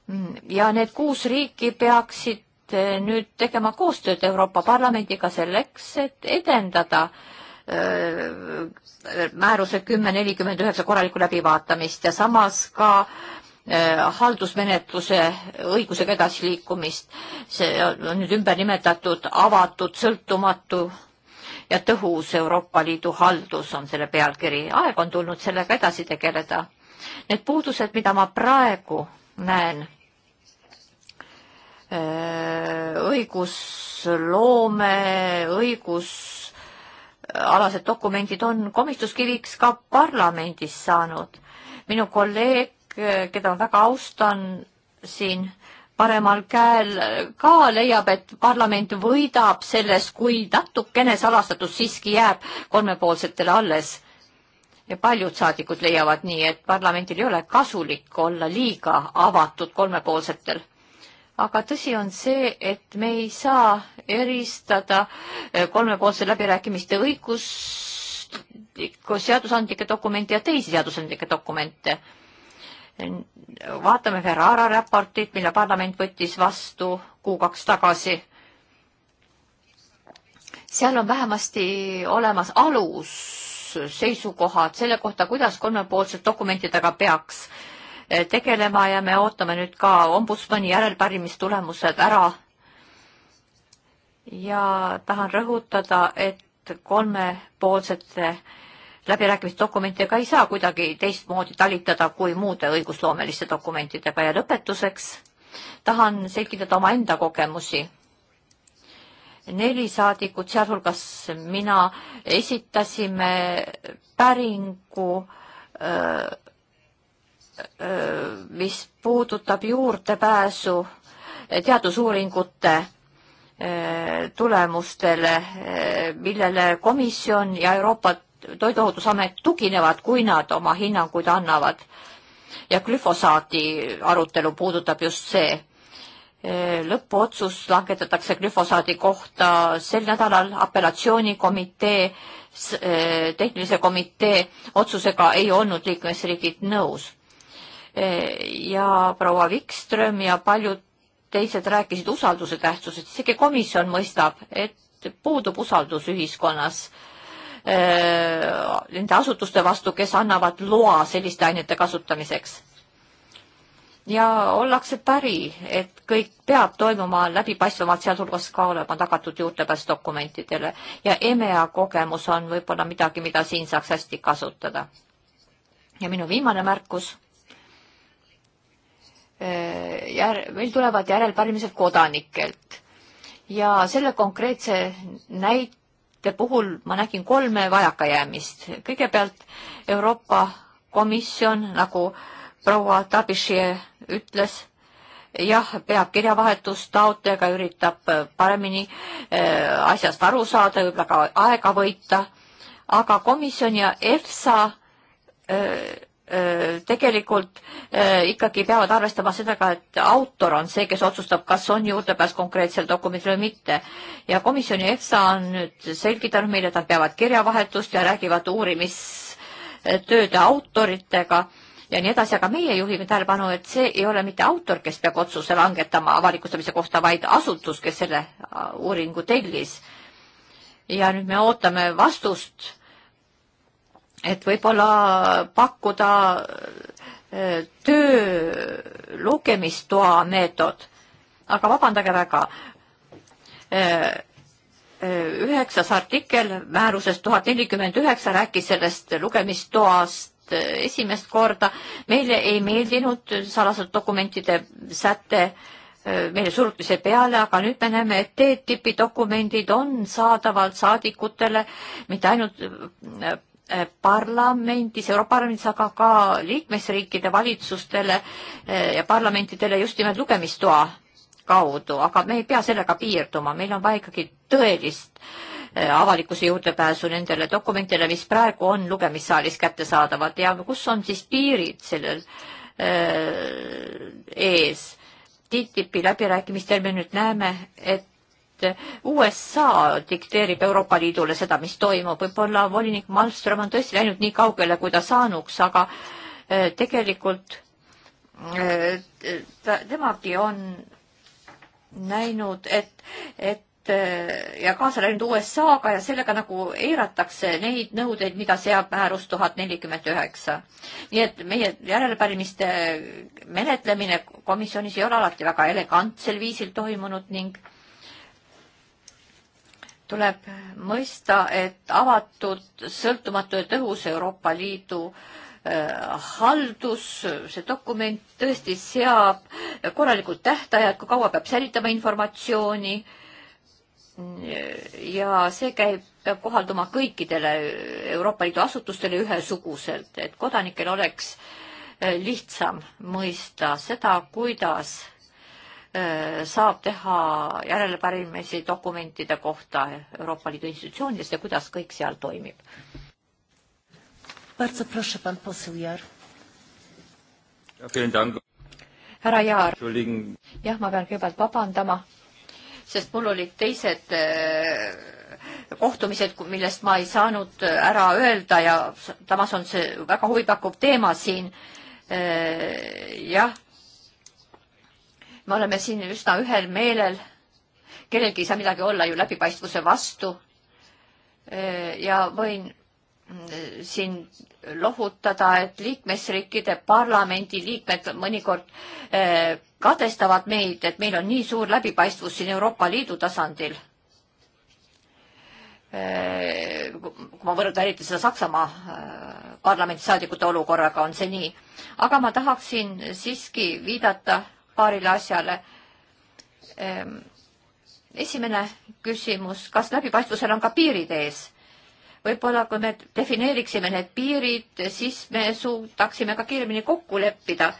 mm, ja need kuus riiki peaksid Eh, nüüd tegema koostööd Euroopa Parlamendiga selleks, et edendada öö, eh, määruse kümme nelikümmend üheksa korralikku läbivaatamist ja samas ka öö, eh, haldusmenetluse õigusega edasiliikumist. see on nüüd ümber nimetatud avatud, sõltumatu ja tõhus Euroopa Liidu haldus on selle pealkiri. aeg on tulnud sellega edasi tegeleda. Need puudused, mida ma praegu näen Äh, õigusloome, õigusalased dokumendid on komistuskiviks ka parlamendis saanud. minu kolleeg, keda ma väga austan siin paremal käel, ka leiab, et parlament võidab selles, kui natukene salastatus siiski jääb kolmepoolsetele alles. ja paljud saadikud leiavad nii, et parlamendil ei ole kasulik olla liiga avatud kolmepoolsetel aga tõsi on see, et me ei saa eristada eh, kolmepoolse läbirääkimiste õigust, seadusandlikke dokumente ja teisi seadusandlikke dokumente. vaatame Ferrara raportit, mille parlament võttis vastu kuu-kaks tagasi. seal on vähemasti olemas alus, seisukohad selle kohta, kuidas kolmepoolsed dokumentidega peaks äh, tegelema ja me ootame nüüd ka ombudsmani järelpärimistulemused ära. ja tahan rõhutada, et kolmepoolsete läbirääkimisdokumentidega ei saa kuidagi teistmoodi talitada kui muude õigusloomeliste dokumentidega ja lõpetuseks tahan selgitada omaenda kogemusi. neli saadikut, sealhulgas mina, esitasime päringu öö, äh, mis puudutab juurdepääsu teadusuuringute eh, tulemustele, eh, millele komisjon ja Euroopa Toiduohutusamet tuginevad, kui nad oma hinnanguid annavad. ja glüfosaadi arutelu puudutab just see. Eh, lõpuotsus langetatakse glüfosaadi kohta sel nädalal apellatsioonikomitee, tehnilise komitee otsusega ei olnud liikmesriigid nõus ja proua Wikström ja paljud teised rääkisid usalduse tähtsusest, isegi komisjon mõistab, et puudub usaldus ühiskonnas äh, nende asutuste vastu, kes annavad loa selliste ainete kasutamiseks. ja ollakse päri, et kõik peab toimuma läbipaistvamalt, sealhulgas ka olema tagatud juurdepääs dokumentidele ja EMEA kogemus on võib-olla midagi, mida siin saaks hästi kasutada. ja minu viimane märkus Äh, jär-, meil tulevad järelpärimised kodanikelt. ja selle konkreetse näite puhul ma nägin kolme vajakajäämist. kõigepealt Euroopa Komisjon, nagu proua Tabišie ütles, jah, peab kirjavahetust taotlejaga, üritab äh, paremini äh, asjast aru saada, võib-olla ka aega võita, aga komisjon ja EFSA öö, tegelikult ikkagi peavad arvestama sellega, et autor on see, kes otsustab, kas on juurdepääs konkreetsel dokumendil või mitte. ja komisjoni EFSA on nüüd selgitanud meile, et nad peavad kirjavahetust ja räägivad uurimistööde autoritega ja nii edasi, aga meie juhime tähelepanu, et see ei ole mitte autor, kes peab otsuse langetama avalikustamise kohta, vaid asutus, kes selle uuringu tellis. ja nüüd me ootame vastust et võib-olla pakkuda äh, töö lugemistoa meetod, aga vabandage väga, äh, äh, üheksas artikkel määrusest tuhat nelikümmend üheksa rääkis sellest lugemistoast esimest korda. meile ei meeldinud salastatud dokumentide säte meile surutise peale, aga nüüd me näeme, et TTIP-i dokumendid on saadaval saadikutele mitte ainult parlamendis, Euroopa Parlamendis, aga ka liikmesriikide valitsustele eh, ja parlamentidele just nimelt lugemistoa kaudu, aga me ei pea sellega piirduma, meil on vaja ikkagi tõelist eh, avalikkuse juurdepääsu nendele dokumentidele, mis praegu on lugemissaalis kättesaadavad ja kus on siis piirid sellel eh, ees. TTIP-i läbirääkimistel me nüüd näeme, et et USA dikteerib Euroopa Liidule seda, mis toimub. võib-olla volinik Malmström on tõesti läinud nii kaugele, kui ta saanuks, aga äh, tegelikult äh, ta, temagi on näinud, et, et äh, ja kaasa läinud USA-ga ja sellega nagu eiratakse neid nõudeid, mida seab määrus tuhat nelikümmend üheksa. nii et meie järelepärimiste menetlemine komisjonis ei ole alati väga elegantsel viisil toimunud ning tuleb mõista, et avatud, sõltumatu ja tõhus Euroopa Liidu äh, haldus, see dokument tõesti seab korralikult tähtajad, kui kaua peab säilitama informatsiooni. ja see käib, peab kohalduma kõikidele Euroopa Liidu asutustele ühesuguselt, et kodanikel oleks äh, lihtsam mõista seda, kuidas saab teha järelepärimisi dokumentide kohta Euroopa Liidu institutsioonidest ja kuidas kõik seal toimib. härra Jaar, jah, ma pean kõigepealt vabandama, sest mul olid teised kohtumised, millest ma ei saanud ära öelda ja samas on see väga huvipakkuv teema siin. jah me oleme siin üsna ühel meelel. kellelgi ei saa midagi olla ju läbipaistvuse vastu. ja võin mm, siin lohutada, et liikmesriikide parlamendi liikmed mõnikord kadestavad meid, et meil on nii suur läbipaistvus siin Euroopa Liidu tasandil. kui ma võrdlen eriti seda Saksamaa parlamendisaadikute olukorraga, on see nii. aga ma tahaksin siiski viidata paarile asjale. Ehm, esimene küsimus, kas läbipaistvusel on ka piirid ees? võib-olla kui me defineeriksime need piirid, siis me suudaksime ka kiiremini kokku leppida.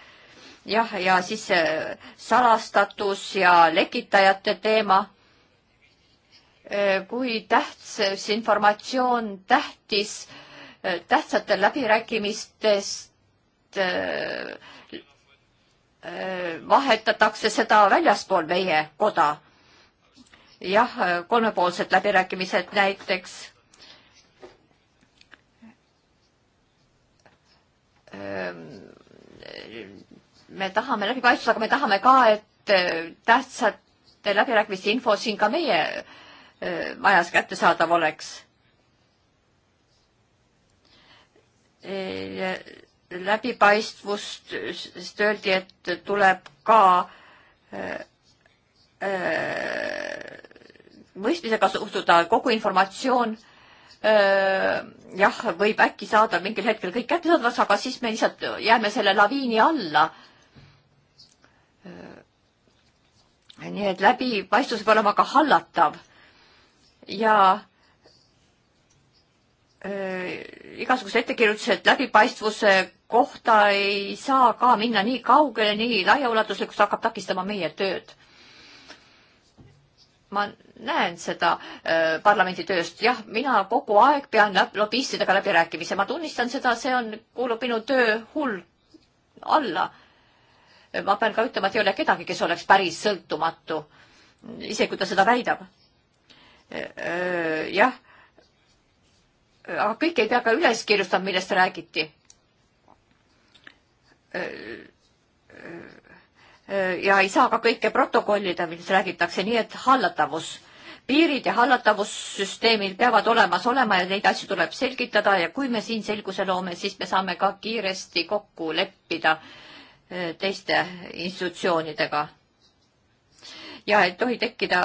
jah, ja siis äh, salastatus ja lekitajate teema äh, kui tähtis informatsioon, tähtis, äh, tähtsatel läbirääkimistest Äh, vahetatakse seda väljaspool meie koda. jah, äh, kolmepoolsed läbirääkimised näiteks. Äh, me tahame läbipaistvust, aga me tahame ka, et tähtsate läbirääkimiste info siin ka meie majas kättesaadav oleks läbipaistvust, sest öeldi, et tuleb ka äh, äh, mõistmisega suhtuda, kogu informatsioon äh, jah, võib äkki saada mingil hetkel kõik kättesaadavaks, aga siis me lihtsalt jääme selle laviini alla. nii et läbipaistvus peab olema ka hallatav ja äh, igasugused ettekirjutused läbipaistvuse kohta ei saa ka minna nii kaugele, nii laiaulatuslikuks hakkab takistama meie tööd. ma näen seda äh, parlamendi tööst, jah, mina kogu aeg pean lobistidega läbirääkimisi, ma tunnistan seda, see on, kuulub minu töö hull alla. ma pean ka ütlema, et ei ole kedagi, kes oleks päris sõltumatu, isegi kui ta seda väidab äh, äh, jah, aga kõik ei pea ka üles kirjutama, millest räägiti ja ei saa ka kõike protokollida, mis räägitakse, nii et hallatavus, piirid ja hallatavussüsteemid peavad olemas olema ja neid asju tuleb selgitada ja kui me siin selguse loome, siis me saame ka kiiresti kokku leppida eh, teiste institutsioonidega. ja ei tohi tekkida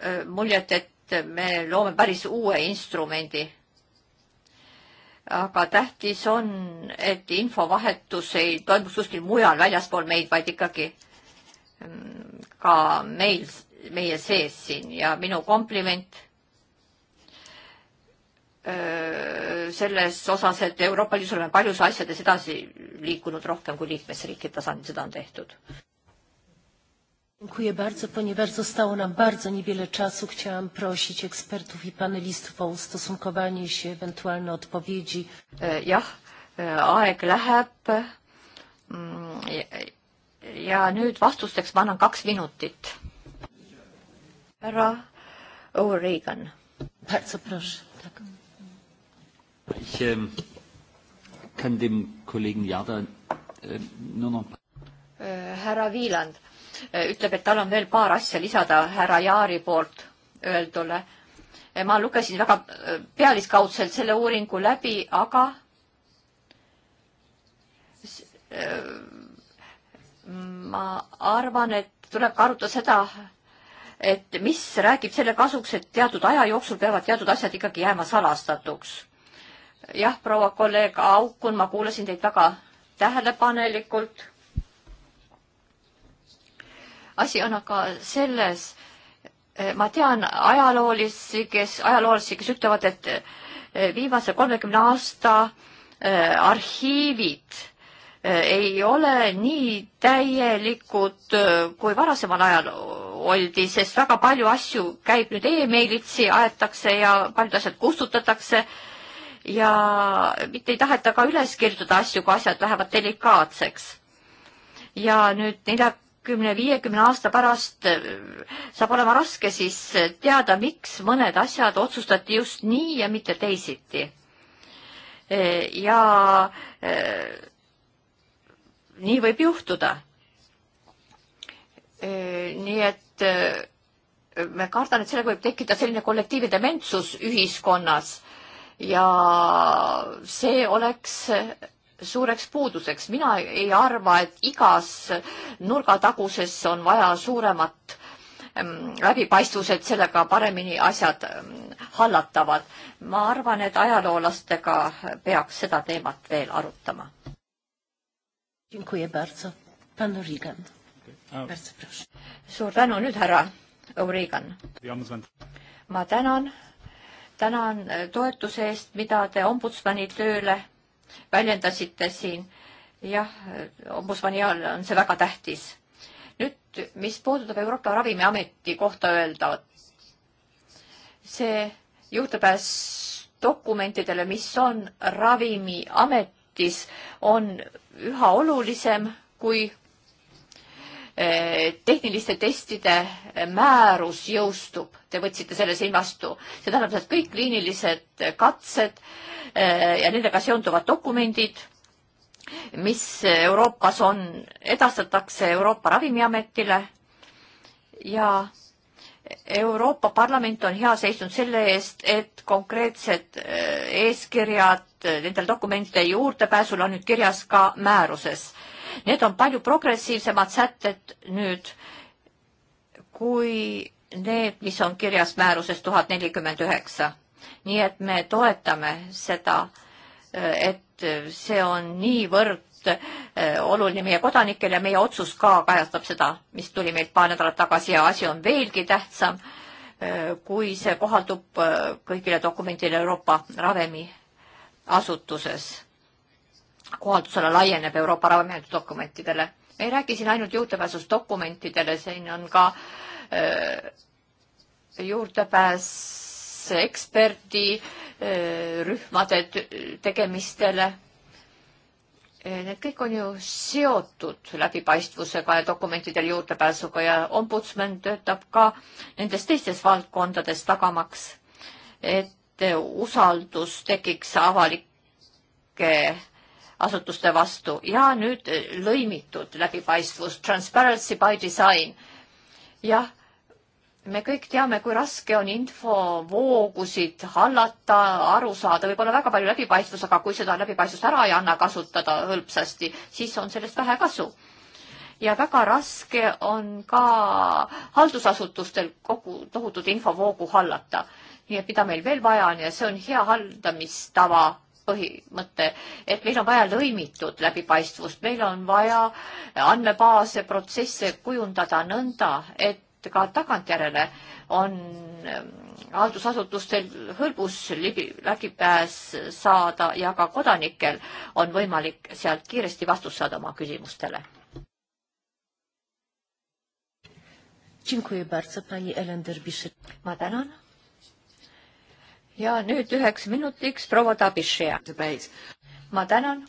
eh, muljet, et me loome päris uue instrumendi aga tähtis on, et infovahetus ei toimuks kuskil mujal väljaspool meid, vaid ikkagi mm, ka meil, meie sees siin ja minu kompliment selles osas, et Euroopa Liidus oleme paljus asjades edasi liikunud rohkem kui liikmesriikide tasandil seda on tehtud. Dziękuję bardzo, ponieważ zostało nam bardzo niewiele czasu. Chciałam prosić ekspertów i panelistów o ustosunkowanie się, ewentualne odpowiedzi. E, jah, e, aeg läheb. Mm, ja nüüd vastusteks ma annan kaks minutit. Härra O'Regan. Bardzo proszę. Tak. Ich ähm, kann dem Kollegen Jarda äh, nur noch... Äh, e, Herr Wieland ütleb, et tal on veel paar asja lisada härra Jaari poolt öeldule. ma lugesin väga äh, pealiskaudselt selle uuringu läbi, aga äh, ma arvan, et tuleb ka arutada seda, et mis räägib selle kasuks, et teatud aja jooksul peavad teatud asjad ikkagi jääma salastatuks. jah, proua kolleeg Aukun, ma kuulasin teid väga tähelepanelikult asi on aga selles, ma tean ajaloolisi, kes, ajaloolasi, kes ütlevad, et eh, viimase kolmekümne aasta eh, arhiivid eh, ei ole nii täielikud, kui varasemal ajal oldi, sest väga palju asju käib nüüd emailitsi, aetakse ja paljud asjad kustutatakse ja mitte ei taheta ka üles kirjutada asju, kui asjad lähevad delikaatseks. ja nüüd nelja, kümne, viiekümne aasta pärast äh, saab olema raske siis äh, teada, miks mõned asjad otsustati just nii ja mitte teisiti. Äh, ja nii võib juhtuda. nii et ma kardan, et sellega võib tekkida selline kollektiivne dementsus ühiskonnas ja see oleks suureks puuduseks. mina ei arva, et igas nurgataguses on vaja suuremat ähm, läbipaistvus, et sellega paremini asjad ähm, hallatavad. ma arvan, et ajaloolastega peaks seda teemat veel arutama. suur tänu nüüd, härra Eurigan. ma tänan, tänan toetuse eest, mida te ombudsmani tööle väljendasite siin. jah, ombudsmani ajal on see väga tähtis. nüüd, mis puudutab Euroopa Ravimiameti kohta öeldavat, see juurdepääs dokumentidele, mis on Ravimiametis, on üha olulisem kui Eh, tehniliste testide määrus jõustub, te võtsite selle siin vastu. see tähendab, et kõik kliinilised katsed eh, ja nendega seonduvad dokumendid, mis Euroopas on, edastatakse Euroopa Ravimiametile ja Euroopa Parlament on hea seisnud selle eest, et konkreetsed eh, eeskirjad nendel dokumentide juurdepääsul on nüüd kirjas ka määruses Need on palju progressiivsemad sätted nüüd kui need, mis on kirjas määruses tuhat nelikümmend üheksa. nii et me toetame seda, et see on niivõrd eh, oluline meie kodanikele, meie otsus ka kajastab seda, mis tuli meilt paar nädalat tagasi ja asi on veelgi tähtsam, eh, kui see kohaldub eh, kõigile dokumendile Euroopa ravimiasutuses kohaldusala laieneb Euroopa ravimiametuse dokumentidele. me ei räägi siin ainult juurdepääsust dokumentidele, siin on ka öö, äh, juurdepääs eksperdirühmade äh, tegemistele. Äh, need kõik on ju seotud läbipaistvusega ja dokumentidele juurdepääsuga ja ombudsman töötab ka nendes teistes valdkondades tagamaks, et usaldus tekiks avalike asutuste vastu ja nüüd eh, lõimitud läbipaistvus, transparency by design. jah, me kõik teame, kui raske on infovoogusid hallata, aru saada, võib olla väga palju läbipaistvus, aga kui seda läbipaistvust ära ei anna kasutada hõlpsasti, siis on sellest vähe kasu ja väga raske on ka haldusasutustel kogu tohutut infovoogu hallata. nii et mida meil veel vaja on ja see on hea haldamistava põhimõte, et meil on vaja lõimitud läbipaistvust, meil on vaja andmebaase, protsesse kujundada nõnda, et ka tagantjärele on ähm, haldusasutustel hõlbus läbipääs saada ja ka kodanikel on võimalik sealt kiiresti vastust saada oma küsimustele. ma tänan ja nüüd üheks minutiks proua Tabišea. ma tänan.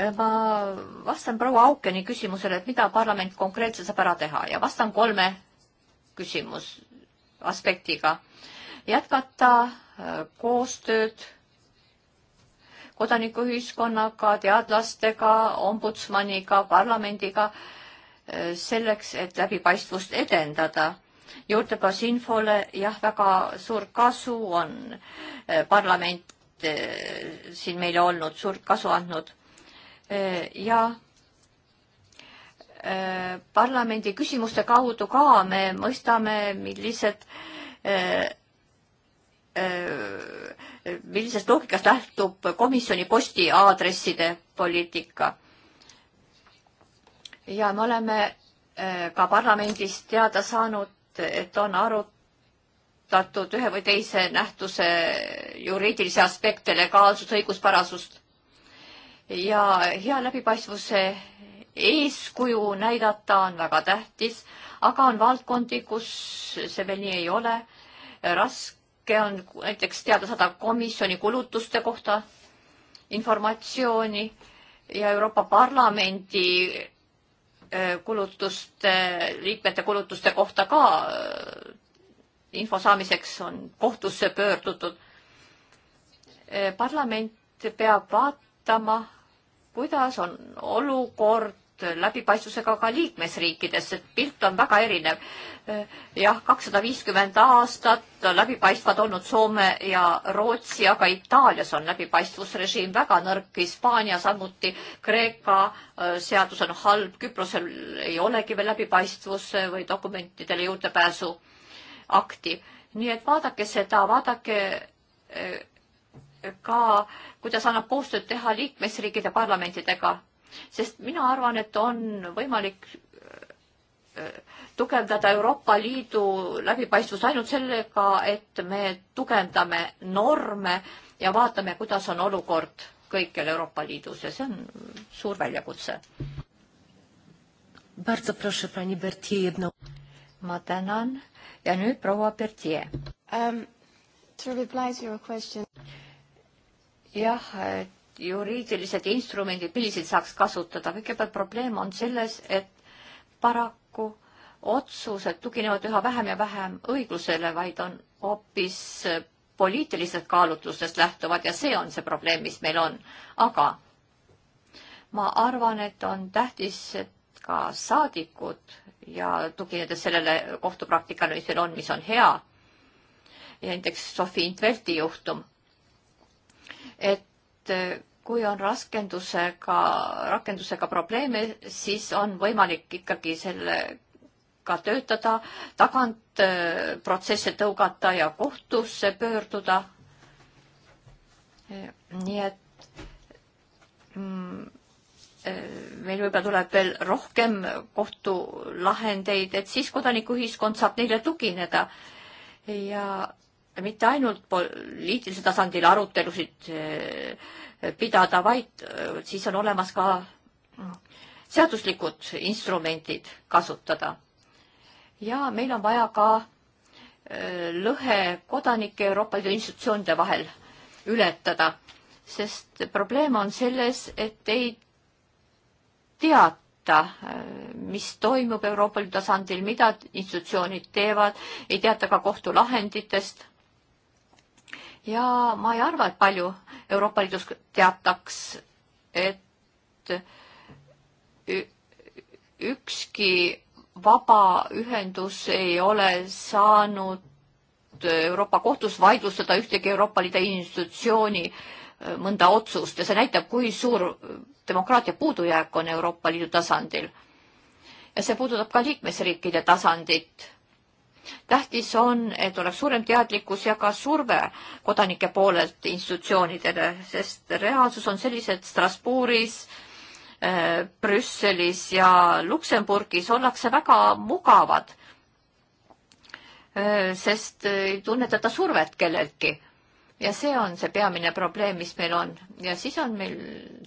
Äh, ma vastan proua Aukeni küsimusele, et mida parlament konkreetselt saab ära teha ja vastan kolme küsimus aspektiga. jätkata äh, koostööd kodanikuühiskonnaga, teadlastega, ombudsmaniga, parlamendiga äh, selleks, et läbipaistvust edendada juurdepääs infole, jah, väga suur kasu on eh, parlament eh, siin meile olnud, suurt kasu andnud. Eh, ja parlamendi küsimuste kaudu ka me mõistame, millised millisest loogikast lähtub komisjoni postiaadresside poliitika. ja me oleme ka parlamendis teada saanud et on arutatud ühe või teise nähtuse juriidilisi aspekte, legaalsust, õiguspärasust. ja hea läbipaistvuse eeskuju näidata on väga tähtis, aga on valdkondi, kus see veel nii ei ole. raske on näiteks teada saada komisjoni kulutuste kohta informatsiooni ja Euroopa Parlamendi Äh, kulutuste, liikmete kulutuste kohta ka äh, info saamiseks on kohtusse pöördutud. Äh, parlament peab vaatama, kuidas on olukord Äh, läbipaistvusega ka liikmesriikides, et pilt on väga erinev. Äh, jah, kakssada viiskümmend aastat läbipaistvad olnud Soome ja Rootsi, aga Itaalias on läbipaistvusrežiim väga nõrk, Hispaania samuti, Kreeka äh, seadus on halb, Küprosel ei olegi veel läbipaistvus või dokumentidele juurdepääsu akti. nii et vaadake seda, vaadake ka, kuidas annab koostööd teha liikmesriikide parlamentidega sest mina arvan, et on võimalik äh, tugevdada Euroopa Liidu läbipaistvust ainult sellega, et me tugevdame norme ja vaatame, kuidas on olukord kõikjal Euroopa Liidus ja see on suur väljakutse. ma tänan ja nüüd proua Bertier um,. jah, et juriidilised instrumendid, milliseid saaks kasutada. kõigepealt probleem on selles, et paraku otsused tuginevad üha vähem ja vähem õiglusele, vaid on hoopis poliitilistest kaalutlustest lähtuvad ja see on see probleem, mis meil on. aga ma arvan, et on tähtis, et ka saadikud ja tuginedes sellele kohtupraktikale, mis meil on, mis on hea, ja näiteks Sofi Intvelti juhtum, et et kui on raskendusega, rakendusega probleeme, siis on võimalik ikkagi sellega töötada, tagant äh, protsesse tõugata ja kohtusse pöörduda. nii et mm, äh, meil võib-olla tuleb veel rohkem kohtulahendeid, et siis kodanikuühiskond saab neile tugineda ja mitte ainult poliitilisel tasandil arutelusid eh, pidada, vaid eh, siis on olemas ka seaduslikud instrumendid kasutada. ja meil on vaja ka eh, lõhe kodanike Euroopa Liidu institutsioonide vahel ületada, sest probleem on selles, et ei teata, mis toimub Euroopa Liidu tasandil, mida institutsioonid teevad, ei teata ka kohtulahenditest ja ma ei arva, et palju Euroopa Liidus teataks, et ükski vabaühendus ei ole saanud Euroopa kohtus vaidlustada ühtegi Euroopa Liidu institutsiooni äh, mõnda otsust ja see näitab, kui suur demokraatia puudujääk on Euroopa Liidu tasandil. ja see puudutab ka liikmesriikide tasandit tähtis on, et oleks suurem teadlikkus ja ka surve kodanike poolelt institutsioonidele, sest reaalsus on sellised Strasbourgis, äh, Brüsselis ja Luksemburgis ollakse väga mugavad, äh, sest ei tunnetata survet kelleltki ja see on see peamine probleem, mis meil on ja siis on meil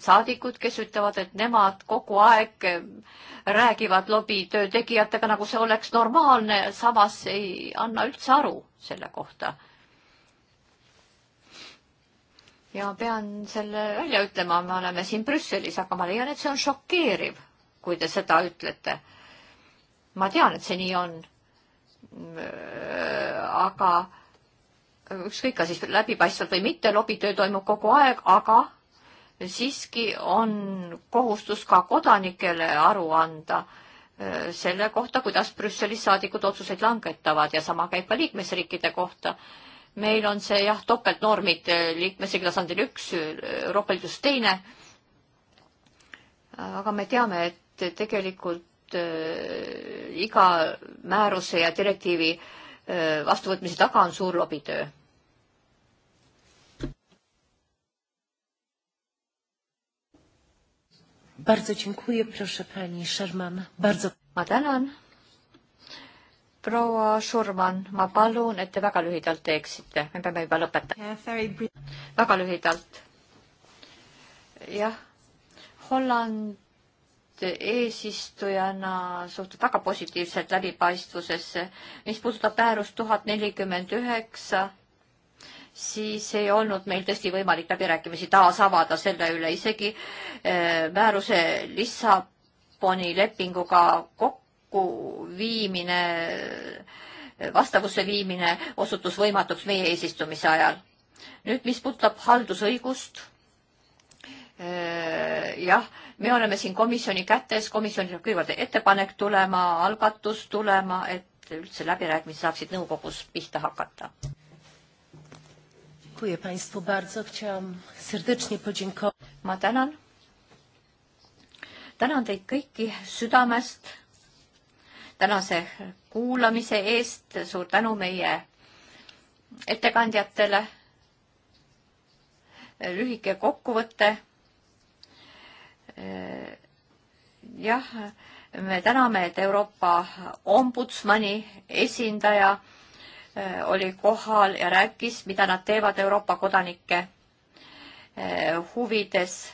saadikud, kes ütlevad, et nemad kogu aeg eh, räägivad lobitöö tegijatega, nagu see oleks normaalne, samas ei anna üldse aru selle kohta. ja pean selle välja ütlema, me oleme siin Brüsselis, aga ma leian, et see on šokeeriv, kui te seda ütlete. ma tean, et see nii on. Äh, aga ükskõik, kas siis läbipaistvalt või mitte, lobitöö toimub kogu aeg, aga siiski on kohustus ka kodanikele aru anda äh, selle kohta, kuidas Brüsselis saadikud otsuseid langetavad ja sama käib ka liikmesriikide kohta. meil on see jah, topeltnormid äh, liikmesriigi tasandil üks, Euroopa Liidus teine. aga me teame, et tegelikult äh, iga määruse ja direktiivi äh, vastuvõtmise taga on suur lobitöö. ma tänan. proua Šurman, ma palun, et te väga lühidalt teeksite, me peame juba lõpetama. väga lühidalt. jah, Holland eesistujana suhtun väga positiivselt läbipaistvusesse. mis puudutab määrust tuhat nelikümmend üheksa, siis ei olnud meil tõesti võimalik läbirääkimisi taas avada selle üle, isegi eh, määruse Lissaboni lepinguga kokkuviimine, eh, vastavusse viimine osutus võimatuks meie eesistumise ajal. nüüd, mis puudutab haldusõigust, eh, jah me oleme siin komisjoni kätes, komisjonil peab kõigepealt ettepanek tulema, algatus tulema, et üldse läbirääkimised saaksid nõukogus pihta hakata. ma tänan. tänan teid kõiki südamest tänase kuulamise eest, suur tänu meie ettekandjatele. lühike kokkuvõte Äh, jah, me täname, et Euroopa ombudsmani esindaja äh, oli kohal ja rääkis, mida nad teevad Euroopa kodanike äh, huvides.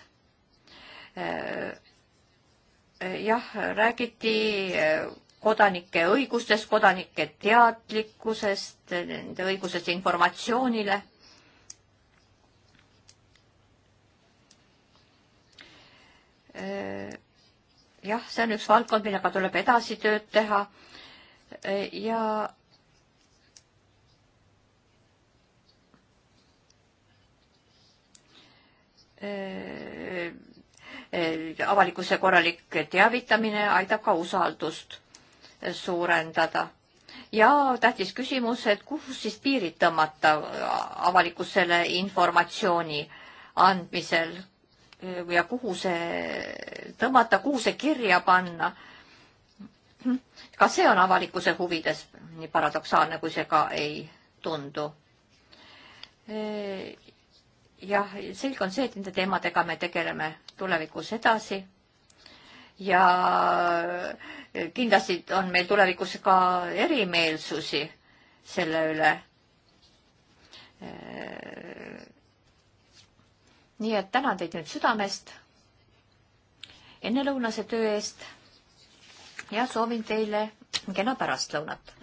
jah, räägiti kodanike õigustest, kodanike teadlikkusest, nende õigusest informatsioonile Äh, jah, see on üks valdkond, millega tuleb edasi tööd teha äh, ja äh, avalikkuse korralik teavitamine aitab ka usaldust suurendada. ja tähtis küsimus, et kuhu siis piirid tõmmata avalikkusele informatsiooni andmisel, ja kuhu see tõmmata, kuhu see kirja panna. ka see on avalikkuse huvides, nii paradoksaalne kui see ka ei tundu. jah, selge on see, et nende teemadega me tegeleme tulevikus edasi. ja kindlasti on meil tulevikus ka erimeelsusi selle üle nii et tänan teid nüüd südamest ennelõunase töö eest ja soovin teile kena pärastlõunat.